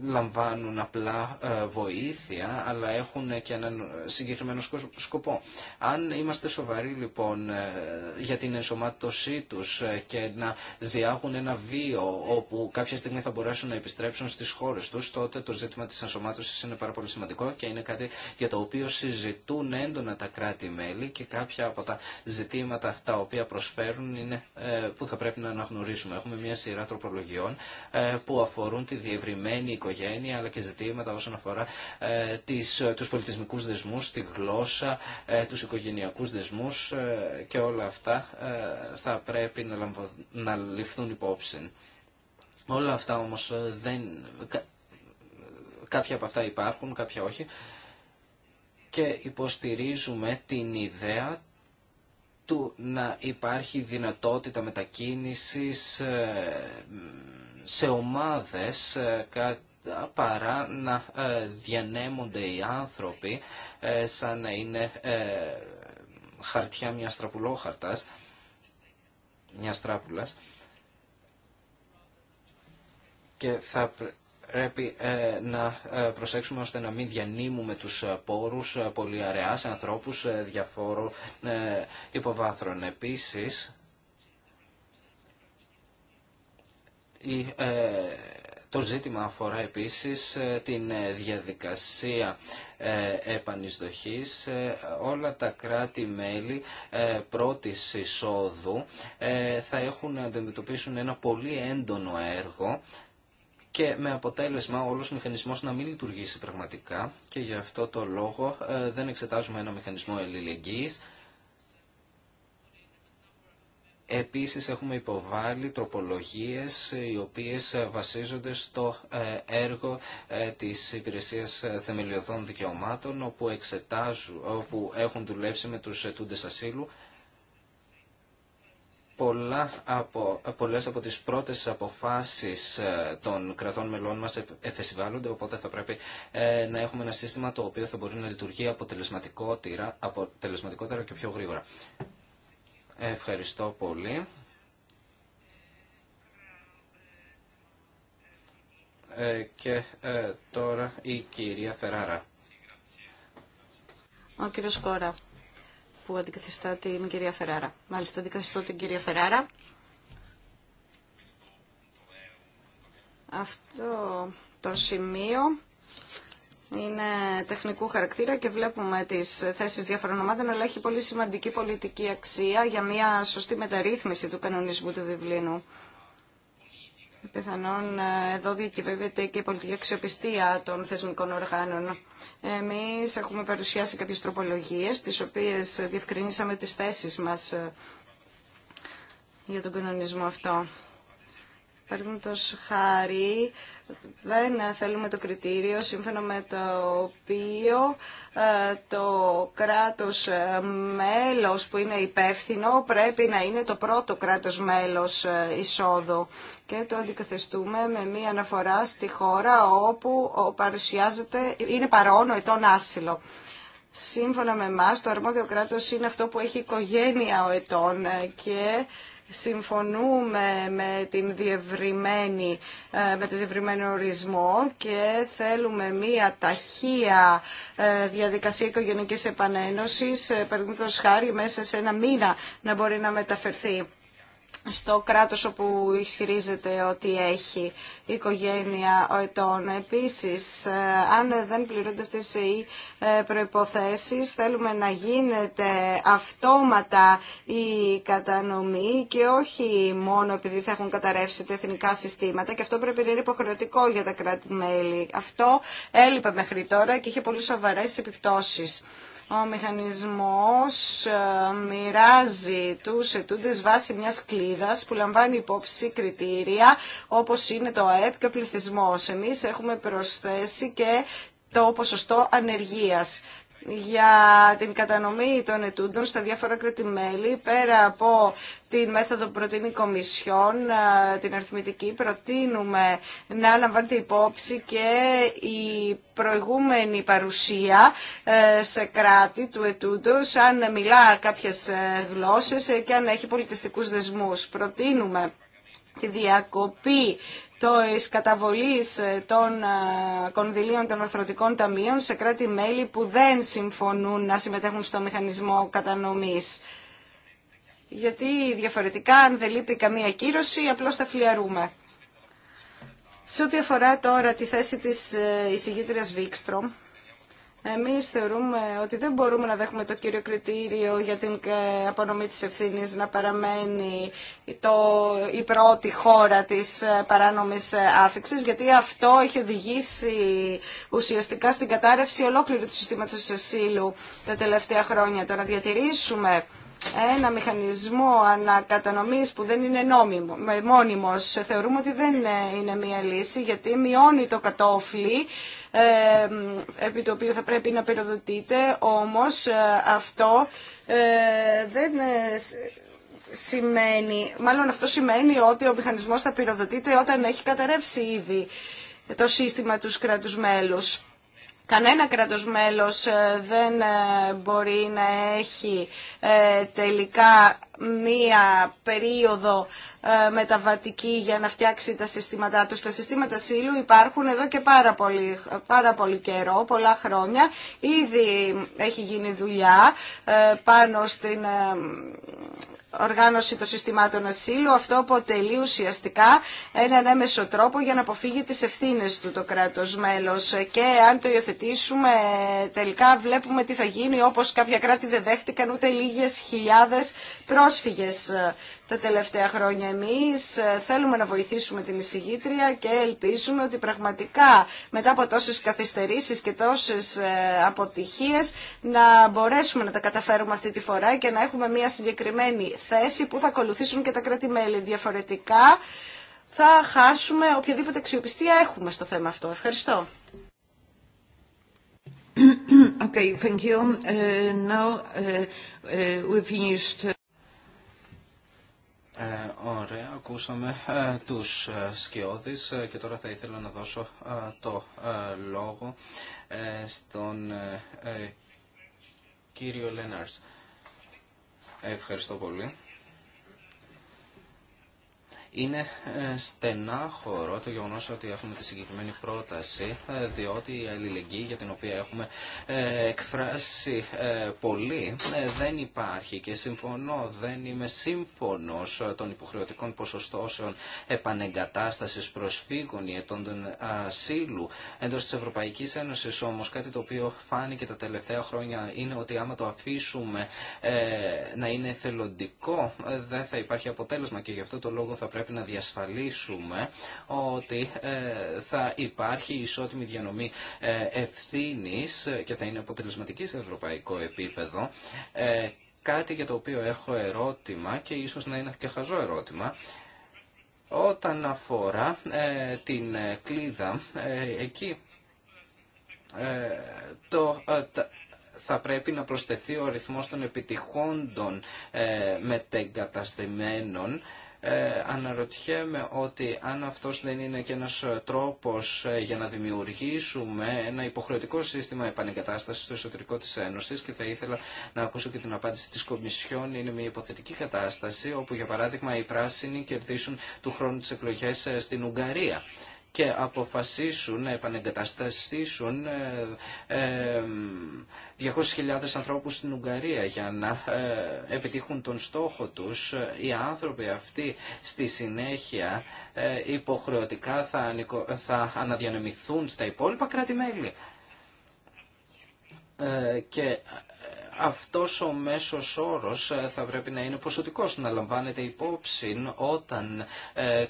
λαμβάνουν απλά ε, βοήθεια, αλλά έχουν και έναν συγκεκριμένο σκοπό. Αν είμαστε σοβαροί λοιπόν ε, για την ενσωμάτωσή τους ε, και να διάγουν ένα βίο όπου κάποια στιγμή θα μπορέσουν να επιστρέψουν στις χώρες τους, τότε το ζήτημα της ενσωμάτωσης είναι πάρα πολύ σημαντικό και είναι κάτι για το οποίο συζητούν έντονα τα κράτη-μέλη και κάποια από τα ζητήματα τα οποία προσφέρουν είναι που θα πρέπει να αναγνωρίσουμε. Έχουμε μια σειρά τροπολογιών που αφορούν τη διευρυμένη οικογένεια, αλλά και ζητήματα όσον αφορά ε, τις, τους πολιτισμικούς δεσμούς, τη γλώσσα, ε, τους οικογενειακούς δεσμούς ε, και όλα αυτά θα πρέπει να, λαμβω, να ληφθούν υπόψη. Όλα αυτά όμως δεν... Κάποια από αυτά υπάρχουν, κάποια όχι. Και υποστηρίζουμε την ιδέα του να υπάρχει δυνατότητα μετακίνησης σε ομάδες παρά να ε, διανέμονται οι άνθρωποι ε, σαν να είναι ε, χαρτιά μια τραπουλόχαρτας, μια τράπουλα. και θα πρέπει να προσέξουμε ώστε να μην διανύμουμε τους πόρους πολύ αραιά σε ανθρώπους διαφόρων υποβάθρων. Επίσης, το ζήτημα αφορά επίσης ε, την ε, διαδικασία ε, επανεισδοχής. Όλα τα κράτη-μέλη πρώτης εισόδου θα έχουν να αντιμετωπίσουν ένα πολύ έντονο έργο και με αποτέλεσμα όλος ο μηχανισμός να μην λειτουργήσει πραγματικά και γι' αυτό το λόγο δεν εξετάζουμε ένα μηχανισμό ελληνική. Επίσης έχουμε υποβάλει τροπολογίες οι οποίες βασίζονται στο ε, έργο ε, της Υπηρεσίας Θεμελιωδών Δικαιωμάτων όπου, εξετάζουν, όπου έχουν δουλέψει με τους ετούντες ασύλου πολλά από, πολλές από τις πρώτες αποφάσεις ε, των κρατών μελών μας εφεσιβάλλονται, οπότε θα πρέπει να έχουμε ένα σύστημα το οποίο θα μπορεί να λειτουργεί αποτελεσματικότερα, αποτελεσματικότερα και πιο γρήγορα. Ευχαριστώ πολύ. Ε, και ε, τώρα η κυρία Φεράρα. Ο κύριος Κόρα που αντικαθιστά την κυρία Φεράρα. Μάλιστα αντικαθιστώ την κυρία Φεράρα. Αυτό το σημείο είναι τεχνικού χαρακτήρα και βλέπουμε τις θέσεις διάφορων ομάδων, αλλά έχει πολύ σημαντική πολιτική αξία για μια σωστή μεταρρύθμιση του κανονισμού του Διβλίνου. Πιθανόν ε, εδώ διακυβεύεται και η πολιτική αξιοπιστία των θεσμικών οργάνων. Εμείς έχουμε παρουσιάσει κάποιες τροπολογίες, τις οποίες διευκρινίσαμε τις θέσεις μας ε, για τον κανονισμό αυτό. Παραδείγματος χάρη, δεν θέλουμε το κριτήριο σύμφωνα με το οποίο ε, το κράτος ε, μέλος που είναι υπεύθυνο πρέπει να είναι το πρώτο κράτος μέλος ε, εισόδου και το αντικαθεστούμε με μία αναφορά στη χώρα όπου παρουσιάζεται, είναι παρόν ο ετών άσυλο. Σύμφωνα με εμά, το αρμόδιο κράτος είναι αυτό που έχει οικογένεια ο ετών και συμφωνούμε με, την διευρυμένη, ε, με το διευρυμένο ορισμό και θέλουμε μία ταχεία ε, διαδικασία οικογενικής επανένωσης, ε, παραδείγματος χάρη μέσα σε ένα μήνα να μπορεί να μεταφερθεί στο κράτος όπου ισχυρίζεται ότι έχει οικογένεια ο ετών. Επίσης, ε, αν δεν πληρούνται αυτές οι ε, προϋποθέσεις, θέλουμε να γίνεται αυτόματα η κατανομή και όχι μόνο επειδή θα έχουν καταρρεύσει τα εθνικά συστήματα και αυτό πρέπει να είναι υποχρεωτικό για τα κράτη-μέλη. Αυτό έλειπε μέχρι τώρα και είχε πολύ σοβαρές επιπτώσεις. Ο μηχανισμός ε, μοιράζει τους ετούντες βάσει μιας κλίδας που λαμβάνει υπόψη κριτήρια όπως είναι το ΑΕΠ και ο πληθυσμός. Εμείς έχουμε προσθέσει και το ποσοστό ανεργίας για την κατανομή των ετούντων στα διάφορα κρατημέλη, πέρα από την μέθοδο που προτείνει η Κομισιόν, την αριθμητική, προτείνουμε να λαμβάνεται υπόψη και η προηγούμενη παρουσία ε, σε κράτη του ετούντο. αν μιλά κάποιες ε, γλώσσες ε, και αν έχει πολιτιστικούς δεσμούς. Προτείνουμε τη διακοπή της καταβολής ε, των ε, κονδυλίων των ορθρωτικών ταμείων σε κράτη-μέλη που δεν συμφωνούν να συμμετέχουν στο μηχανισμό κατανομής. Γιατί διαφορετικά, αν δεν λείπει καμία κύρωση, απλώς θα φλιαρούμε. Σε ό,τι αφορά τώρα τη θέση της ε, εισηγήτριας Βίκστρομ, εμείς θεωρούμε ότι δεν μπορούμε να δέχουμε το κύριο κριτήριο για την ε, απονομή της ευθύνης να παραμένει το, η πρώτη χώρα της ε, παράνομης ε, άφηξης, γιατί αυτό έχει οδηγήσει ουσιαστικά στην κατάρρευση ολόκληρου του συστήματος ασύλου τα τελευταία χρόνια. Το να διατηρήσουμε ένα μηχανισμό ανακατανομής που δεν είναι νόμιμο, μόνιμος, θεωρούμε ότι δεν είναι μια λύση, γιατί μειώνει το κατόφλι επί το οποίο θα πρέπει να περιοδοτείτε, όμως ε, αυτό ε, δεν ε, σημαίνει, μάλλον αυτό σημαίνει ότι ο μηχανισμός θα πυροδοτείται όταν έχει καταρρεύσει ήδη το σύστημα τους κράτους μέλους. Κανένα κράτος μέλος ε, δεν ε, μπορεί να έχει ε, τελικά μία περίοδο μεταβατική για να φτιάξει τα συστήματά του. Τα συστήματα σύλλου υπάρχουν εδώ και πάρα πολύ, πάρα πολύ καιρό, πολλά χρόνια. Ήδη έχει γίνει δουλειά πάνω στην οργάνωση των συστημάτων ασύλου. Αυτό αποτελεί ουσιαστικά έναν έμεσο τρόπο για να αποφύγει τις ευθύνες του το κράτος μέλος. Και αν το υιοθετήσουμε τελικά βλέπουμε τι θα γίνει όπως κάποια κράτη δεν δέχτηκαν ούτε λίγες χιλιάδες πρόσφυγες τα τελευταία χρόνια. Εμείς θέλουμε να βοηθήσουμε την εισηγήτρια και ελπίζουμε ότι πραγματικά μετά από τόσες καθυστερήσεις και τόσες ε, αποτυχίες να μπορέσουμε να τα καταφέρουμε αυτή τη φορά και να έχουμε μια συγκεκριμένη θέση που θα ακολουθήσουν και τα κράτη-μέλη. Διαφορετικά θα χάσουμε οποιαδήποτε αξιοπιστία έχουμε στο θέμα αυτό. Ευχαριστώ. Okay, thank you. Uh, now, uh, uh, we finished. Ε, ωραία, ακούσαμε ε, τους ε, σκιώδεις ε, και τώρα θα ήθελα να δώσω το λόγο στον κύριο Λέναρς. Ευχαριστώ πολύ. Είναι ε, στενάχωρο το γεγονό ότι έχουμε τη συγκεκριμένη πρόταση, ε, διότι η αλληλεγγύη για την οποία έχουμε ε, εκφράσει πολύ δεν υπάρχει και συμφωνώ, δεν είμαι σύμφωνο των υποχρεωτικών ποσοστώσεων επανεγκατάσταση προσφύγων ή ετών ασύλου εντό τη Ευρωπαϊκή Ένωση. Όμω κάτι το οποίο φάνηκε τα τελευταία χρόνια είναι ότι άμα το αφήσουμε να είναι εθελοντικό δεν θα υπάρχει αποτέλεσμα και γι' αυτό το λόγο θα πρέπει πρέπει να διασφαλίσουμε ότι ε, θα υπάρχει ισότιμη διανομή ε, ευθύνη και θα είναι αποτελεσματική σε ευρωπαϊκό επίπεδο. Ε, κάτι για το οποίο έχω ερώτημα και ίσως να είναι και χαζό ερώτημα όταν αφορά την κλίδα ε, εκεί το θα πρέπει να προσθεθεί ο αριθμός των επιτυχόντων μετεγκαταστημένων ε, αναρωτιέμαι ότι αν αυτός δεν είναι και ένας ε, τρόπος ε, για να δημιουργήσουμε ένα υποχρεωτικό σύστημα επανεγκατάστασης στο εσωτερικό της Ένωσης και θα ήθελα να ακούσω και την απάντηση της Κομισιόν είναι μια υποθετική κατάσταση όπου για παράδειγμα οι πράσινοι κερδίσουν του χρόνου τις εκλογές στην Ουγγαρία και αποφασίσουν να επανεγκαταστήσουν 200.000 ε, ε, ανθρώπους στην Ουγγαρία για να ε, επιτύχουν τον στόχο τους, οι άνθρωποι αυτοί στη συνέχεια υποχρεωτικά θα αναδιανεμηθούν στα υπόλοιπα κράτη-μέλη. Και αυτός ο μέσος όρος θα πρέπει να είναι ποσοτικός, να λαμβάνεται υπόψη όταν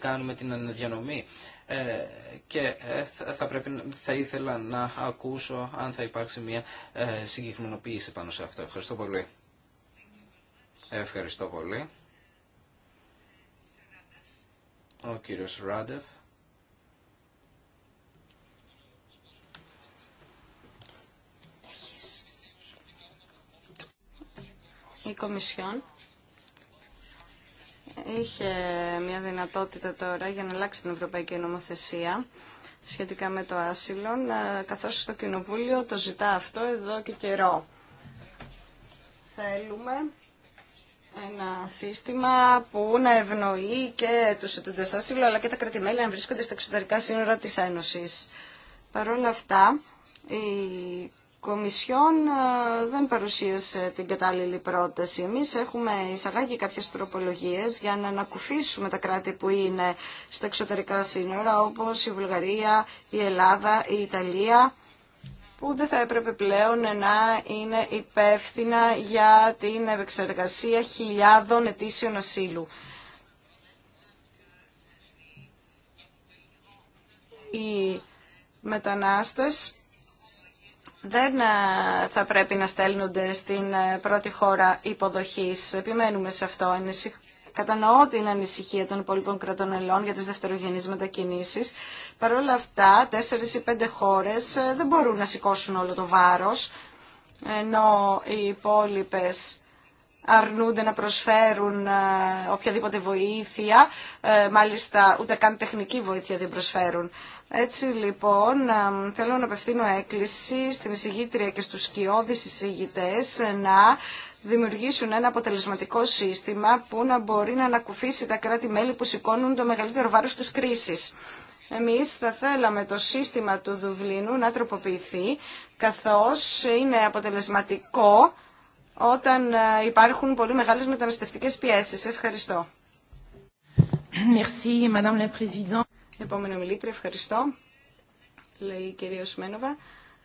κάνουμε την αναδιανομή ε, και ε, θα, πρέπει, θα ήθελα να ακούσω αν θα υπάρξει μια ε, συγκεκριμενοποίηση πάνω σε αυτό. Ευχαριστώ πολύ. Ευχαριστώ πολύ. Ο κύριος Ράντεφ. Η Κομισιόν είχε μια δυνατότητα τώρα για να αλλάξει την ευρωπαϊκή νομοθεσία σχετικά με το άσυλο, ε, καθώς το Κοινοβούλιο το ζητά αυτό εδώ και καιρό. Θέλουμε ένα σύστημα που να ευνοεί και τους ετούντες άσυλο, αλλά και τα κρατημέλη να βρίσκονται στα εξωτερικά σύνορα της Ένωσης. Παρ' όλα αυτά, η Κομισιόν ε, δεν παρουσίασε την κατάλληλη πρόταση. Εμείς έχουμε εισαγάγει κάποιες τροπολογίες για να ανακουφίσουμε τα κράτη που είναι στα εξωτερικά σύνορα, όπως η Βουλγαρία, η Ελλάδα, η Ιταλία, που δεν θα έπρεπε πλέον να είναι υπεύθυνα για την επεξεργασία χιλιάδων ετήσιων ασύλου. Οι μετανάστες δεν ε, θα πρέπει να στέλνονται στην ε, πρώτη χώρα υποδοχής. Επιμένουμε σε αυτό. Κατανοώ την ανησυχία των υπόλοιπων κρατών ελών για τις δευτερογενείς μετακινήσεις. Παρ' όλα αυτά, τέσσερις ή πέντε χώρες ε, δεν μπορούν να σηκώσουν όλο το βάρος, ενώ οι υπόλοιπε αρνούνται να προσφέρουν οποιαδήποτε βοήθεια, μάλιστα ούτε καν τεχνική βοήθεια δεν προσφέρουν. Έτσι λοιπόν θέλω να απευθύνω έκκληση στην εισηγήτρια και στους σκιώδεις εισηγητές να δημιουργήσουν ένα αποτελεσματικό σύστημα που να μπορεί να ανακουφίσει τα κράτη-μέλη που σηκώνουν το μεγαλύτερο βάρος της κρίσης. Εμείς θα θέλαμε το σύστημα του Δουβλίνου να τροποποιηθεί, καθώς είναι αποτελεσματικό όταν ε, υπάρχουν πολύ μεγάλες μεταναστευτικές πιέσεις. Ευχαριστώ. Merci, Madame la επόμενη ομιλήτρια. Ευχαριστώ, λέει η κυρία Σμένοβα.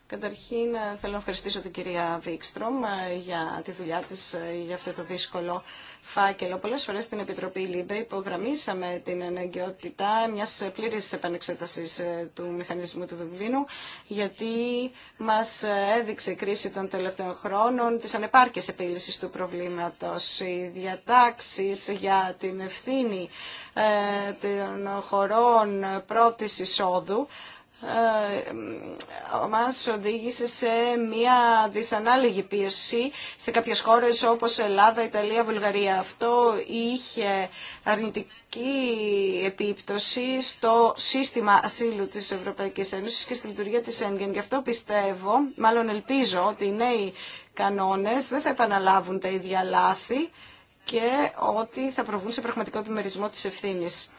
Καταρχήν ε, θέλω να ευχαριστήσω την κυρία Βίξτρομ ε, για τη δουλειά της ε, για αυτό το δύσκολο φάκελο. Πολλές φορές στην Επιτροπή ΛΥΜΠΕ υπογραμμίσαμε την αναγκαιότητα μιας πλήρης επανεξέτασης του μηχανισμού του Δουβλίνου γιατί μας έδειξε η κρίση των τελευταίων χρόνων της ανεπάρκειας επίλυσης του προβλήματος. Οι διατάξεις για την ευθύνη των χωρών πρώτης εισόδου ε, ε, μας οδήγησε σε μια δυσανάλογη πίεση σε κάποιες χώρες όπως Ελλάδα, Ιταλία, Βουλγαρία. Αυτό είχε αρνητική επίπτωση στο σύστημα ασύλου της Ευρωπαϊκής Ένωσης και στη λειτουργία της Ένγκεν. Γι' αυτό πιστεύω, μάλλον ελπίζω, ότι οι νέοι κανόνες δεν θα επαναλάβουν τα ίδια λάθη και ότι θα προβούν σε πραγματικό επιμερισμό της ευθύνης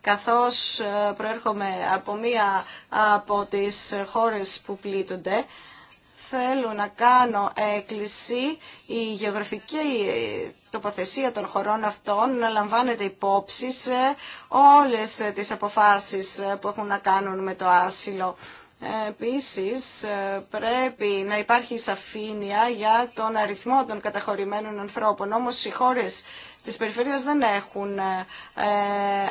καθώς ε, προέρχομαι από μία από τις χώρες που πλήττονται, θέλω να κάνω έκκληση η γεωγραφική τοποθεσία των χωρών αυτών να λαμβάνεται υπόψη σε όλες τις αποφάσεις που έχουν να κάνουν με το άσυλο. Επίσης, ε, πρέπει να υπάρχει σαφήνεια για τον αριθμό των καταχωρημένων ανθρώπων. Όμως, οι χώρες της περιφέρειας δεν έχουν ε,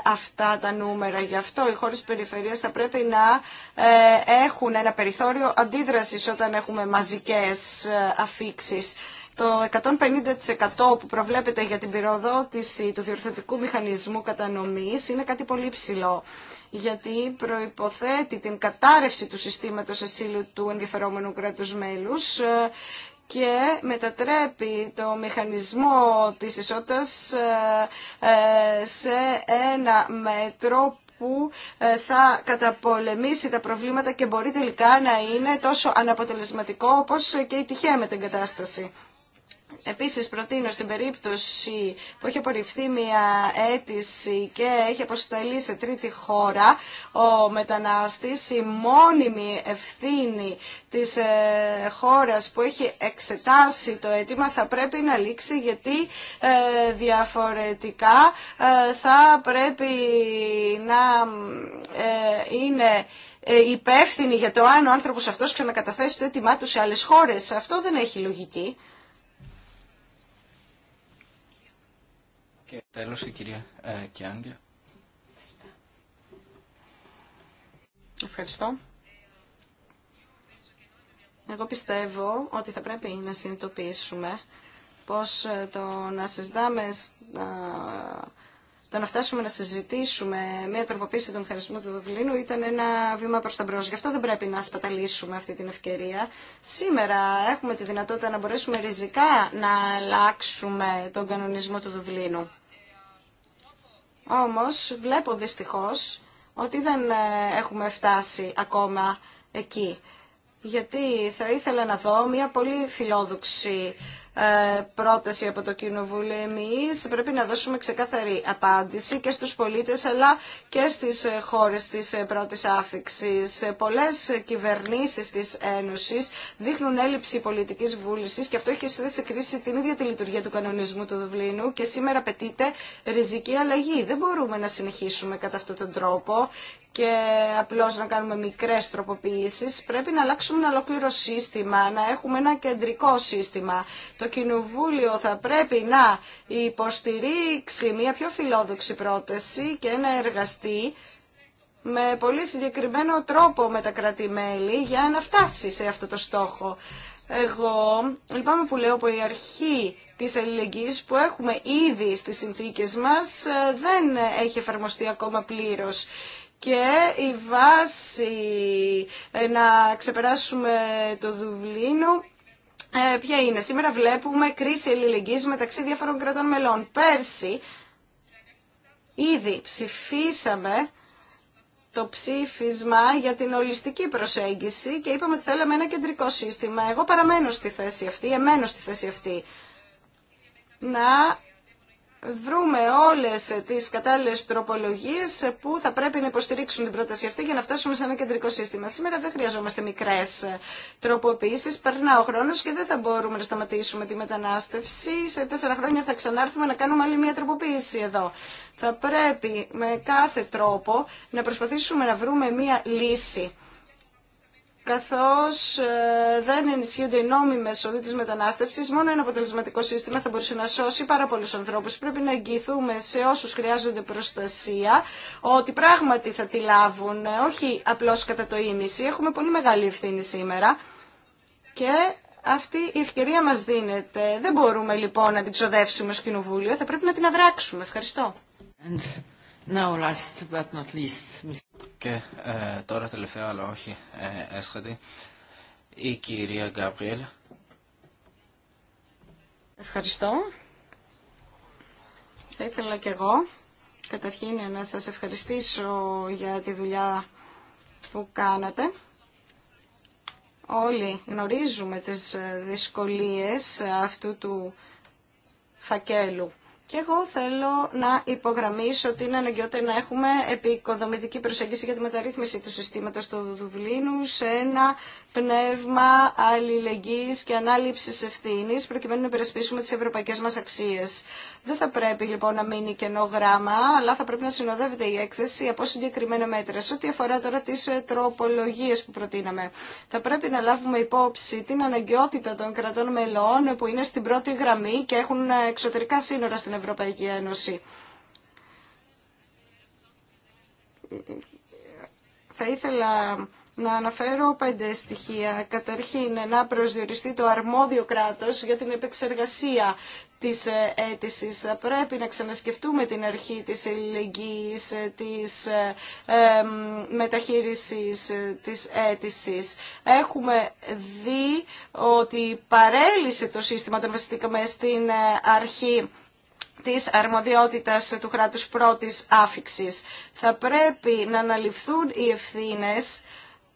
αυτά τα νούμερα. Γι' αυτό οι χώρες της περιφέρειας θα πρέπει να ε, έχουν ένα περιθώριο αντίδρασης όταν έχουμε μαζικές αφήξεις. Το 150% που προβλέπεται για την πυροδότηση του διορθωτικού μηχανισμού κατανομής είναι κάτι πολύ ψηλό γιατί προϋποθέτει την κατάρρευση του συστήματος ασύλου του ενδιαφερόμενου κράτους μέλους ε, και μετατρέπει το μηχανισμό της ισότητας ε, ε, σε ένα μέτρο που θα καταπολεμήσει τα προβλήματα και μπορεί τελικά να είναι τόσο αναποτελεσματικό όπως και η τυχαία κατάσταση. Επίσης προτείνω στην περίπτωση που έχει απορριφθεί μια αίτηση και έχει αποσταλεί σε τρίτη χώρα ο μετανάστης η μόνιμη ευθύνη της ε, χώρας που έχει εξετάσει το αίτημα θα πρέπει να λήξει γιατί ε, διαφορετικά ε, θα πρέπει να είναι υπεύθυνη για το αν ο άνθρωπος αυτός ξανακαταθέσει το αίτημά του σε άλλες χώρες. Αυτό δεν έχει λογική. Τέλος η κυρία ε, Ευχαριστώ. Εγώ πιστεύω ότι θα πρέπει να συνειδητοποιήσουμε πως ε, το να συζητάμε, το να φτάσουμε να συζητήσουμε μια τροποποίηση των χαρισμών του Δουβλίνου ήταν ένα βήμα προς τα μπρος. Γι' αυτό δεν πρέπει να σπαταλήσουμε αυτή την ευκαιρία. Σήμερα έχουμε τη δυνατότητα να μπορέσουμε ριζικά να αλλάξουμε τον κανονισμό του Δουβλίνου. Όμως βλέπω δυστυχώς ότι δεν ε, έχουμε φτάσει ακόμα εκεί. Γιατί θα ήθελα να δω μια πολύ φιλόδοξη ε, πρόταση από το Κοινοβούλιο εμείς πρέπει να δώσουμε ξεκάθαρη απάντηση και στους πολίτες αλλά και στις ε, χώρες της ε, πρώτης άφηξης. Πολλές κυβερνήσεις της Ένωσης δείχνουν έλλειψη πολιτικής βούλησης και αυτό έχει στείλει σε κρίση την ίδια τη λειτουργία του κανονισμού του Δουβλίνου και σήμερα απαιτείται ριζική αλλαγή. Δεν μπορούμε να συνεχίσουμε κατά αυτόν τον τρόπο και απλώς να κάνουμε μικρές τροποποιήσεις, πρέπει να αλλάξουμε ένα ολόκληρο σύστημα, να έχουμε ένα κεντρικό σύστημα. Το Κοινοβούλιο θα πρέπει να υποστηρίξει μια πιο φιλόδοξη πρόταση και να εργαστεί με πολύ συγκεκριμένο τρόπο με τα κρατημέλη για να φτάσει σε αυτό το στόχο. Εγώ λυπάμαι που λέω που η αρχή της αλληλεγγύης που έχουμε ήδη στις συνθήκες μας ε, δεν έχει εφαρμοστεί ακόμα πλήρως και η βάση ε, να ξεπεράσουμε το Δουβλίνο ε, ποια είναι. Σήμερα βλέπουμε κρίση ελληνικής μεταξύ διάφορων κρατών μελών. Πέρσι ήδη ψηφίσαμε το ψήφισμα για την ολιστική προσέγγιση και είπαμε ότι θέλαμε ένα κεντρικό σύστημα. Εγώ παραμένω στη θέση αυτή, εμένω στη θέση αυτή να βρούμε όλες τις κατάλληλες τροπολογίες που θα πρέπει να υποστηρίξουν την πρόταση αυτή για να φτάσουμε σε ένα κεντρικό σύστημα. Σήμερα δεν χρειαζόμαστε μικρές τροποποιήσεις, περνά ο χρόνος και δεν θα μπορούμε να σταματήσουμε τη μετανάστευση. Σε τέσσερα χρόνια θα ξανάρθουμε να κάνουμε άλλη μια τροποποίηση εδώ. Θα πρέπει με κάθε τρόπο να προσπαθήσουμε να βρούμε μια λύση καθώς ε, δεν ενισχύονται οι νόμοι μεσοδοί της μετανάστευσης, μόνο ένα αποτελεσματικό σύστημα θα μπορούσε να σώσει πάρα πολλούς ανθρώπους. Πρέπει να εγγυηθούμε σε όσους χρειάζονται προστασία ότι πράγματι θα τη λάβουν, ε, όχι απλώς κατά το ίμιση. Έχουμε πολύ μεγάλη ευθύνη σήμερα και αυτή η ευκαιρία μας δίνεται. Δεν μπορούμε λοιπόν να την ξοδεύσουμε στο κοινοβούλιο, θα πρέπει να την αδράξουμε. Ευχαριστώ. Και ε, τώρα τελευταία αλλά όχι ε, έσχατη η κυρία Γκάμπριελ. Ευχαριστώ. Θα ήθελα και εγώ καταρχήν να σας ευχαριστήσω για τη δουλειά που κάνατε. Όλοι γνωρίζουμε τις ε, δυσκολίες αυτού του φακέλου. Και εγώ θέλω να υπογραμμίσω ότι είναι αναγκαιότερο να έχουμε επικοδομητική προσέγγιση για τη μεταρρύθμιση του συστήματος του Δουβλίνου σε ένα πνεύμα αλληλεγγύης και ανάληψης ευθύνης προκειμένου να υπερασπίσουμε τις ευρωπαϊκές μας αξίες. Δεν θα πρέπει λοιπόν να μείνει κενό γράμμα, αλλά θα πρέπει να συνοδεύεται η έκθεση από συγκεκριμένα μέτρα. Σε ό,τι αφορά τώρα τις ε, τροπολογίες που προτείναμε, θα πρέπει να λάβουμε υπόψη την αναγκαιότητα των κρατών μελών που είναι στην πρώτη γραμμή και έχουν ε, εξωτερικά σύνορα στην Ευρωπαϊκή Ένωση ε, θα ήθελα να αναφέρω πέντε στοιχεία. Καταρχήν, να προσδιοριστεί το αρμόδιο κράτος για την επεξεργασία της ε, αίτηση. Θα πρέπει να ξανασκεφτούμε την αρχή της ελληνικής, ε, της ε, μεταχείρισης ε, της αίτηση. Έχουμε δει ότι παρέλυσε το σύστημα όταν βασιστήκαμε στην αρχή της αρμοδιότητας του κράτους πρώτης άφηξης. Θα πρέπει να αναλυφθούν οι ευθύνες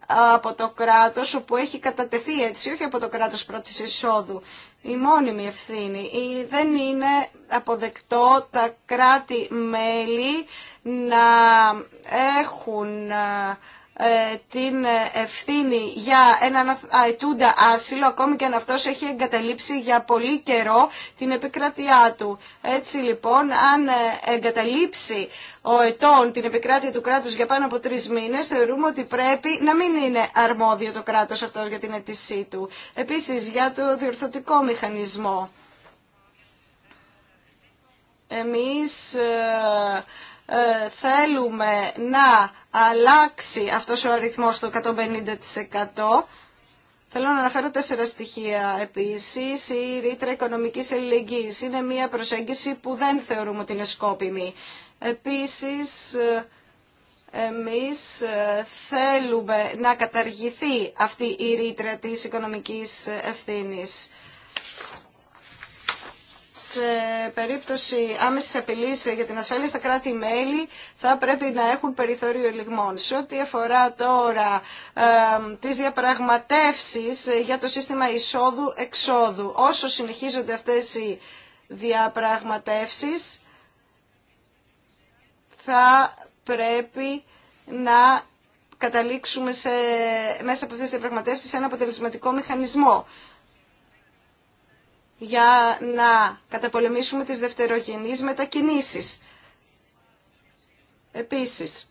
από το κράτος όπου έχει κατατεθεί έτσι, όχι από το κράτος πρώτης εισόδου. Η μόνιμη ευθύνη. Δεν είναι αποδεκτό τα κράτη-μέλη να έχουν ε, ε, την ε, ευθύνη για έναν αετούντα άσυλο, ακόμη και αν αυτός έχει εγκαταλείψει για πολύ καιρό την επικράτειά του. Έτσι λοιπόν, αν ε, εγκαταλείψει ο ετών την επικράτεια του κράτους για πάνω από τρει μήνες, θεωρούμε ότι πρέπει να μην είναι αρμόδιο το κράτος αυτό για την αιτησή του. Επίσης, για το διορθωτικό μηχανισμό. Εμείς θέλουμε να αλλάξει αυτός ο αριθμός στο 150%. Θέλω να αναφέρω τέσσερα στοιχεία επίσης. Η ρήτρα οικονομικής ελληνικής είναι μια προσέγγιση που δεν θεωρούμε ότι είναι σκόπιμη. Επίσης, εμείς ε, θέλουμε να καταργηθεί αυτή η ρήτρα της οικονομικής ευθύνης σε περίπτωση άμεσης απειλή για την ασφάλεια στα κράτη-μέλη θα πρέπει να έχουν περιθώριο λιγμών. Σε ό,τι αφορά τώρα ε, τις διαπραγματεύσεις για το σύστημα εισόδου-εξόδου, όσο συνεχίζονται αυτές οι διαπραγματεύσεις θα πρέπει να καταλήξουμε σε, μέσα από αυτές τις διαπραγματεύσεις σε ένα αποτελεσματικό μηχανισμό για να καταπολεμήσουμε τις δευτερογενείς μετακινήσεις. Επίσης,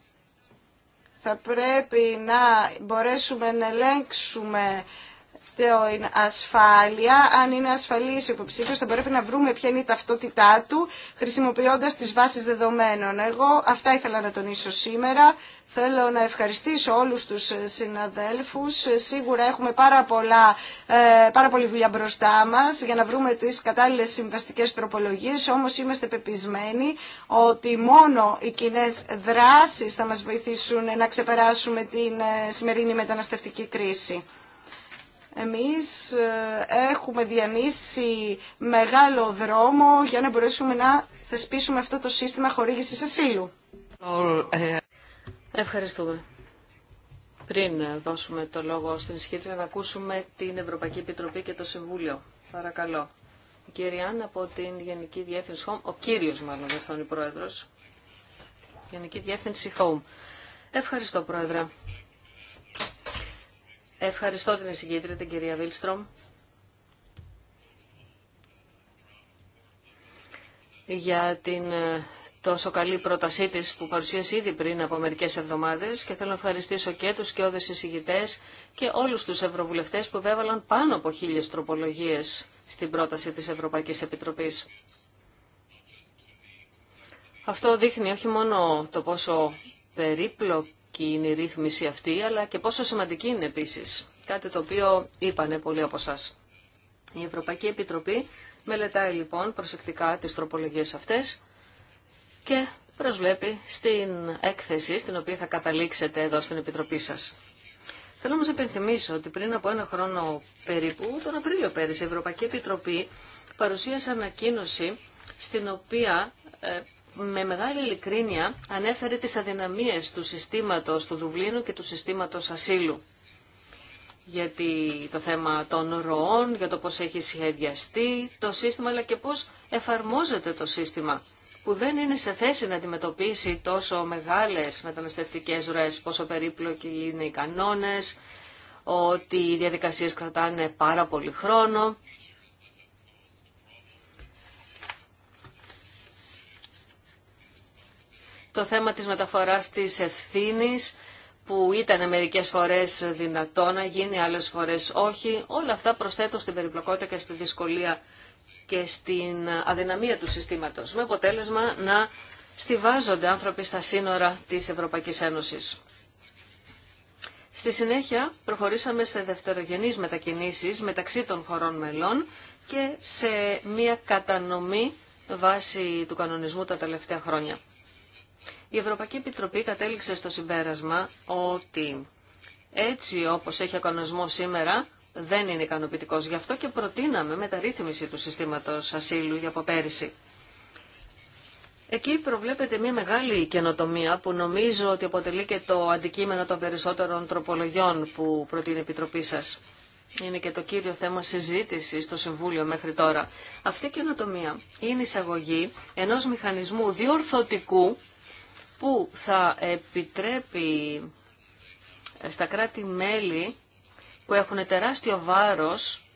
θα πρέπει να μπορέσουμε να ελέγξουμε την ασφάλεια. Αν είναι ασφαλή ο υποψήφιο, θα πρέπει να βρούμε ποια είναι η ταυτότητά του χρησιμοποιώντα τι βάσει δεδομένων. Εγώ αυτά ήθελα να τονίσω σήμερα. Θέλω να ευχαριστήσω όλους τους συναδέλφους. Σίγουρα έχουμε πάρα, ε, πάρα πολλή δουλειά μπροστά μας για να βρούμε τις κατάλληλες συμβαστικές τροπολογίες. Όμως είμαστε πεπισμένοι ότι μόνο οι κοινέ δράσεις θα μας βοηθήσουν να ξεπεράσουμε την ε, σημερινή μεταναστευτική κρίση. Εμείς ε, έχουμε διανύσει μεγάλο δρόμο για να μπορέσουμε να θεσπίσουμε αυτό το σύστημα χορήγησης ασύλου. Ευχαριστούμε. Πριν δώσουμε το λόγο στην Ισχύτρια να ακούσουμε την Ευρωπαϊκή Επιτροπή και το Συμβούλιο. Παρακαλώ. Η κυρία Άννα από την Γενική Διεύθυνση Home, ο κύριος μάλλον δεν θα είναι πρόεδρος. Γενική Διεύθυνση Home. Ευχαριστώ πρόεδρε. Ευχαριστώ την εισηγήτρια, την κυρία Βίλστρομ, για την ε, τόσο καλή πρότασή της που παρουσίασε ήδη πριν από μερικές εβδομάδες και θέλω να ευχαριστήσω και τους και όδες εισηγητές και όλους τους ευρωβουλευτές που βέβαλαν πάνω από χίλιες τροπολογίες στην πρόταση της Ευρωπαϊκής Επιτροπής. Αυτό δείχνει όχι μόνο το πόσο περίπλοκο, σημαντική είναι η ρύθμιση αυτή, αλλά και πόσο σημαντική είναι επίσης. Κάτι το οποίο είπανε πολλοί από εσά. Η Ευρωπαϊκή Επιτροπή μελετάει λοιπόν προσεκτικά τις τροπολογίες αυτές και προσβλέπει στην έκθεση στην οποία θα καταλήξετε εδώ στην Επιτροπή σας. Θέλω όμως να υπενθυμίσω ότι πριν από ένα χρόνο περίπου, τον Απρίλιο πέρυσι, η Ευρωπαϊκή Επιτροπή παρουσίασε ανακοίνωση στην οποία ε, με μεγάλη ειλικρίνεια ανέφερε τις αδυναμίες του συστήματος του Δουβλίνου και του συστήματος ασύλου. Γιατί το θέμα των ροών, για το πώς έχει σχεδιαστεί το σύστημα, αλλά και πώς εφαρμόζεται το σύστημα, που δεν είναι σε θέση να αντιμετωπίσει τόσο μεγάλες μεταναστευτικές ροές, πόσο περίπλοκοι είναι οι κανόνες, ότι οι διαδικασίες κρατάνε πάρα πολύ χρόνο. το θέμα της μεταφοράς της ευθύνη που ήταν μερικές φορές δυνατό να γίνει, άλλες φορές όχι. Όλα αυτά προσθέτουν στην περιπλοκότητα και στη δυσκολία και στην αδυναμία του συστήματος, με αποτέλεσμα να στηβάζονται άνθρωποι στα σύνορα της Ευρωπαϊκής Ένωσης. Στη συνέχεια προχωρήσαμε σε δευτερογενείς μετακινήσεις μεταξύ των χωρών μελών και σε μια κατανομή βάση του κανονισμού τα τελευταία χρόνια. Η Ευρωπαϊκή Επιτροπή κατέληξε στο συμπέρασμα ότι έτσι όπως έχει ο κανονισμό σήμερα δεν είναι ικανοποιητικό. Γι' αυτό και προτείναμε μεταρρύθμιση του συστήματος ασύλου για από πέρυσι. Εκεί προβλέπεται μια μεγάλη καινοτομία που νομίζω ότι αποτελεί και το αντικείμενο των περισσότερων τροπολογιών που προτείνει η Επιτροπή σας. Είναι και το κύριο θέμα συζήτηση στο Συμβούλιο μέχρι τώρα. Αυτή η καινοτομία είναι η εισαγωγή ενός μηχανισμού διορθωτικού που θα επιτρέπει στα κράτη-μέλη που έχουν τεράστιο βάρος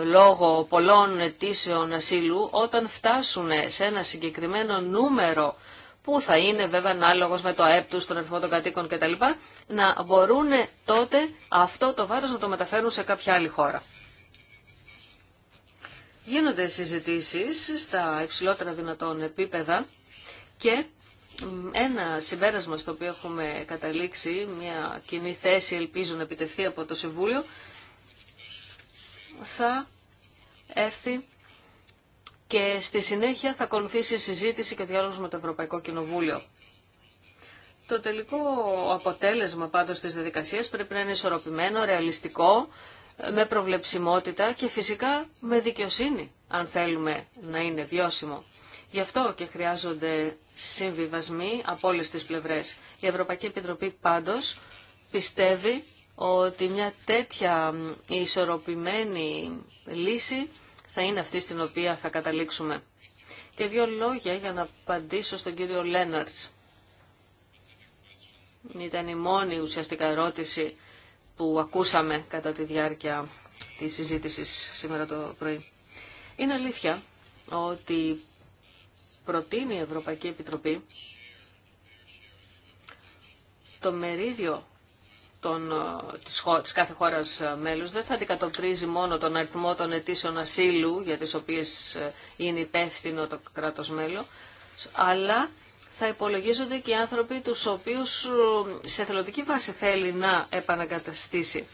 ε, λόγω πολλών αιτήσεων ασύλου όταν φτάσουν σε ένα συγκεκριμένο νούμερο που θα είναι βέβαια ανάλογο με το ΑΕΠ τον αριθμό των κατοίκων κτλ. να μπορούν τότε αυτό το βάρος να το μεταφέρουν σε κάποια άλλη χώρα. Γίνονται συζητήσεις στα υψηλότερα δυνατόν επίπεδα και ένα συμπέρασμα στο οποίο έχουμε καταλήξει, μια κοινή θέση ελπίζω να επιτευχθεί από το Συμβούλιο, θα έρθει και στη συνέχεια θα ακολουθήσει η συζήτηση και ο διάλογος με το Ευρωπαϊκό Κοινοβούλιο. Το τελικό αποτέλεσμα πάντως της διαδικασίας πρέπει να είναι ισορροπημένο, ρεαλιστικό, με προβλεψιμότητα και φυσικά με δικαιοσύνη, αν θέλουμε να είναι βιώσιμο. Γι' αυτό και χρειάζονται συμβιβασμοί από όλε τις πλευρές. Η Ευρωπαϊκή Επιτροπή πάντως πιστεύει ότι μια τέτοια ισορροπημένη λύση θα είναι αυτή στην οποία θα καταλήξουμε. Και δύο λόγια για να απαντήσω στον κύριο Λέναρτς. Ήταν η μόνη ουσιαστικά ερώτηση που ακούσαμε κατά τη διάρκεια της συζήτησης σήμερα το πρωί. Είναι αλήθεια ότι προτείνει η Ευρωπαϊκή Επιτροπή το μερίδιο των, ε, της, κάθε χώρας ε, μέλους δεν θα αντικατοπτρίζει μόνο τον αριθμό των αιτήσεων ασύλου για τις οποίες ε, είναι υπεύθυνο το κράτος μέλο, αλλά θα υπολογίζονται και οι άνθρωποι τους οποίους σε θελοντική βάση θέλει να επανακαταστήσει.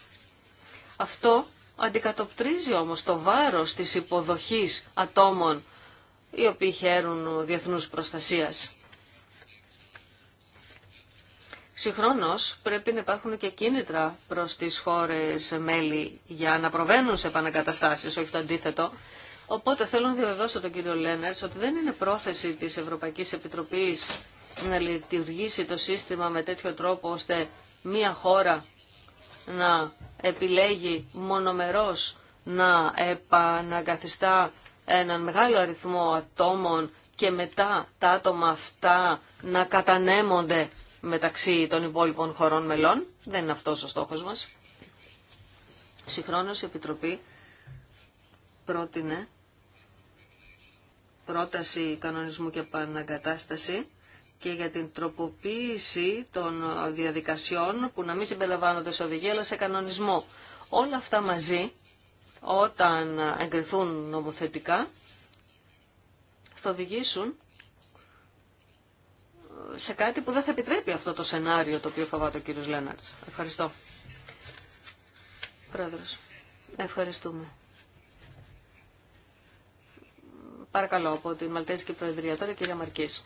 Αυτό αντικατοπτρίζει όμως το βάρος της υποδοχής ατόμων οι οποίοι χαίρουν διεθνούς προστασίας. Συγχρόνως πρέπει να υπάρχουν και κίνητρα προς τις χώρες μέλη για να προβαίνουν σε επανακαταστάσεις, όχι το αντίθετο. Οπότε θέλω να διαβεβαιώσω τον κύριο Λέναρτς ότι δεν είναι πρόθεση της Ευρωπαϊκής Επιτροπής να λειτουργήσει το σύστημα με τέτοιο τρόπο ώστε μία χώρα να επιλέγει μονομερός να επανακαθιστά έναν μεγάλο αριθμό ατόμων και μετά τα άτομα αυτά να κατανέμονται μεταξύ των υπόλοιπων χωρών μελών. Δεν είναι αυτός ο στόχος μας. Συγχρόνως η Επιτροπή πρότεινε πρόταση κανονισμού και επαναγκατάσταση και για την τροποποίηση των διαδικασιών που να μην συμπεριλαμβάνονται σε οδηγία αλλά σε κανονισμό. Όλα αυτά μαζί όταν εγκριθούν νομοθετικά θα οδηγήσουν σε κάτι που δεν θα επιτρέπει αυτό το σενάριο το οποίο φοβάται ο κύριος Λέναρτς. Ευχαριστώ. Πρόεδρος, ευχαριστούμε. Παρακαλώ από την Μαλτέζικη Προεδρία τώρα, κυρία Μαρκής.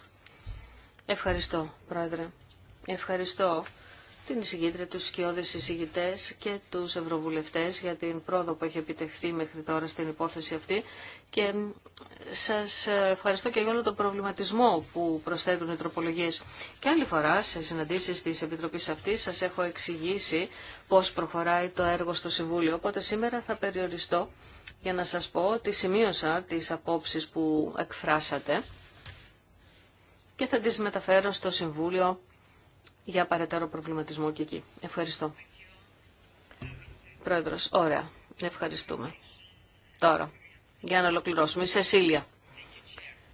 Ευχαριστώ, Πρόεδρε. Ευχαριστώ την εισηγήτρια, τους σκιώδες εισηγητέ και τους ευρωβουλευτές για την πρόοδο που έχει επιτευχθεί μέχρι τώρα στην υπόθεση αυτή και σας ευχαριστώ και για όλο τον προβληματισμό που προσθέτουν οι τροπολογίες. Και άλλη φορά σε συναντήσεις της Επιτροπής αυτής σας έχω εξηγήσει πώς προχωράει το έργο στο Συμβούλιο, οπότε σήμερα θα περιοριστώ για να σας πω ότι σημείωσα τις απόψεις που εκφράσατε και θα τις μεταφέρω στο Συμβούλιο για παρατέρω προβληματισμό και εκεί. Ευχαριστώ. Πρόεδρος, ωραία. Ευχαριστούμε. Τώρα, για να ολοκληρώσουμε. Η Σεσίλια.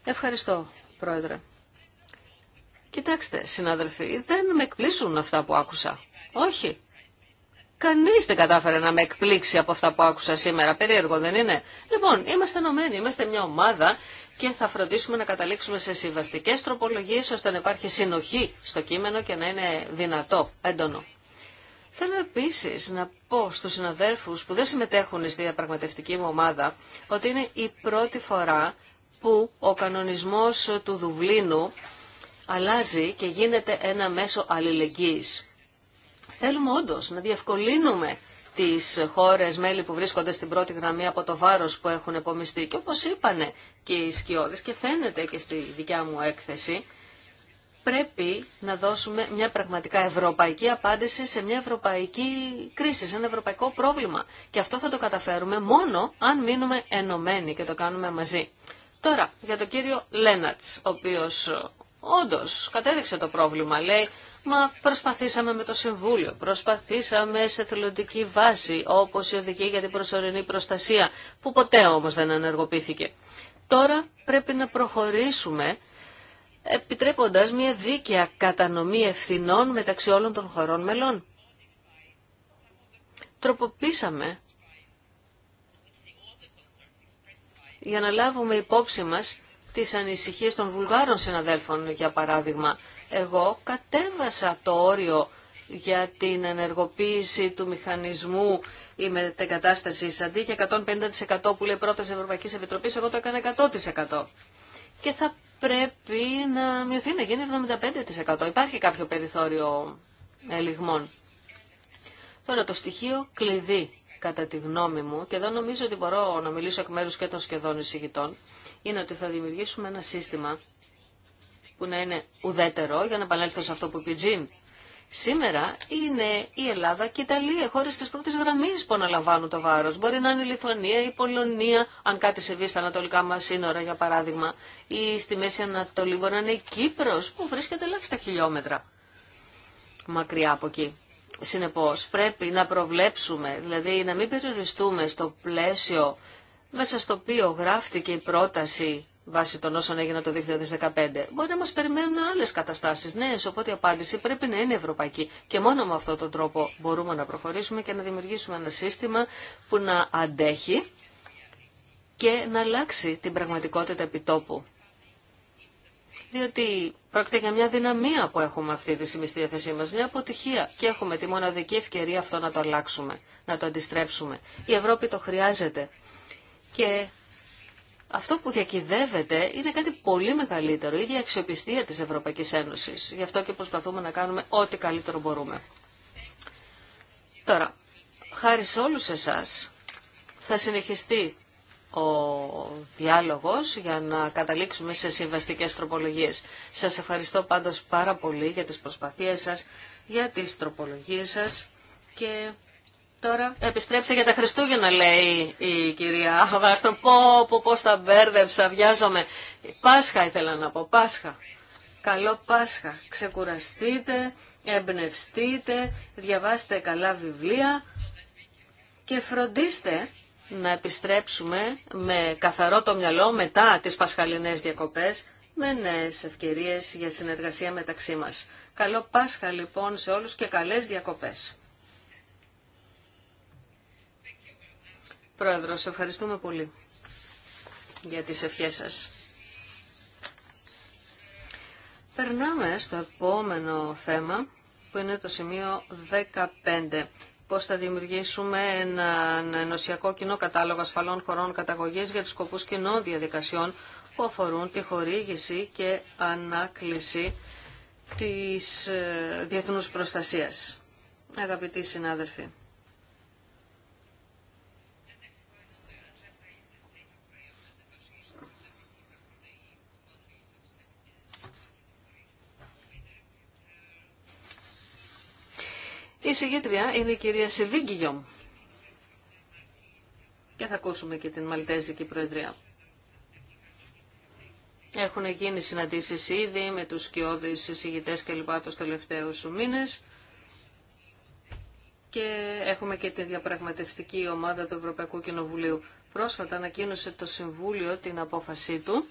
Ευχαριστώ, Πρόεδρε. Κοιτάξτε, συνάδελφοι, δεν με εκπλήσουν αυτά που άκουσα. Όχι. Κανείς δεν κατάφερε να με εκπλήξει από αυτά που άκουσα σήμερα. Περίεργο δεν είναι. Λοιπόν, είμαστε ενωμένοι, είμαστε μια ομάδα και θα φροντίσουμε να καταλήξουμε σε συμβαστικές τροπολογίες ώστε να υπάρχει συνοχή στο κείμενο και να είναι δυνατό, έντονο. Θέλω επίσης να πω στους συναδέρφους που δεν συμμετέχουν στη διαπραγματευτική μου ομάδα ότι είναι η πρώτη φορά που ο κανονισμός του Δουβλίνου αλλάζει και γίνεται ένα μέσο αλληλεγγύης. Θέλουμε όντως να διευκολύνουμε τις χώρες μέλη που βρίσκονται στην πρώτη γραμμή από το βάρος που έχουν επομιστεί. Και όπως είπανε και οι σκιώδες και φαίνεται και στη δικιά μου έκθεση, πρέπει να δώσουμε μια πραγματικά ευρωπαϊκή απάντηση σε μια ευρωπαϊκή κρίση, σε ένα ευρωπαϊκό πρόβλημα. Και αυτό θα το καταφέρουμε μόνο αν μείνουμε ενωμένοι και το κάνουμε μαζί. Τώρα, για τον κύριο Λέναρτς, ο οποίος όντως κατέδειξε το πρόβλημα, λέει Μα προσπαθήσαμε με το Συμβούλιο, προσπαθήσαμε σε θελοντική βάση, όπως η Οδική για την Προσωρινή Προστασία, που ποτέ όμως δεν ενεργοποιήθηκε. Τώρα πρέπει να προχωρήσουμε επιτρέποντας μια δίκαια κατανομή ευθυνών μεταξύ όλων των χωρών μελών. Τροποποίησαμε για να λάβουμε υπόψη μας τις ανησυχίες των Βουλγάρων συναδέλφων, για παράδειγμα, εγώ κατέβασα το όριο για την ενεργοποίηση του μηχανισμού ή με την κατάσταση αντί και 150% που λέει πρόταση Ευρωπαϊκής Επιτροπής, εγώ το έκανα 100%. Και θα πρέπει να μειωθεί, να γίνει 75%. Υπάρχει κάποιο περιθώριο ελιγμών. Τώρα το στοιχείο κλειδί, κατά τη γνώμη μου, και εδώ νομίζω ότι μπορώ να μιλήσω εκ μέρους και των σχεδόν εισηγητών, είναι ότι θα δημιουργήσουμε ένα σύστημα που να είναι ουδέτερο, για να επανέλθω σε αυτό που είπε Τζιν. Σήμερα είναι η Ελλάδα και η Ιταλία, χώρε τη πρώτη γραμμή που αναλαμβάνουν το βάρο. Μπορεί να είναι η Λιθουανία ή η Πολωνία, αν κάτι συμβεί στα ανατολικά μα σύνορα, για παράδειγμα, ή στη Μέση Ανατολή, μπορεί να είναι η Κύπρο, που σε βρίσκεται ελάχιστα χιλιόμετρα μακριά από εκεί. Συνεπώ, πρέπει να προβλέψουμε, δηλαδή να μην περιοριστούμε στο πλαίσιο μέσα στο οποίο γράφτηκε η πρόταση βάσει των όσων έγιναν το 2015. Μπορεί να μα περιμένουν άλλε καταστάσει. νέε, οπότε η απάντηση πρέπει να είναι ευρωπαϊκή. Και μόνο με αυτόν τον τρόπο μπορούμε να προχωρήσουμε και να δημιουργήσουμε ένα σύστημα που να αντέχει και να αλλάξει την πραγματικότητα επιτόπου. Διότι πρόκειται για μια δυναμία που έχουμε αυτή τη στιγμή στη διάθεσή μα, μια αποτυχία. Και έχουμε τη μοναδική ευκαιρία αυτό να το αλλάξουμε, να το αντιστρέψουμε. Η Ευρώπη το χρειάζεται. Και αυτό που διακυδεύεται είναι κάτι πολύ μεγαλύτερο, η ίδια αξιοπιστία της Ευρωπαϊκής Ένωσης. Γι' αυτό και προσπαθούμε να κάνουμε ό,τι καλύτερο μπορούμε. Τώρα, χάρη σε όλους εσάς θα συνεχιστεί ο διάλογος για να καταλήξουμε σε συμβαστικές τροπολογίες. Σας ευχαριστώ πάντως πάρα πολύ για τις προσπαθίες σας, για τις τροπολογίες σας και Τώρα επιστρέψτε για τα Χριστούγεννα, λέει η κυρία Αβάστον. Πω, πω, πω τα μπέρδεψα, βιάζομαι. Πάσχα ήθελα να πω, Πάσχα. Καλό Πάσχα. Ξεκουραστείτε, εμπνευστείτε, διαβάστε καλά βιβλία και φροντίστε να επιστρέψουμε με καθαρό το μυαλό μετά τις πασχαλινές διακοπές με νέες ευκαιρίες για συνεργασία μεταξύ μας. Καλό Πάσχα λοιπόν σε όλους και καλές διακοπές. Πρόεδρος, ευχαριστούμε πολύ για τις ευχές σας. Περνάμε στο επόμενο θέμα που είναι το σημείο 15. Πώς θα δημιουργήσουμε έναν ενωσιακό κοινό κατάλογο ασφαλών χωρών καταγωγής για τους σκοπούς κοινών διαδικασιών που αφορούν τη χορήγηση και ανάκληση της ε, διεθνούς προστασίας. Αγαπητοί συνάδελφοι. Η συγγήτρια είναι η κυρία Σεβίγγιο. Και θα ακούσουμε και την Μαλτέζικη Προεδρία. Έχουν γίνει συναντήσεις ήδη με τους σκιώδεις συζητητές και λοιπά τους τελευταίους μήνες και έχουμε και την διαπραγματευτική ομάδα του Ευρωπαϊκού Κοινοβουλίου. Πρόσφατα ανακοίνωσε το Συμβούλιο την απόφασή του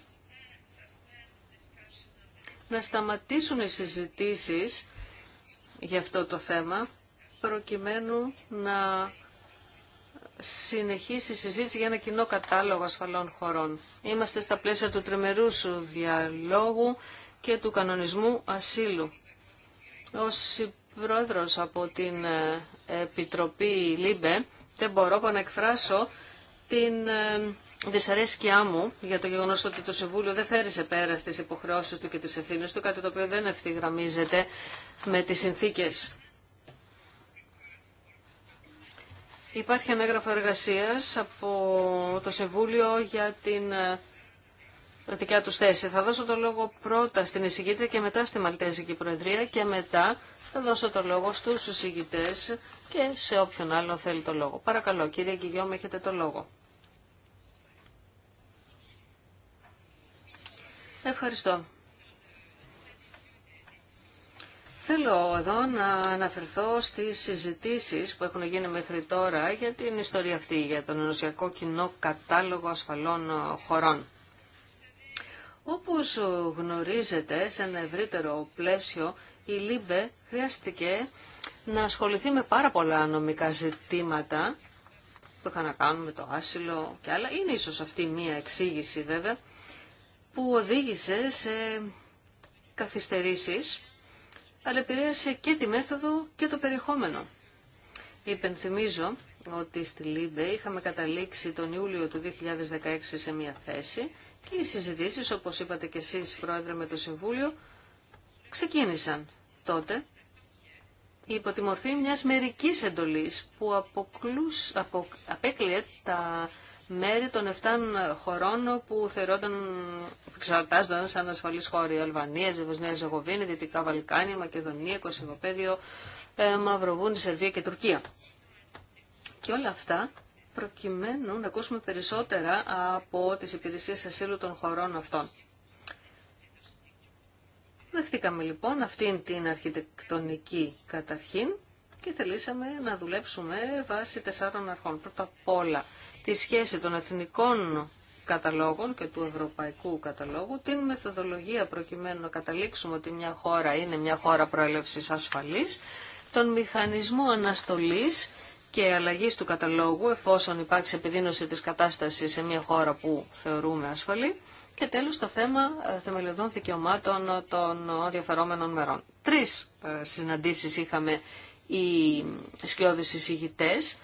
να σταματήσουν οι συζητήσεις για αυτό το θέμα προκειμένου να συνεχίσει η συζήτηση για ένα κοινό κατάλογο ασφαλών χωρών. Είμαστε στα πλαίσια του σου διαλόγου και του κανονισμού ασύλου. Ως πρόεδρος από την ε, Επιτροπή ΛΥΜΠΕ δεν μπορώ να εκφράσω την ε, δυσαρέσκειά μου για το γεγονός ότι το Συμβούλιο δεν φέρει σε πέρα στις υποχρεώσεις του και τις ευθύνες του, κάτι το οποίο δεν ευθυγραμμίζεται με τις συνθήκες Υπάρχει ένα έγγραφο από το Σεβούλιο για την ε, δικιά του θέση. Θα δώσω το λόγο πρώτα στην εισηγήτρια και μετά στη Μαλτέζικη Προεδρία και μετά θα δώσω το λόγο στους εισηγητέ και σε όποιον άλλον θέλει το λόγο. Παρακαλώ, κύριε Κυγιώμη, έχετε το λόγο. Ευχαριστώ. Θέλω εδώ να αναφερθώ στις συζητήσεις που έχουν γίνει μέχρι τώρα για την ιστορία αυτή, για τον ενωσιακό κοινό κατάλογο ασφαλών χωρών. Όπως γνωρίζετε, σε ένα ευρύτερο πλαίσιο, η ΛΥΜΠΕ χρειάστηκε να ασχοληθεί με πάρα πολλά νομικά ζητήματα που είχαν να κάνουν με το άσυλο και άλλα. Είναι ίσως αυτή μία εξήγηση βέβαια που οδήγησε σε καθυστερήσεις αλλά επηρέασε και τη μέθοδο και το περιεχόμενο. Υπενθυμίζω ότι στη Λίμπε είχαμε καταλήξει τον Ιούλιο του 2016 σε μια θέση και οι συζητήσεις, όπως είπατε και εσείς πρόεδρε με το Συμβούλιο, ξεκίνησαν τότε υπό τη μορφή μιας μερικής εντολής που αποκλούς, απο, απέκλειε τα μέρη των 7 χωρών που θεωρώνταν εξαρτάζονταν σαν χώρα. χώροι. Αλβανία, Ζεβοσνία, Ζεγοβίνη, Δυτικά Βαλκάνια, Μακεδονία, Κωσυβοπέδιο, ε, Μαυροβούνη, Σερβία και Τουρκία. Και όλα αυτά προκειμένου να ακούσουμε περισσότερα από τις υπηρεσίες ασύλου των χωρών αυτών. Δεχτήκαμε λοιπόν αυτήν την αρχιτεκτονική καταρχήν και θελήσαμε να δουλέψουμε βάσει τεσσάρων αρχών. Πρώτα απ' όλα τη σχέση των εθνικών καταλόγων και του ευρωπαϊκού καταλόγου, την μεθοδολογία προκειμένου να καταλήξουμε ότι μια χώρα είναι μια χώρα προέλευσης ασφαλής, τον μηχανισμό αναστολής και αλλαγή του καταλόγου εφόσον υπάρξει επιδείνωση της κατάστασης σε μια χώρα που θεωρούμε ασφαλή και τέλος το θέμα ε, θεμελιωδών δικαιωμάτων των διαφερόμενων μερών. Τρεις ε, συναντήσεις είχαμε οι σκιώδεις συζητητές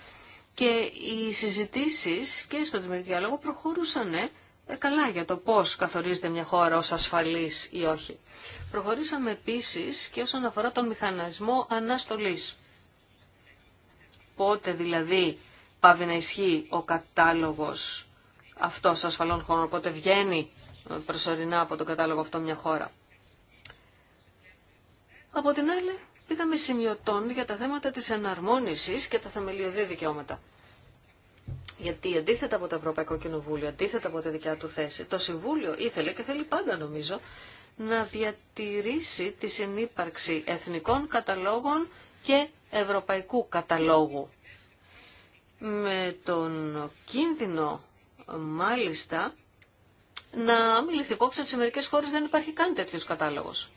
και οι συζητήσεις και στο τριμερή διάλογο προχωρούσαν ε, ε, καλά για το πώς καθορίζεται μια χώρα ως ασφαλής ή όχι. Προχωρήσαμε επίσης και όσον αφορά τον μηχανισμό αναστολής. Πότε δηλαδή πάβει να ισχύει ο κατάλογος αυτός ασφαλών χώρων, πότε βγαίνει ε, προσωρινά από τον κατάλογο αυτό μια χώρα. Από την άλλη, πήγαμε σημειωτών για τα θέματα της εναρμόνισης και τα θεμελιωδή δικαιώματα. Γιατί αντίθετα από το Ευρωπαϊκό Κοινοβούλιο, αντίθετα από τη δικιά του θέση, το Συμβούλιο ήθελε και θέλει πάντα νομίζω να διατηρήσει τη συνύπαρξη εθνικών καταλόγων και ευρωπαϊκού καταλόγου. Με τον κίνδυνο μάλιστα να μην λυθεί υπόψη ότι σε μερικές χώρες δεν υπάρχει καν τέτοιος κατάλογος.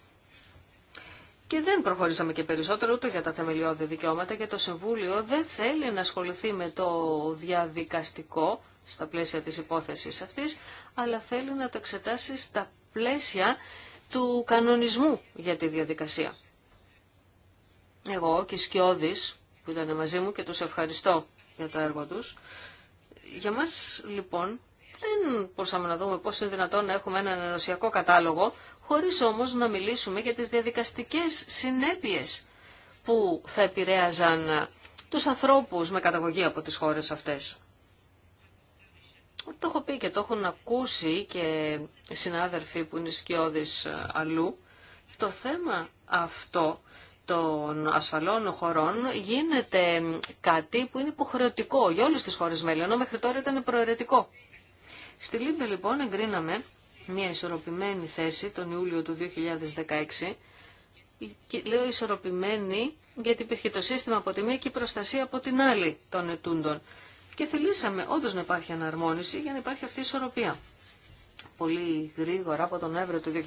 Και δεν προχωρήσαμε και περισσότερο ούτε για τα θεμελιώδη δικαιώματα, και το Συμβούλιο δεν θέλει να ασχοληθεί με το διαδικαστικό στα πλαίσια της υπόθεσης αυτής, αλλά θέλει να το εξετάσει στα πλαίσια του κανονισμού για τη διαδικασία. Εγώ και οι Σκιώδης, που ήταν μαζί μου και τους ευχαριστώ για το έργο τους. Για μας λοιπόν δεν μπορούσαμε να δούμε πώς είναι δυνατόν να έχουμε έναν ενωσιακό κατάλογο, χωρίς όμως να μιλήσουμε για τις διαδικαστικές συνέπειες που θα επηρέαζαν τους ανθρώπους με καταγωγή από τις χώρες αυτές. Το έχω πει και το έχουν ακούσει και συνάδελφοι που είναι σκιώδεις ε, αλλού. Το θέμα αυτό των ασφαλών χωρών γίνεται κάτι που είναι υποχρεωτικό για όλες τις χώρες μέλη, ενώ μέχρι τώρα ήταν προαιρετικό. Στη Λίμπη λοιπόν εγκρίναμε μια ισορροπημένη θέση τον Ιούλιο του 2016, λέω ισορροπημένη γιατί υπήρχε το σύστημα από τη μία και η προστασία από την άλλη των ετούντων. Και θελήσαμε όντω να υπάρχει αναρμόνιση για να υπάρχει αυτή η ισορροπία. Πολύ γρήγορα από τον Νοέμβριο του 2016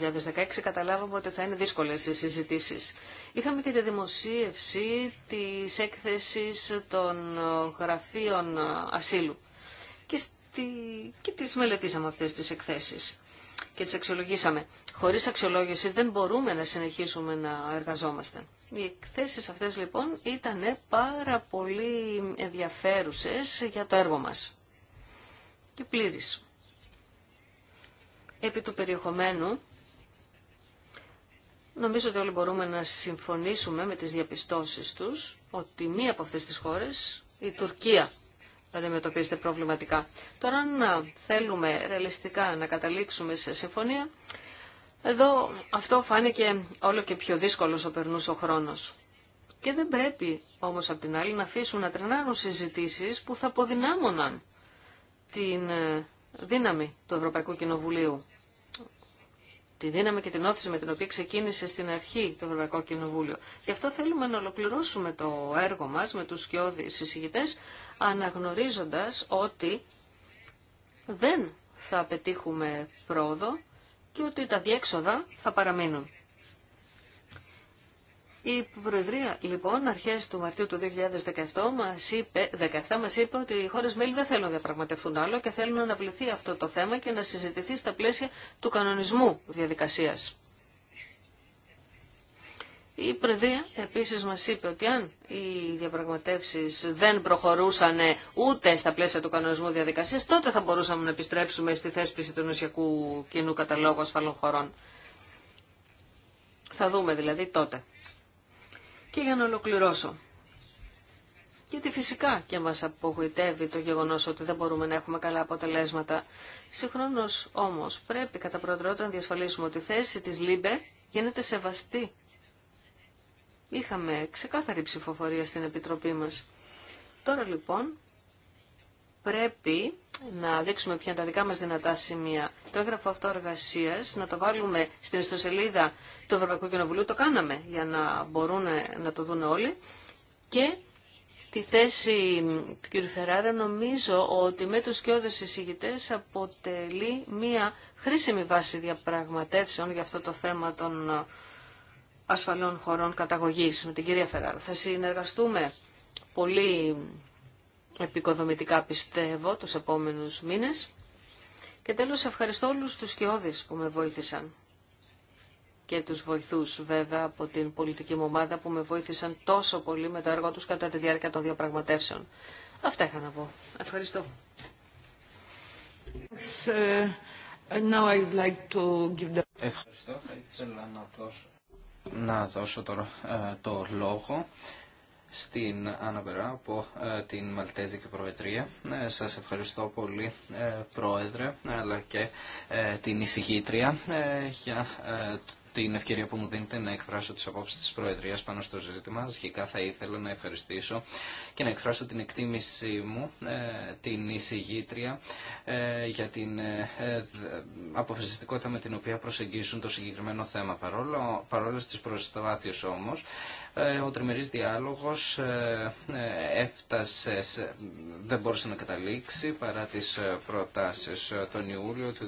καταλάβαμε ότι θα είναι δύσκολες οι συζητήσεις. Είχαμε και τη δημοσίευση της έκθεσης των γραφείων ασύλου. Και και τις μελετήσαμε αυτές τις εκθέσεις και τις αξιολογήσαμε. Χωρίς αξιολόγηση δεν μπορούμε να συνεχίσουμε να εργαζόμαστε. Οι εκθέσεις αυτές λοιπόν ήταν πάρα πολύ ενδιαφέρουσες για το έργο μας και πλήρης. Επί του περιεχομένου, νομίζω ότι όλοι μπορούμε να συμφωνήσουμε με τις διαπιστώσεις τους ότι μία από αυτές τις χώρες, η Τουρκία, αντιμετωπίσετε προβληματικά. Τώρα, αν θέλουμε ρεαλιστικά να καταλήξουμε σε συμφωνία, εδώ αυτό φάνηκε όλο και πιο δύσκολο ο περνούσε ο χρόνος. Και δεν πρέπει όμως απ' την άλλη να αφήσουν να τρενάρουν συζητήσεις που θα αποδυνάμωναν την ε, δύναμη του Ευρωπαϊκού Κοινοβουλίου τη δύναμη και την όθηση με την οποία ξεκίνησε στην αρχή το Ευρωπαϊκό Κοινοβούλιο. Γι' αυτό θέλουμε να ολοκληρώσουμε το έργο μας με τους σκιώδεις συζητητές, αναγνωρίζοντας ότι δεν θα πετύχουμε πρόοδο και ότι τα διέξοδα θα παραμείνουν. Η Προεδρία λοιπόν αρχέ του Μαρτίου του 2017 μα είπε, είπε ότι οι χώρε μέλη δεν θέλουν να διαπραγματευτούν άλλο και θέλουν να αναβληθεί αυτό το θέμα και να συζητηθεί στα πλαίσια του κανονισμού διαδικασία. Η Προεδρία επίσης μας είπε ότι αν οι διαπραγματεύσεις δεν προχωρούσαν ούτε στα πλαίσια του κανονισμού διαδικασίας, τότε θα μπορούσαμε να επιστρέψουμε στη θέσπιση του νοσιακού κοινού καταλόγου ασφαλών χωρών. Θα δούμε δηλαδή τότε. Και για να ολοκληρώσω. Γιατί φυσικά και μας απογοητεύει το γεγονός ότι δεν μπορούμε να έχουμε καλά αποτελέσματα. Συγχρόνως όμως πρέπει κατά προτεραιότητα να διασφαλίσουμε ότι η θέση της ΛΥΜΠΕ γίνεται σεβαστή. Είχαμε ξεκάθαρη ψηφοφορία στην Επιτροπή μας. Τώρα λοιπόν πρέπει να δείξουμε ποια είναι τα δικά μας δυνατά σημεία. Το έγγραφο αυτό εργασία να το βάλουμε στην ιστοσελίδα του Ευρωπαϊκού Κοινοβουλίου, το κάναμε για να μπορούν να το δουν όλοι. Και τη θέση του κ. Φεράρα νομίζω ότι με τους σκιώδες εισηγητές αποτελεί μία χρήσιμη βάση διαπραγματεύσεων για αυτό το θέμα των ασφαλών χωρών καταγωγής με την κυρία Φεράρα. Θα συνεργαστούμε πολύ επικοδομητικά πιστεύω τους επόμενους μήνες. Και τέλος ευχαριστώ όλους τους σκιώδεις που με βοήθησαν και τους βοηθούς βέβαια από την πολιτική μου ομάδα που με βοήθησαν τόσο πολύ με το έργο τους κατά τη διάρκεια των διαπραγματεύσεων. Αυτά είχα να πω. Ευχαριστώ. Uh, ευχαριστώ. Θα ήθελα να δώσω, να τώρα ε, το λόγο στην Άννα από ε, την Μαλτέζικη Προεδρία. Ε, σας ευχαριστώ πολύ ε, Πρόεδρε αλλά και την εισηγήτρια για την ευκαιρία που μου δίνετε να εκφράσω τις απόψεις της Προεδρίας πάνω στο ζήτημα. Αρχικά θα ήθελα να ευχαριστήσω και να εκφράσω την εκτίμησή μου, την εισηγήτρια, για την αποφασιστικότητα με την οποία προσεγγίσουν το συγκεκριμένο θέμα. Παρόλο, παρόλο στις προσταβάθειες όμως, ε, ο τριμερής διάλογος ε, ε, έφτασε, δεν μπόρεσε να καταλήξει παρά τις προτάσεις τον Ιούλιο του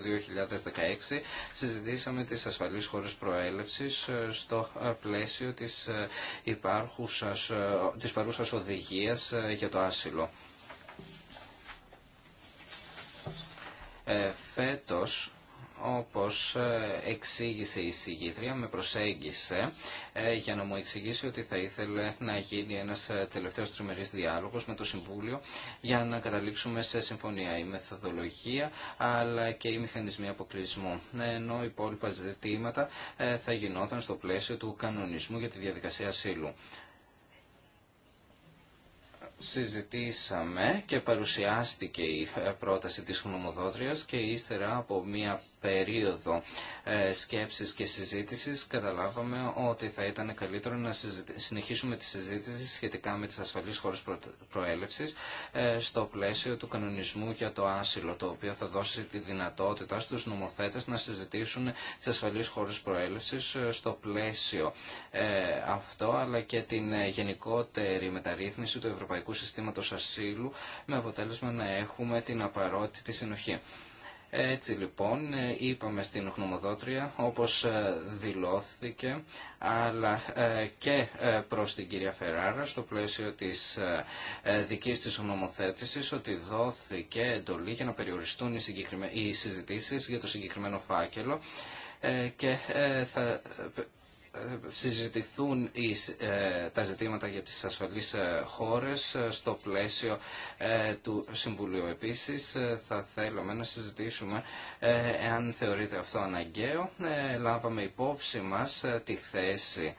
2016. Συζητήσαμε τις ασφαλείς χώρες προέλευσης στο πλαίσιο της, υπάρχουσας, της παρούσας οδηγίας για το άσυλο. φέτος όπως ε, εξήγησε η συγγήτρια, με προσέγγισε ε, για να μου εξηγήσει ότι θα ήθελε να γίνει ένας ε, τελευταίος τριμερής διάλογος με το Συμβούλιο για να καταλήξουμε σε συμφωνία η μεθοδολογία αλλά και οι μηχανισμοί αποκλεισμού. Ενώ υπόλοιπα ζητήματα θα γινόταν στο πλαίσιο του κανονισμού για τη διαδικασία ασύλου συζητήσαμε και παρουσιάστηκε η πρόταση της γνωμοδότριας και ύστερα από μια περίοδο ε, σκέψης και συζήτησης καταλάβαμε ότι θα ήταν καλύτερο να συνεχίσουμε τη συζήτηση σχετικά με τις ασφαλείς χώρες προέλευσης ε, στο πλαίσιο του κανονισμού για το άσυλο, το οποίο θα δώσει τη δυνατότητα στους νομοθέτες να συζητήσουν τις ασφαλείς χώρες προέλευσης ε, στο πλαίσιο αυτό, αλλά και την γενικότερη μεταρρύθμιση του Ευρωπαϊκού Συστήματος Ασύλου, με αποτέλεσμα να έχουμε την απαρότητη συνοχή. Έτσι λοιπόν ε, είπαμε στην γνωμοδότρια όπως ε, δηλώθηκε αλλά ε, και προς την κυρία Φεράρα στο πλαίσιο της δικής της γνωμοθέτησης ότι δόθηκε εντολή για να περιοριστούν οι, συγκεκριμέ... συζητήσεις για το συγκεκριμένο φάκελο και θα συζητηθούν ε, τα ζητήματα για τις ασφαλείς ε, χώρες ε, στο πλαίσιο του Συμβουλίου. Επίσης θα θέλαμε να συζητήσουμε εάν θεωρείται αυτό αναγκαίο. Λάβαμε υπόψη μας τη θέση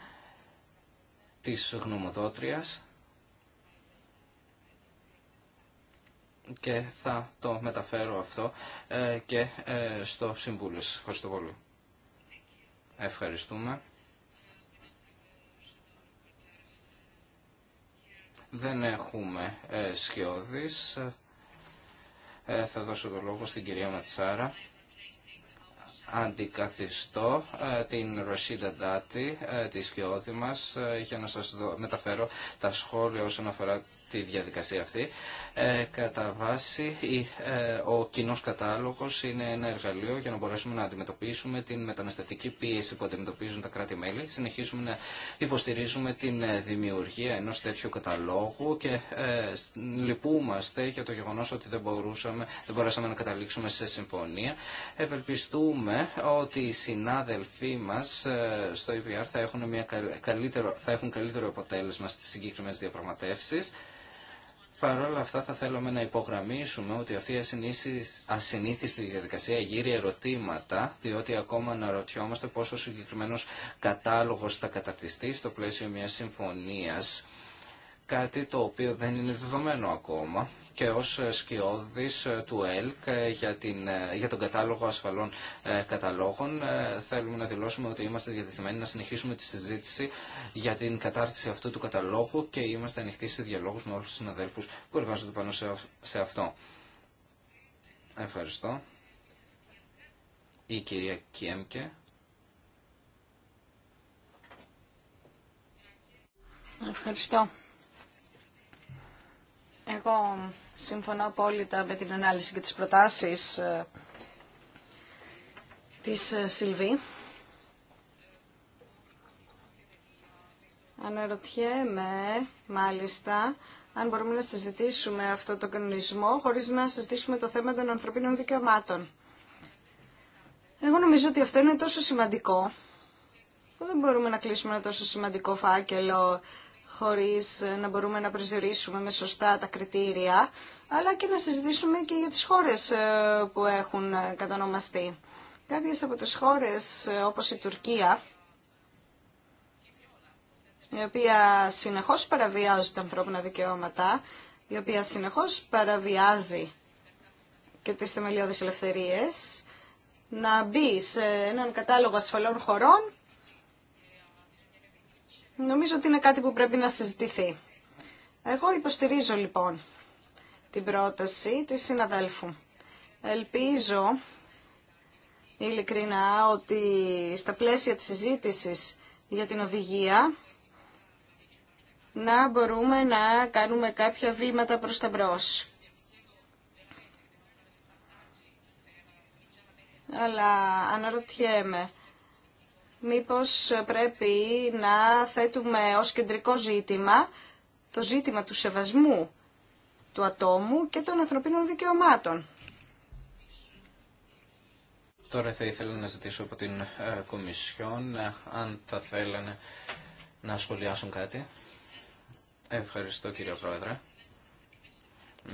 της γνωμοδότριας και θα το μεταφέρω αυτό και στο Συμβούλιο. Ευχαριστώ πολύ. Ευχαριστούμε. Δεν έχουμε ε, ε, θα δώσω το λόγο στην κυρία Ματσάρα. Αντικαθιστώ ε, την Ρωσίδα Ντάτη, ε, τη σκιώδη μας, για να σας μεταφέρω τα σχόλια όσον αφορά τη διαδικασία αυτή. Ε, κατά βάση ε, ο κοινό κατάλογος είναι ένα εργαλείο για να μπορέσουμε να αντιμετωπίσουμε την μεταναστευτική πίεση που αντιμετωπίζουν τα κράτη-μέλη. Συνεχίζουμε να υποστηρίζουμε την ε, δημιουργία ενό τέτοιου καταλόγου και ε, λυπούμαστε για το γεγονό ότι δεν, μπορούσαμε, δεν μπορέσαμε να καταλήξουμε σε συμφωνία. Ευελπιστούμε ότι οι συνάδελφοί μας στο EPR θα έχουν, μια καλύτερο, θα έχουν καλύτερο αποτέλεσμα στις συγκεκριμένες διαπραγματεύσεις. Παρ' όλα αυτά θα θέλουμε να υπογραμμίσουμε ότι αυτή η ασυνήθιστη διαδικασία γύρει ερωτήματα, διότι ακόμα αναρωτιόμαστε πόσο συγκεκριμένος κατάλογος θα καταρτιστεί στο πλαίσιο μιας συμφωνίας κάτι το οποίο δεν είναι δεδομένο ακόμα και ως σκιώδης ε, του ΕΛΚ ε, για, την, ε, για τον κατάλογο ασφαλών καταλόγων θέλουμε να δηλώσουμε ότι είμαστε διατεθειμένοι να συνεχίσουμε τη συζήτηση για την κατάρτιση αυτού του καταλόγου και είμαστε ανοιχτοί σε διαλόγους με όλους τους συναδέλφους που εργάζονται πάνω σε, σε αυτό. Ευχαριστώ. Η κυρία Κιέμκε. Ευχαριστώ. Εγώ συμφωνώ απόλυτα με την ανάλυση και τις προτάσεις ε, της ε, Σιλβή. Αναρωτιέμαι, μάλιστα, αν μπορούμε να συζητήσουμε αυτό το κανονισμό χωρίς να συζητήσουμε το θέμα των ανθρωπίνων δικαιωμάτων. Εγώ νομίζω ότι αυτό είναι τόσο σημαντικό που δεν μπορούμε να κλείσουμε ένα τόσο σημαντικό φάκελο χωρίς να μπορούμε να προσδιορίσουμε με σωστά τα κριτήρια, αλλά και να συζητήσουμε και για τις χώρες ε, που έχουν ε, κατανομαστεί. Κάποιες από τις χώρες, ε, όπως η Τουρκία, η οποία συνεχώς παραβιάζει τα ανθρώπινα δικαιώματα, η οποία συνεχώς παραβιάζει και τις θεμελιώδεις ελευθερίες, να μπει σε έναν κατάλογο ασφαλών χωρών Νομίζω ότι είναι κάτι που πρέπει να συζητηθεί. Εγώ υποστηρίζω λοιπόν την πρόταση της συναδέλφου. Ελπίζω ειλικρινά ότι στα πλαίσια της συζήτησης για την οδηγία να μπορούμε να κάνουμε κάποια βήματα προς τα μπρος. Αλλά αναρωτιέμαι μήπως πρέπει να θέτουμε ως κεντρικό ζήτημα το ζήτημα του σεβασμού του ατόμου και των ανθρωπίνων δικαιωμάτων. Τώρα θα ήθελα να ζητήσω από την ε, Κομισιόν ε, αν θα θέλανε να σχολιάσουν κάτι. Ευχαριστώ κύριε Πρόεδρε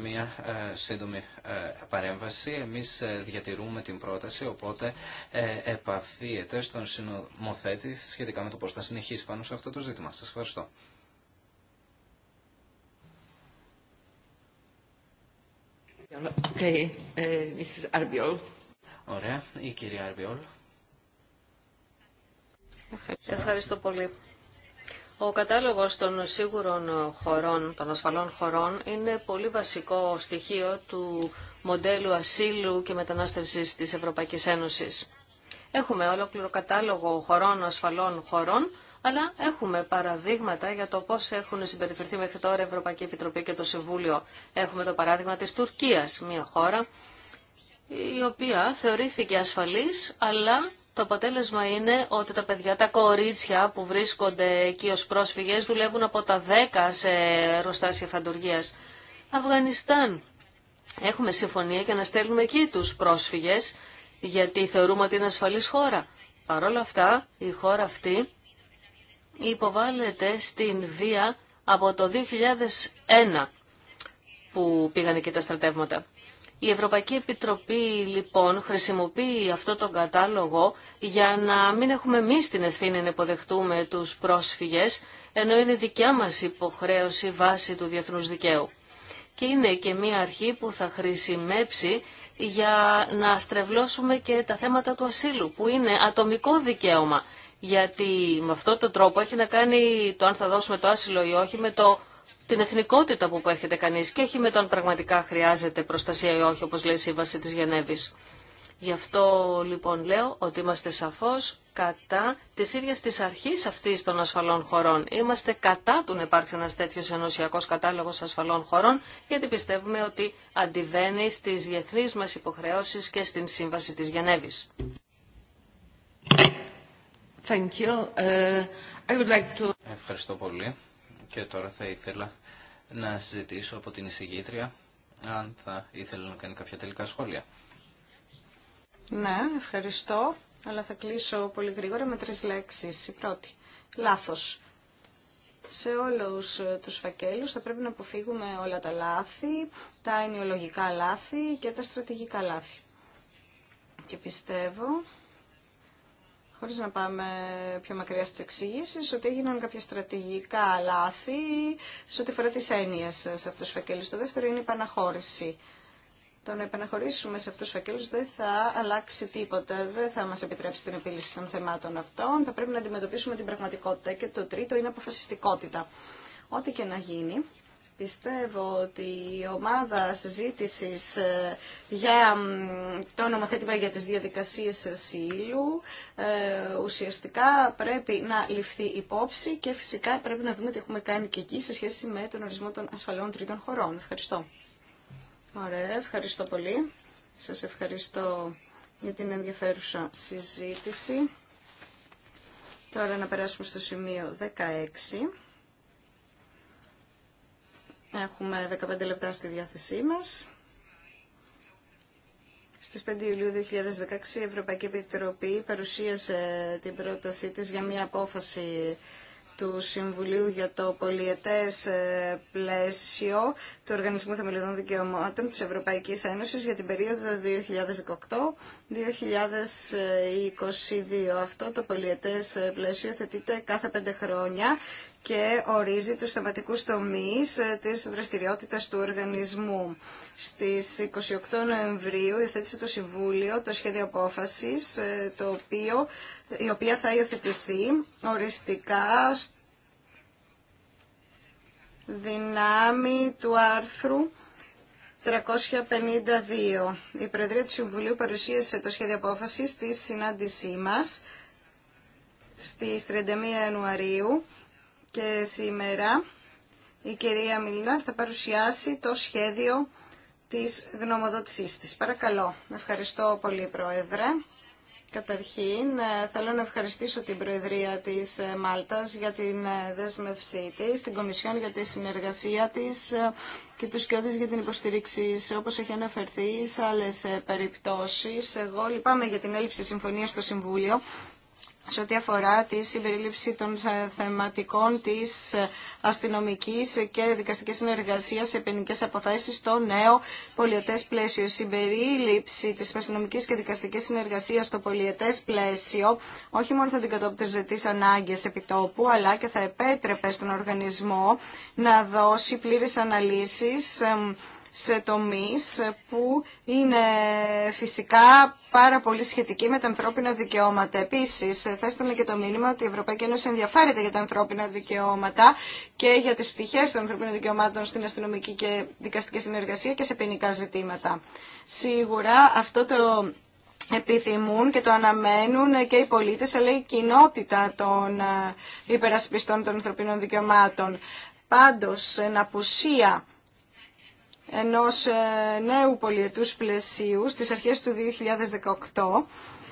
μια ε, σύντομη ε, παρέμβαση. Εμείς ε, διατηρούμε την πρόταση, οπότε επαφίεται στον συνομοθέτη σχετικά με το πώς θα συνεχίσει πάνω σε αυτό το ζήτημα. Σας ευχαριστώ. Okay, Ωραία, η κυρία Αρμπιόλ. Ευχαριστώ πολύ. Ο κατάλογος των σίγουρων χωρών, των ασφαλών χωρών, είναι πολύ βασικό στοιχείο του μοντέλου ασύλου και μετανάστευσης της Ευρωπαϊκής Ένωσης. Έχουμε ολόκληρο κατάλογο χωρών, ασφαλών χωρών, αλλά έχουμε παραδείγματα για το πώς έχουν συμπεριφερθεί μέχρι τώρα η Ευρωπαϊκή Επιτροπή και το Συμβούλιο. Έχουμε το παράδειγμα της Τουρκίας, μια χώρα η οποία θεωρήθηκε ασφαλής, αλλά το αποτέλεσμα είναι ότι τα παιδιά, τα κορίτσια που βρίσκονται εκεί ως πρόσφυγες δουλεύουν από τα 10 σε ροστάσια φαντουργίας. Αφγανιστάν. Έχουμε συμφωνία για να στέλνουμε εκεί τους πρόσφυγες γιατί θεωρούμε ότι είναι ασφαλής χώρα. Παρ' όλα αυτά η χώρα αυτή υποβάλλεται στην βία από το 2001 που πήγαν εκεί τα στρατεύματα. Η Ευρωπαϊκή Επιτροπή λοιπόν χρησιμοποιεί αυτό το κατάλογο για να μην έχουμε εμεί την ευθύνη να υποδεχτούμε τους πρόσφυγες, ενώ είναι δικιά μας υποχρέωση βάση του διεθνούς δικαίου. Και είναι και μία αρχή που θα χρησιμεύσει για να στρεβλώσουμε και τα θέματα του ασύλου, που είναι ατομικό δικαίωμα. Γιατί με αυτόν τον τρόπο έχει να κάνει το αν θα δώσουμε το άσυλο ή όχι με το την εθνικότητα που έρχεται κανείς και έχει με το αν πραγματικά χρειάζεται προστασία ή όχι, όπως λέει η Σύμβαση της Γενέβης. Γι' αυτό λοιπόν λέω ότι είμαστε σαφώς κατά της ίδιας της αρχής αυτής των ασφαλών χωρών. Είμαστε κατά του να υπάρξει ένας τέτοιος ενωσιακός κατάλογος ασφαλών χωρών, γιατί πιστεύουμε ότι αντιβαίνει στις διεθνείς μας υποχρεώσεις και στην Σύμβαση της Γενέβης. Thank you. Uh, I would like to... Ευχαριστώ πολύ. Και τώρα θα ήθελα να συζητήσω από την εισηγήτρια αν θα ήθελα να κάνει κάποια τελικά σχόλια. Ναι, ευχαριστώ, αλλά θα κλείσω πολύ γρήγορα με τρεις λέξεις. Η πρώτη, λάθος. Σε όλους τους φακέλους θα πρέπει να αποφύγουμε όλα τα λάθη, τα ενιολογικά λάθη και τα στρατηγικά λάθη. Και πιστεύω χωρίς να πάμε πιο μακριά στις εξηγήσει, ότι έγιναν κάποια στρατηγικά λάθη σε ό,τι φορά τις έννοιες σε αυτούς τους φακέλους. Το δεύτερο είναι η παναχώρηση. Το να επαναχωρήσουμε σε αυτούς τους φακέλους δεν θα αλλάξει τίποτα, δεν θα μας επιτρέψει την επίλυση των θεμάτων αυτών, θα πρέπει να αντιμετωπίσουμε την πραγματικότητα. Και το τρίτο είναι αποφασιστικότητα. Ό,τι και να γίνει, Πιστεύω ότι η ομάδα συζήτηση ε, για το νομοθέτημα για τις διαδικασίες ασύλου ε, ουσιαστικά πρέπει να ληφθεί υπόψη και φυσικά πρέπει να δούμε τι έχουμε κάνει και εκεί σε σχέση με τον ορισμό των ασφαλών τρίτων χωρών. Ευχαριστώ. Ωραία, ευχαριστώ πολύ. Σας ευχαριστώ για την ενδιαφέρουσα συζήτηση. Τώρα να περάσουμε στο σημείο 16. Έχουμε 15 λεπτά στη διάθεσή μας. Στις 5 Ιουλίου 2016 η Ευρωπαϊκή Επιτροπή παρουσίασε την πρότασή της για μια απόφαση του Συμβουλίου για το Πολιετές ε, Πλαίσιο του Οργανισμού Θεμελιωδών Δικαιωμάτων της Ευρωπαϊκής Ένωσης για την περίοδο 2018-2022. Αυτό το Πολιετές ε, Πλαίσιο θετείται κάθε πέντε χρόνια και ορίζει τους θεματικούς τομείς ε, της δραστηριότητας του οργανισμού. Στις 28 Νοεμβρίου υιοθέτησε το Συμβούλιο το σχέδιο απόφασης, ε, το οποίο, η οποία θα υιοθετηθεί οριστικά δυνάμει του άρθρου 352. Η Προεδρία του Συμβουλίου παρουσίασε το σχέδιο απόφασης στη συνάντησή μας στις 31 Ιανουαρίου και σήμερα η κυρία Μιλάρ θα παρουσιάσει το σχέδιο της γνωμοδότησής της. Παρακαλώ. Ευχαριστώ πολύ, Πρόεδρε. Καταρχήν, ε, θέλω να ευχαριστήσω την Προεδρία της ε, Μάλτας για την ε, δέσμευσή της, την Κομισιόν για τη συνεργασία της και τους κοιότητες για την υποστήριξη όπως έχει αναφερθεί σε άλλες περιπτώσεις. Εγώ λυπάμαι για την έλλειψη συμφωνίας στο Συμβούλιο σε ό,τι αφορά τη συμπερίληψη των θεματικών της αστυνομικής και δικαστικής συνεργασίας σε ποινικές αποθέσεις στο νέο πολιετές πλαίσιο. Η συμπερίληψη της αστυνομικής και δικαστικής συνεργασίας στο πολιετές πλαίσιο όχι μόνο θα αντικατόπτριζε τι τις ανάγκες επιτόπου, αλλά και θα επέτρεπε στον οργανισμό να δώσει πλήρες αναλύσεις σε τομείς που είναι φυσικά πάρα πολύ σχετικοί με τα ανθρώπινα δικαιώματα. Επίσης, θα έστελνε και το μήνυμα ότι η Ευρωπαϊκή Ένωση ενδιαφέρεται για τα ανθρώπινα δικαιώματα και για τις πτυχές των ανθρώπινων δικαιωμάτων στην αστυνομική και δικαστική συνεργασία και σε ποινικά ζητήματα. Σίγουρα αυτό το επιθυμούν και το αναμένουν και οι πολίτες αλλά η κοινότητα των ε, υπερασπιστών των ανθρωπίνων δικαιωμάτων. Πάντως, εν απουσία ενός ε, νέου πολιετούς πλαισίου στις αρχές του 2018,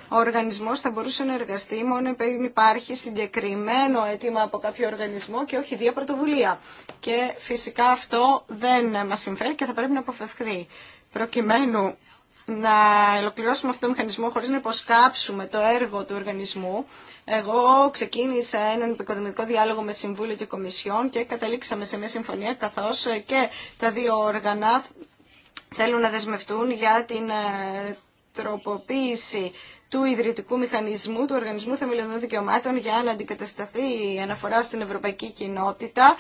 ο οργανισμός θα μπορούσε να εργαστεί μόνο επειδή υπάρχει συγκεκριμένο αίτημα από κάποιο οργανισμό και όχι δύο πρωτοβουλία. Και φυσικά αυτό δεν μας συμφέρει και θα πρέπει να αποφευχθεί. Προκειμένου να ολοκληρώσουμε αυτό το μηχανισμό χωρίς να υποσκάψουμε το έργο του οργανισμού. Εγώ ξεκίνησα έναν επικοδομητικό διάλογο με Συμβούλιο και Κομισιόν και καταλήξαμε σε μια συμφωνία καθώς και τα δύο όργανα θέλουν να δεσμευτούν για την ε, τροποποίηση του ιδρυτικού μηχανισμού του Οργανισμού Θεμελιωδών Δικαιωμάτων για να αντικατασταθεί η αναφορά στην ευρωπαϊκή κοινότητα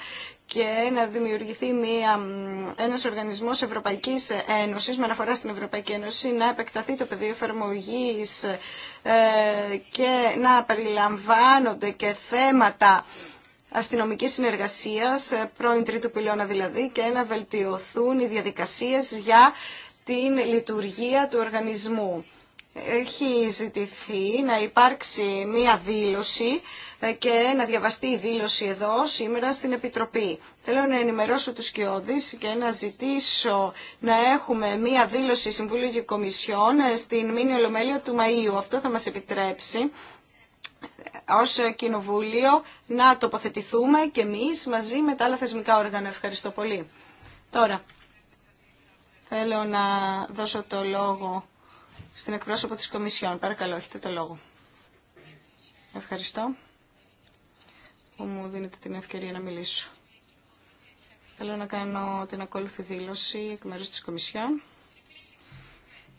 και να δημιουργηθεί μια, ένας οργανισμός Ευρωπαϊκής Ένωσης με αναφορά στην Ευρωπαϊκή Ένωση να επεκταθεί το πεδίο εφαρμογή ε, και να περιλαμβάνονται και θέματα αστυνομικής συνεργασίας, ε, πρώην τρίτου πυλώνα δηλαδή, και να βελτιωθούν οι διαδικασίες για την λειτουργία του οργανισμού έχει ζητηθεί να υπάρξει μία δήλωση ε, και να διαβαστεί η δήλωση εδώ σήμερα στην Επιτροπή. Θέλω να ενημερώσω τους Κιώδης και να ζητήσω να έχουμε μία δήλωση Συμβουλίου και Κομισιόν ε, στην Μήνυ Ολομέλεια του Μαΐου. Αυτό θα μας επιτρέψει ε, ως Κοινοβούλιο να τοποθετηθούμε και εμείς μαζί με τα άλλα θεσμικά όργανα. Ευχαριστώ πολύ. Τώρα, θέλω να δώσω το λόγο στην εκπρόσωπο της Κομισιόν. Παρακαλώ, έχετε το λόγο. Ευχαριστώ που μου δίνετε την ευκαιρία να μιλήσω. Θέλω να κάνω την ακόλουθη δήλωση εκ μέρους της Κομισιόν.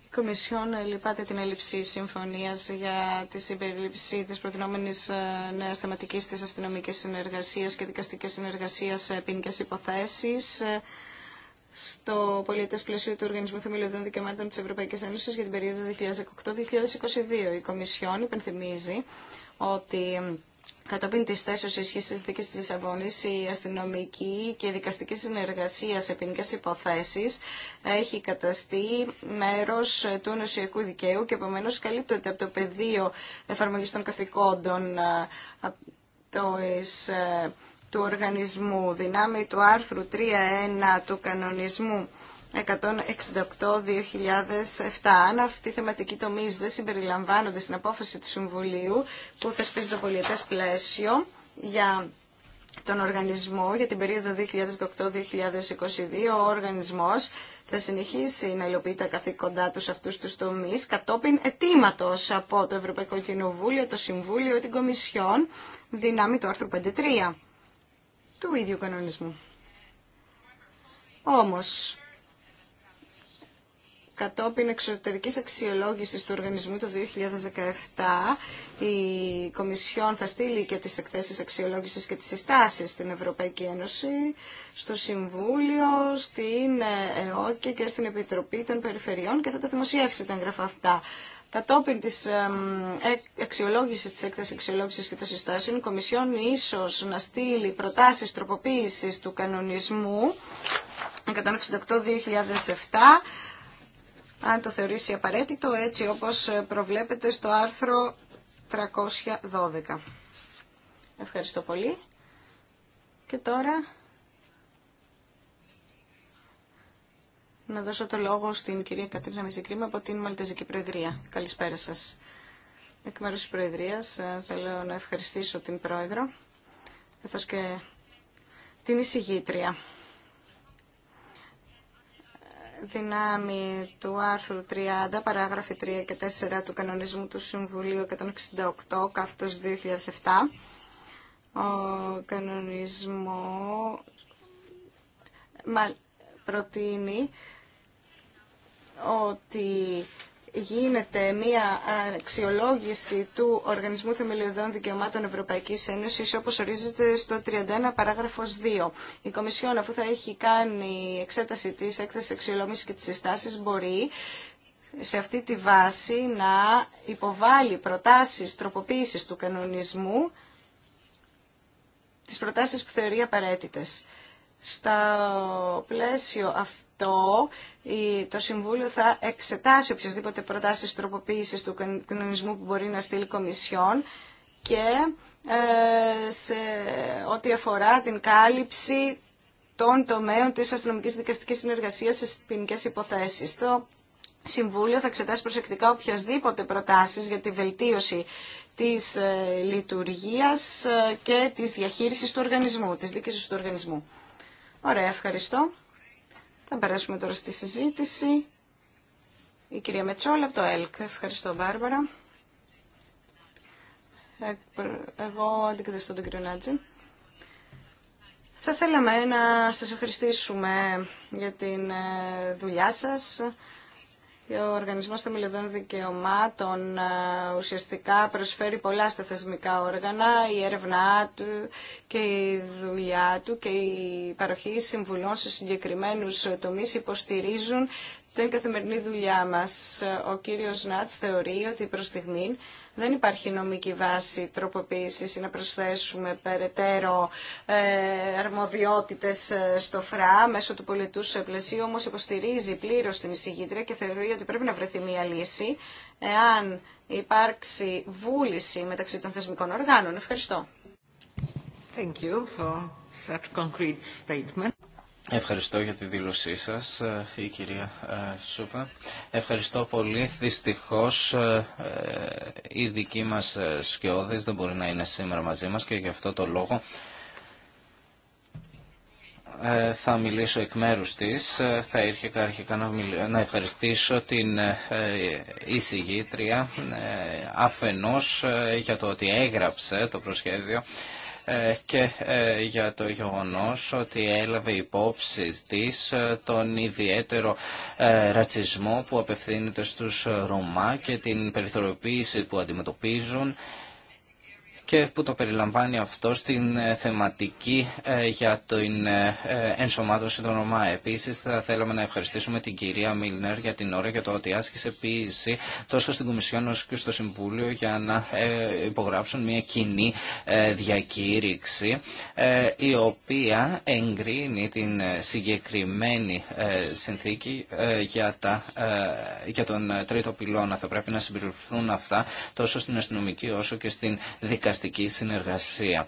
Η Κομισιόν λυπάται την έλλειψη συμφωνίας για τη συμπερίληψη της προτινόμενης ε, νέας θεματικής της αστυνομικής συνεργασίας και δικαστικής συνεργασίας σε ποινικές υποθέσεις στο πολιτέ πλαίσιο του Οργανισμού Θεμελιωδών Δικαιωμάτων τη Ευρωπαϊκή Ένωση για την περίοδο 2018-2022. Η Κομισιόν υπενθυμίζει ότι Κατόπιν τη θέσεω ισχύ τη συνθήκη τη Λισαβόνη, η αστυνομική και δικαστική συνεργασία σε ποινικέ υποθέσει έχει καταστεί μέρο του ενωσιακού δικαίου και επομένω καλύπτεται από το πεδίο εφαρμογή των καθηκόντων ε, του οργανισμού δυνάμει του άρθρου 3.1 του κανονισμού 168-2007. Αν αυτοί οι θεματικοί τομεί δεν συμπεριλαμβάνονται στην απόφαση του Συμβουλίου που θεσπίζει το πολιετέ πλαίσιο για τον οργανισμό για την περιοδο 2008 2018-2022, ο οργανισμός θα συνεχίσει να υλοποιεί τα καθήκοντά του σε αυτούς τους τομείς κατόπιν αιτήματο από το Ευρωπαϊκό Κοινοβούλιο, το Συμβούλιο, ή την Κομισιόν, δυνάμει του άρθρου 53 του ίδιου κανονισμού. Όμως, κατόπιν εξωτερικής αξιολόγησης του οργανισμού το 2017, η Κομισιόν θα στείλει και τις εκθέσεις αξιολόγησης και τις συστάσεις στην Ευρωπαϊκή Ένωση, στο Συμβούλιο, στην ΕΟΚΕ και στην Επιτροπή των Περιφερειών και θα τα δημοσιεύσει τα εγγραφά αυτά. Κατόπιν της αξιολόγησης, της έκθεσης αξιολόγησης και των συστάσεων, η Κομισιόν ίσως να στείλει προτάσεις τροποποίησης του κανονισμού 168-2007, αν το θεωρήσει απαραίτητο, έτσι όπως προβλέπεται στο άρθρο 312. Ευχαριστώ πολύ. Και τώρα να δώσω το λόγο στην κυρία Κατρίνα Μιζικρήμα από την Μαλτεζική Προεδρία. Καλησπέρα σας. Εκ μέρους τη Προεδρίας ε, θέλω να ευχαριστήσω την Πρόεδρο, καθώ και την εισηγήτρια. Δυνάμει του άρθρου 30, παράγραφη 3 και 4 του κανονισμού του Συμβουλίου 168, καθ 2007, ο κανονισμό προτείνει ότι γίνεται μία αξιολόγηση του Οργανισμού Θεμελιωδών Δικαιωμάτων Ευρωπαϊκής Ένωσης, όπως ορίζεται στο 31 παράγραφος 2. Η Κομισιόν, αφού θα έχει κάνει εξέταση της έκθεσης αξιολόγησης και της συστάσεις, μπορεί σε αυτή τη βάση να υποβάλει προτάσεις τροποποίησης του κανονισμού, τις προτάσεις που θεωρεί απαραίτητες. Στα πλαίσιο αυτό αυτό το Συμβούλιο θα εξετάσει οποιασδήποτε προτάσει τροποποίησης του κοινωνισμού που μπορεί να στείλει Κομισιόν και ε, σε ό,τι αφορά την κάλυψη των τομέων της αστυνομικής δικαστικής συνεργασίας σε ποινικέ υποθέσεις. Το Συμβούλιο θα εξετάσει προσεκτικά οποιασδήποτε προτάσεις για τη βελτίωση της ε, λειτουργίας ε, και της διαχείρισης του οργανισμού, της δίκησης του οργανισμού. Ωραία, ευχαριστώ. Θα περάσουμε τώρα στη συζήτηση. Η κυρία Μετσόλα από το ΕΛΚ. Ευχαριστώ, Βάρβαρα. Εγώ αντικαταστώ τον κύριο Νάτζη. Θα θέλαμε να σας ευχαριστήσουμε για την ε, δουλειά σας, ο Οργανισμός Θεμελιωδών Δικαιωμάτων ε, ουσιαστικά προσφέρει πολλά στα θεσμικά όργανα, η έρευνά του και η δουλειά του και η παροχή συμβουλών σε συγκεκριμένους τομείς υποστηρίζουν την καθημερινή δουλειά μας. Ο κύριος Νάτς θεωρεί ότι προς στιγμή δεν υπάρχει νομική βάση τροποποίησης ή να προσθέσουμε περαιτέρω ε, αρμοδιότητες ε, στο ΦΡΑ μέσω του πολιτού πλαισίου, όμως υποστηρίζει πλήρως την εισηγήτρια και θεωρεί ότι πρέπει να βρεθεί μια λύση εάν υπάρξει βούληση μεταξύ των θεσμικών οργάνων. Ευχαριστώ. Thank you for such concrete statement. Ευχαριστώ για τη δήλωσή σας, ε, η κυρία ε, Σούπα. Ευχαριστώ πολύ. Δυστυχώς η ε, δική μας σκιώδης δεν μπορεί να είναι σήμερα μαζί μας και γι' αυτό το λόγο θα μιλήσω εκ μέρους της. Θα ήρθε αρχικά να, να ευχαριστήσω την εισηγήτρια αφενός για το ότι έγραψε το προσχέδιο ε, και ε, για το γεγονός ότι έλαβε υπόψη της ε, τον ιδιαίτερο ρατσισμό που απευθύνεται στους Ρωμά και την περιθωριοποίηση που αντιμετωπίζουν και που το περιλαμβάνει αυτό στην ε, θεματική ε, για την ε, ενσωμάτωση των ΟΜΑ. Επίσης θα θέλαμε να ευχαριστήσουμε την κυρία Μίλνερ για την ώρα για το ότι άσκησε ποιήση τόσο στην Κομισιόν όσο και στο Συμβούλιο για να υπογράψουν μια κοινή διακήρυξη η οποία εγκρίνει την συγκεκριμένη συνθήκη για, τα, για τον τρίτο πυλώνα. Θα πρέπει να συμπληρωθούν αυτά τόσο στην αστυνομική όσο και στην δικαστική συνεργασία.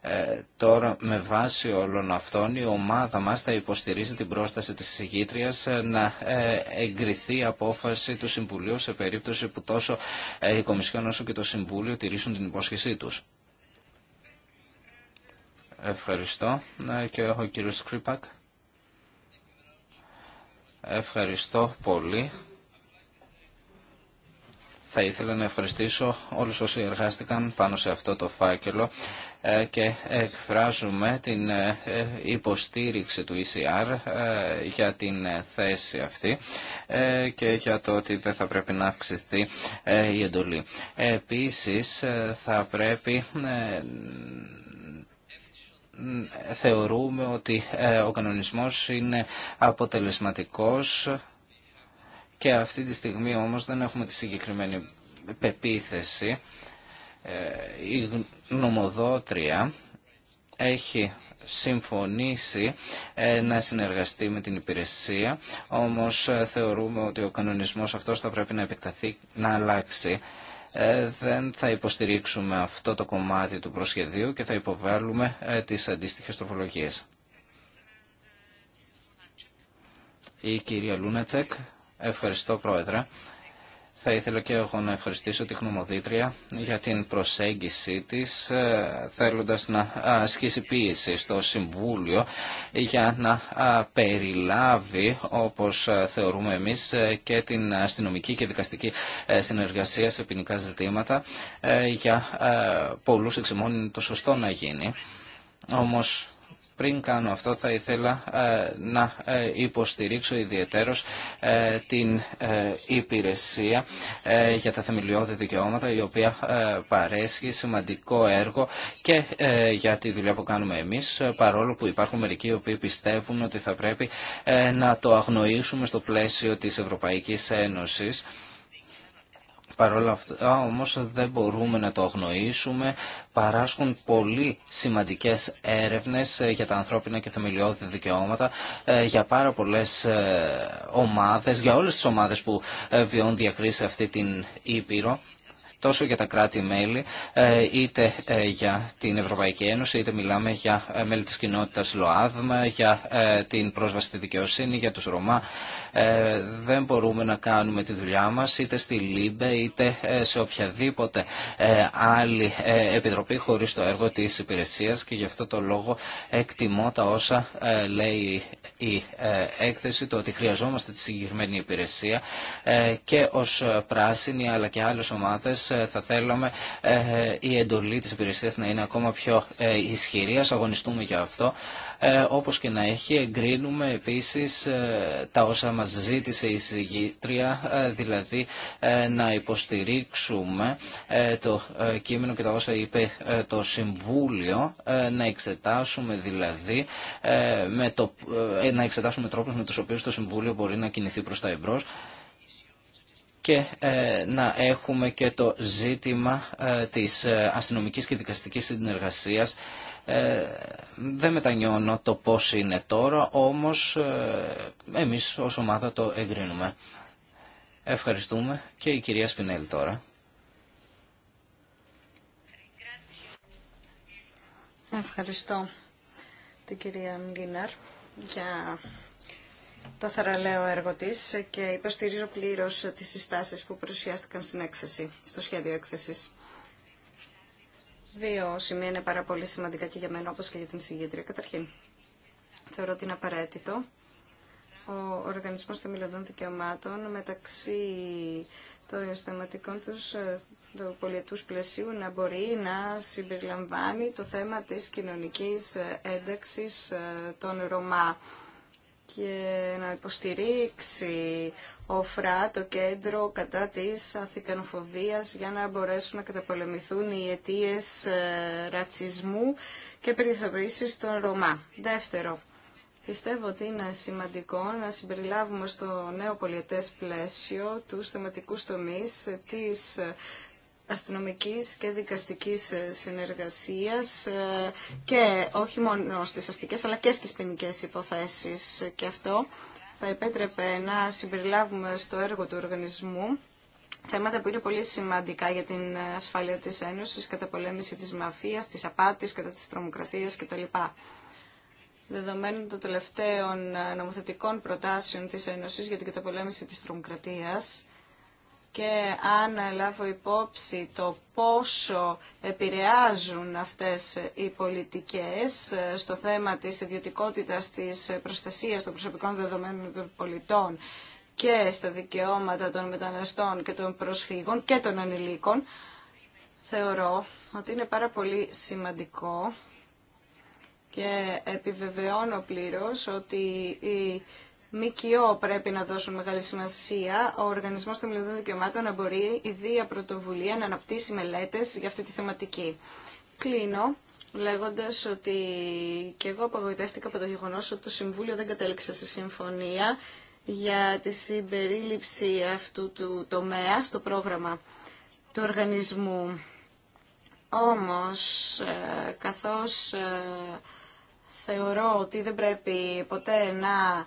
Ε, τώρα με βάση όλων αυτών η ομάδα μας θα υποστηρίζει την πρόσταση της εισηγήτριας ε, να ε, εγκριθεί η απόφαση του Συμβουλίου σε περίπτωση που τόσο ε, η Κομισιόν όσο και το Συμβούλιο τηρήσουν την υπόσχεσή τους. Ευχαριστώ. Ναι, και ο κύριος Κρύπακ. Ευχαριστώ πολύ. Θα ήθελα να ευχαριστήσω όλους όσοι εργάστηκαν πάνω σε αυτό το φάκελο ε, και εκφράζουμε την ε, ε, υποστήριξη του ECR για την θέση αυτή και για το ότι δεν θα πρέπει να αυξηθεί η εντολή. Επίσης θα πρέπει θεωρούμε ότι ο κανονισμός είναι αποτελεσματικός και αυτή τη στιγμή όμως δεν έχουμε τη συγκεκριμένη πεποίθηση. Ε, η νομοδότρια έχει συμφωνήσει ε, να συνεργαστεί με την υπηρεσία, όμως ε, θεωρούμε ότι ο κανονισμός αυτός θα πρέπει να επεκταθεί, να αλλάξει. Δεν θα υποστηρίξουμε αυτό το κομμάτι του προσχεδίου και θα υποβάλουμε τις αντίστοιχες τροπολογίες. Η κυρία Λούνατσεκ Ευχαριστώ Πρόεδρε. Θα ήθελα και εγώ να ευχαριστήσω τη Χνομοδίτρια για την προσέγγιση της ε, θέλοντας να ασκήσει πίεση στο Συμβούλιο για να περιλάβει όπως ε, θεωρούμε εμείς ε, και την αστυνομική και δικαστική συνεργασία σε ποινικά ζητήματα για πολλούς εξημών το σωστό να γίνει. Όμως πριν κάνω αυτό θα ήθελα ε, να ε, υποστηρίξω ιδιαίτερος ε, την υπηρεσία για τα θεμελιώδη δικαιώματα η οποία παρέσχει σημαντικό έργο και για τη δουλειά που κάνουμε εμείς παρόλο που υπάρχουν μερικοί οι οποίοι πιστεύουν ότι θα πρέπει να το αγνοήσουμε στο πλαίσιο της Ευρωπαϊκής Ένωσης Παρ' όλα αυτά όμως δεν μπορούμε να το αγνοήσουμε. Παράσχουν πολύ σημαντικές έρευνες ε, για τα ανθρώπινα και θεμελιώδη δικαιώματα ε, για πάρα πολλές ε, ομάδες, για όλες τις ομάδες που βιώνουν διακρίσεις αυτή την Ήπειρο τόσο για τα κράτη-μέλη, ε, είτε ε, για την Ευρωπαϊκή Ένωση, είτε μιλάμε για ε, μέλη της κοινότητας ΛΟΑΔΜΑ, για την πρόσβαση στη δικαιοσύνη, για τους Ρωμά. Δεν μπορούμε να κάνουμε τη δουλειά μας είτε στη ΛΥΜΠΕ, είτε σε οποιαδήποτε άλλη επιτροπή χωρίς το έργο της υπηρεσίας και γι' αυτό το λόγο εκτιμώ τα όσα λέει η ε, έκθεση το ότι χρειαζόμαστε τη συγκεκριμένη υπηρεσία ε, και ως πράσινοι αλλά και άλλες ομάδες ε, θα θέλαμε η εντολή της υπηρεσίας να είναι ακόμα πιο ισχυρή. Ας αγωνιστούμε για αυτό. Ε, όπως και να έχει εγκρίνουμε επίσης ε, τα όσα μας ζήτησε η συγγήτρια, ε, δηλαδή να υποστηρίξουμε το κείμενο και τα όσα είπε το Συμβούλιο, να εξετάσουμε δηλαδή, με το, να εξετάσουμε τρόπους με τους οποίους το Συμβούλιο μπορεί να κινηθεί προς τα εμπρός και να έχουμε και το ζήτημα της αστυνομικής και δικαστικής συνεργασίας ε, δεν μετανιώνω το πώς είναι τώρα, όμως ε, εμείς ως ομάδα το εγκρίνουμε. Ευχαριστούμε και η κυρία Σπινέλη τώρα. Ευχαριστώ την κυρία Μλίναρ για το θεραλέο έργο της και υποστηρίζω πλήρως τις συστάσεις που παρουσιάστηκαν στην έκθεση, στο σχέδιο έκθεσης. Δύο σημεία είναι πάρα πολύ σημαντικά και για μένα όπως και για την συγκέντρια. Καταρχήν, θεωρώ ότι είναι απαραίτητο ο Οργανισμός Θεμελιωδών Δικαιωμάτων μεταξύ των συστηματικών τους ε, του πολιετούς πλαισίου να μπορεί να συμπεριλαμβάνει το θέμα της κοινωνικής ε, ένταξης ε, των Ρωμά και να υποστηρίξει ΟΦΡΑ, το κέντρο κατά της αθηκανοφοβίας για να μπορέσουν να καταπολεμηθούν οι αιτίες ε, ρατσισμού και περιθωρήσεις των Ρωμά. Δεύτερο, Πιστεύω ότι είναι σημαντικό να συμπεριλάβουμε στο νέο πολιετές πλαίσιο τους θεματικούς τομείς της αστυνομικής και δικαστικής συνεργασίας ε, και όχι μόνο στις αστικές αλλά και στις ποινικέ υποθέσεις και αυτό θα επέτρεπε να συμπεριλάβουμε στο έργο του οργανισμού θέματα που είναι πολύ σημαντικά για την ασφάλεια της Ένωσης, κατά πολέμηση της μαφίας, της απάτης, κατά της τρομοκρατίας κτλ. Δεδομένου των τελευταίων νομοθετικών προτάσεων της Ένωσης για την καταπολέμηση της τρομοκρατίας, και αν λάβω υπόψη το πόσο επηρεάζουν αυτές οι πολιτικές ε, στο θέμα της ιδιωτικότητας της προστασίας των προσωπικών δεδομένων των πολιτών και στα δικαιώματα των μεταναστών και των προσφύγων και των ανηλίκων, θεωρώ ότι είναι πάρα πολύ σημαντικό και επιβεβαιώνω πλήρως ότι η ΜΚΟ πρέπει να δώσουν μεγάλη σημασία ο Οργανισμός Θεμελιωδών Δικαιωμάτων να μπορεί η Δία Πρωτοβουλία να αναπτύσσει μελέτες για αυτή τη θεματική. Κλείνω λέγοντα ότι και εγώ απογοητεύτηκα από το γεγονό ότι το Συμβούλιο δεν κατέληξε σε συμφωνία για τη συμπερίληψη αυτού του τομέα στο πρόγραμμα του οργανισμού. Όμως, ε, καθώς ε, θεωρώ ότι δεν πρέπει ποτέ να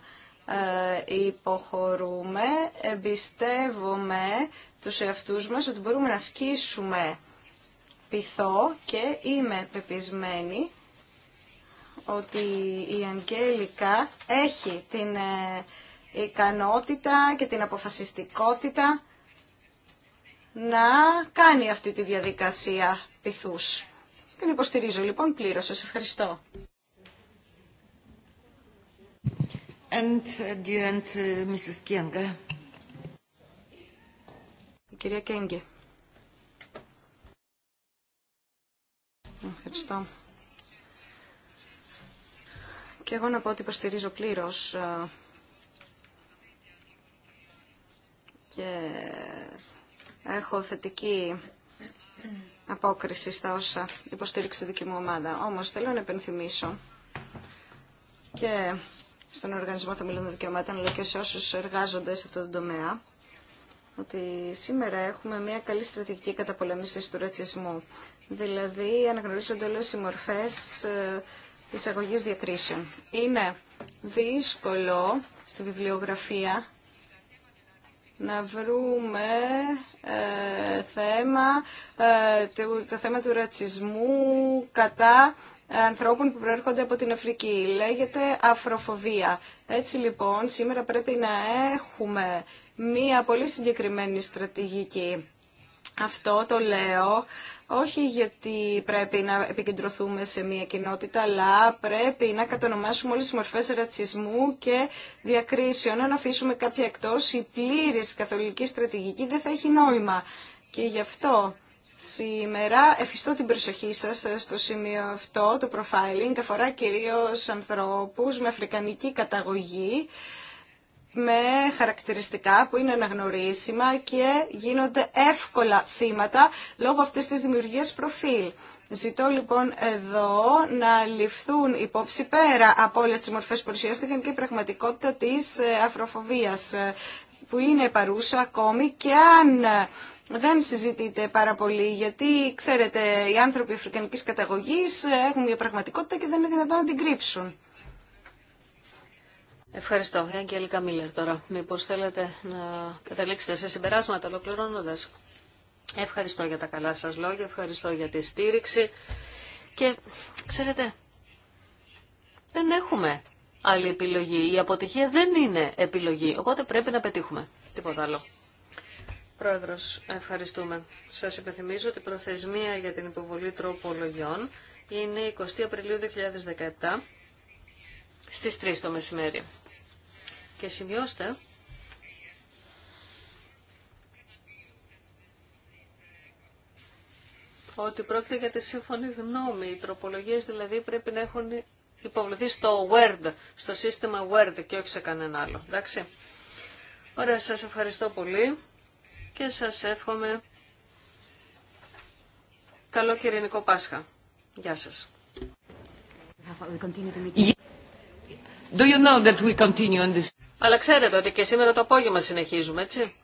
ε, υποχωρούμε, εμπιστεύομαι τους εαυτούς μας ότι μπορούμε να σκίσουμε πειθό και είμαι πεπισμένη ότι η Αγγέλικα έχει την ε, ικανότητα και την αποφασιστικότητα να κάνει αυτή τη διαδικασία πειθούς. Την υποστηρίζω λοιπόν πλήρως. Σας ευχαριστώ. And the end, Mrs. Η κυρία Κέγγε. Ευχαριστώ. Και εγώ να πω ότι υποστηρίζω πλήρως ε, και έχω θετική απόκριση στα όσα υποστήριξε η δική μου ομάδα. Όμως θέλω να επενθυμίσω και στον Οργανισμό Θεμελιών Δικαιωμάτων, αλλά και σε όσου εργάζονται σε αυτό τον τομέα, ότι σήμερα έχουμε μια καλή στρατηγική καταπολέμηση του ρατσισμού. Δηλαδή, αναγνωρίζονται όλε οι μορφέ ε, εισαγωγή διακρίσεων. Είναι δύσκολο στη βιβλιογραφία να βρούμε ε, θέμα, ε, το, το θέμα του ρατσισμού κατά ανθρώπων που προέρχονται από την Αφρική. Λέγεται αφροφοβία. Έτσι λοιπόν σήμερα πρέπει να έχουμε μία πολύ συγκεκριμένη στρατηγική. Αυτό το λέω όχι γιατί πρέπει να επικεντρωθούμε σε μία κοινότητα, αλλά πρέπει να κατονομάσουμε όλες τις μορφές ρατσισμού και διακρίσεων. Αν αφήσουμε κάποια εκτός, η πλήρης καθολική στρατηγική δεν θα έχει νόημα. Και γι' αυτό Σήμερα εφιστώ την προσοχή σας ε, στο σημείο αυτό, το profiling αφορά κυρίως ανθρώπους με αφρικανική καταγωγή, με χαρακτηριστικά που είναι αναγνωρίσιμα και γίνονται εύκολα θύματα λόγω αυτής της δημιουργίας προφίλ. Ζητώ λοιπόν εδώ να ληφθούν υπόψη πέρα από όλες τις μορφές που παρουσιάστηκαν και η πραγματικότητα της ε, αφροφοβίας ε, που είναι παρούσα ακόμη και αν δεν συζητείτε πάρα πολύ, γιατί ξέρετε, οι άνθρωποι αφρικανικής καταγωγής ε, έχουν μια πραγματικότητα και δεν είναι δυνατόν να την κρύψουν. Ευχαριστώ. Η Αγγέλικα τώρα. Μήπως θέλετε να καταλήξετε σε συμπεράσματα ολοκληρώνοντα. Ευχαριστώ για τα καλά σας λόγια, ευχαριστώ για τη στήριξη. Και ξέρετε, δεν έχουμε άλλη επιλογή. Η αποτυχία δεν είναι επιλογή, οπότε πρέπει να πετύχουμε. Τίποτα άλλο. Πρόεδρος, ευχαριστούμε. Σας υπενθυμίζω ότι η προθεσμία για την υποβολή τροπολογιών είναι 20 Απριλίου 2017 στις 3 το μεσημέρι. Και σημειώστε ότι πρόκειται για τη σύμφωνη γνώμη. Οι τροπολογίες δηλαδή πρέπει να έχουν υποβληθεί στο Word, στο σύστημα Word και όχι σε κανένα άλλο. Εντάξει. Ωραία, σας ευχαριστώ πολύ και σας εύχομαι καλό και Πάσχα. Γεια σας. Do you know that we continue this... Αλλά ξέρετε ότι και σήμερα το απόγευμα συνεχίζουμε, έτσι.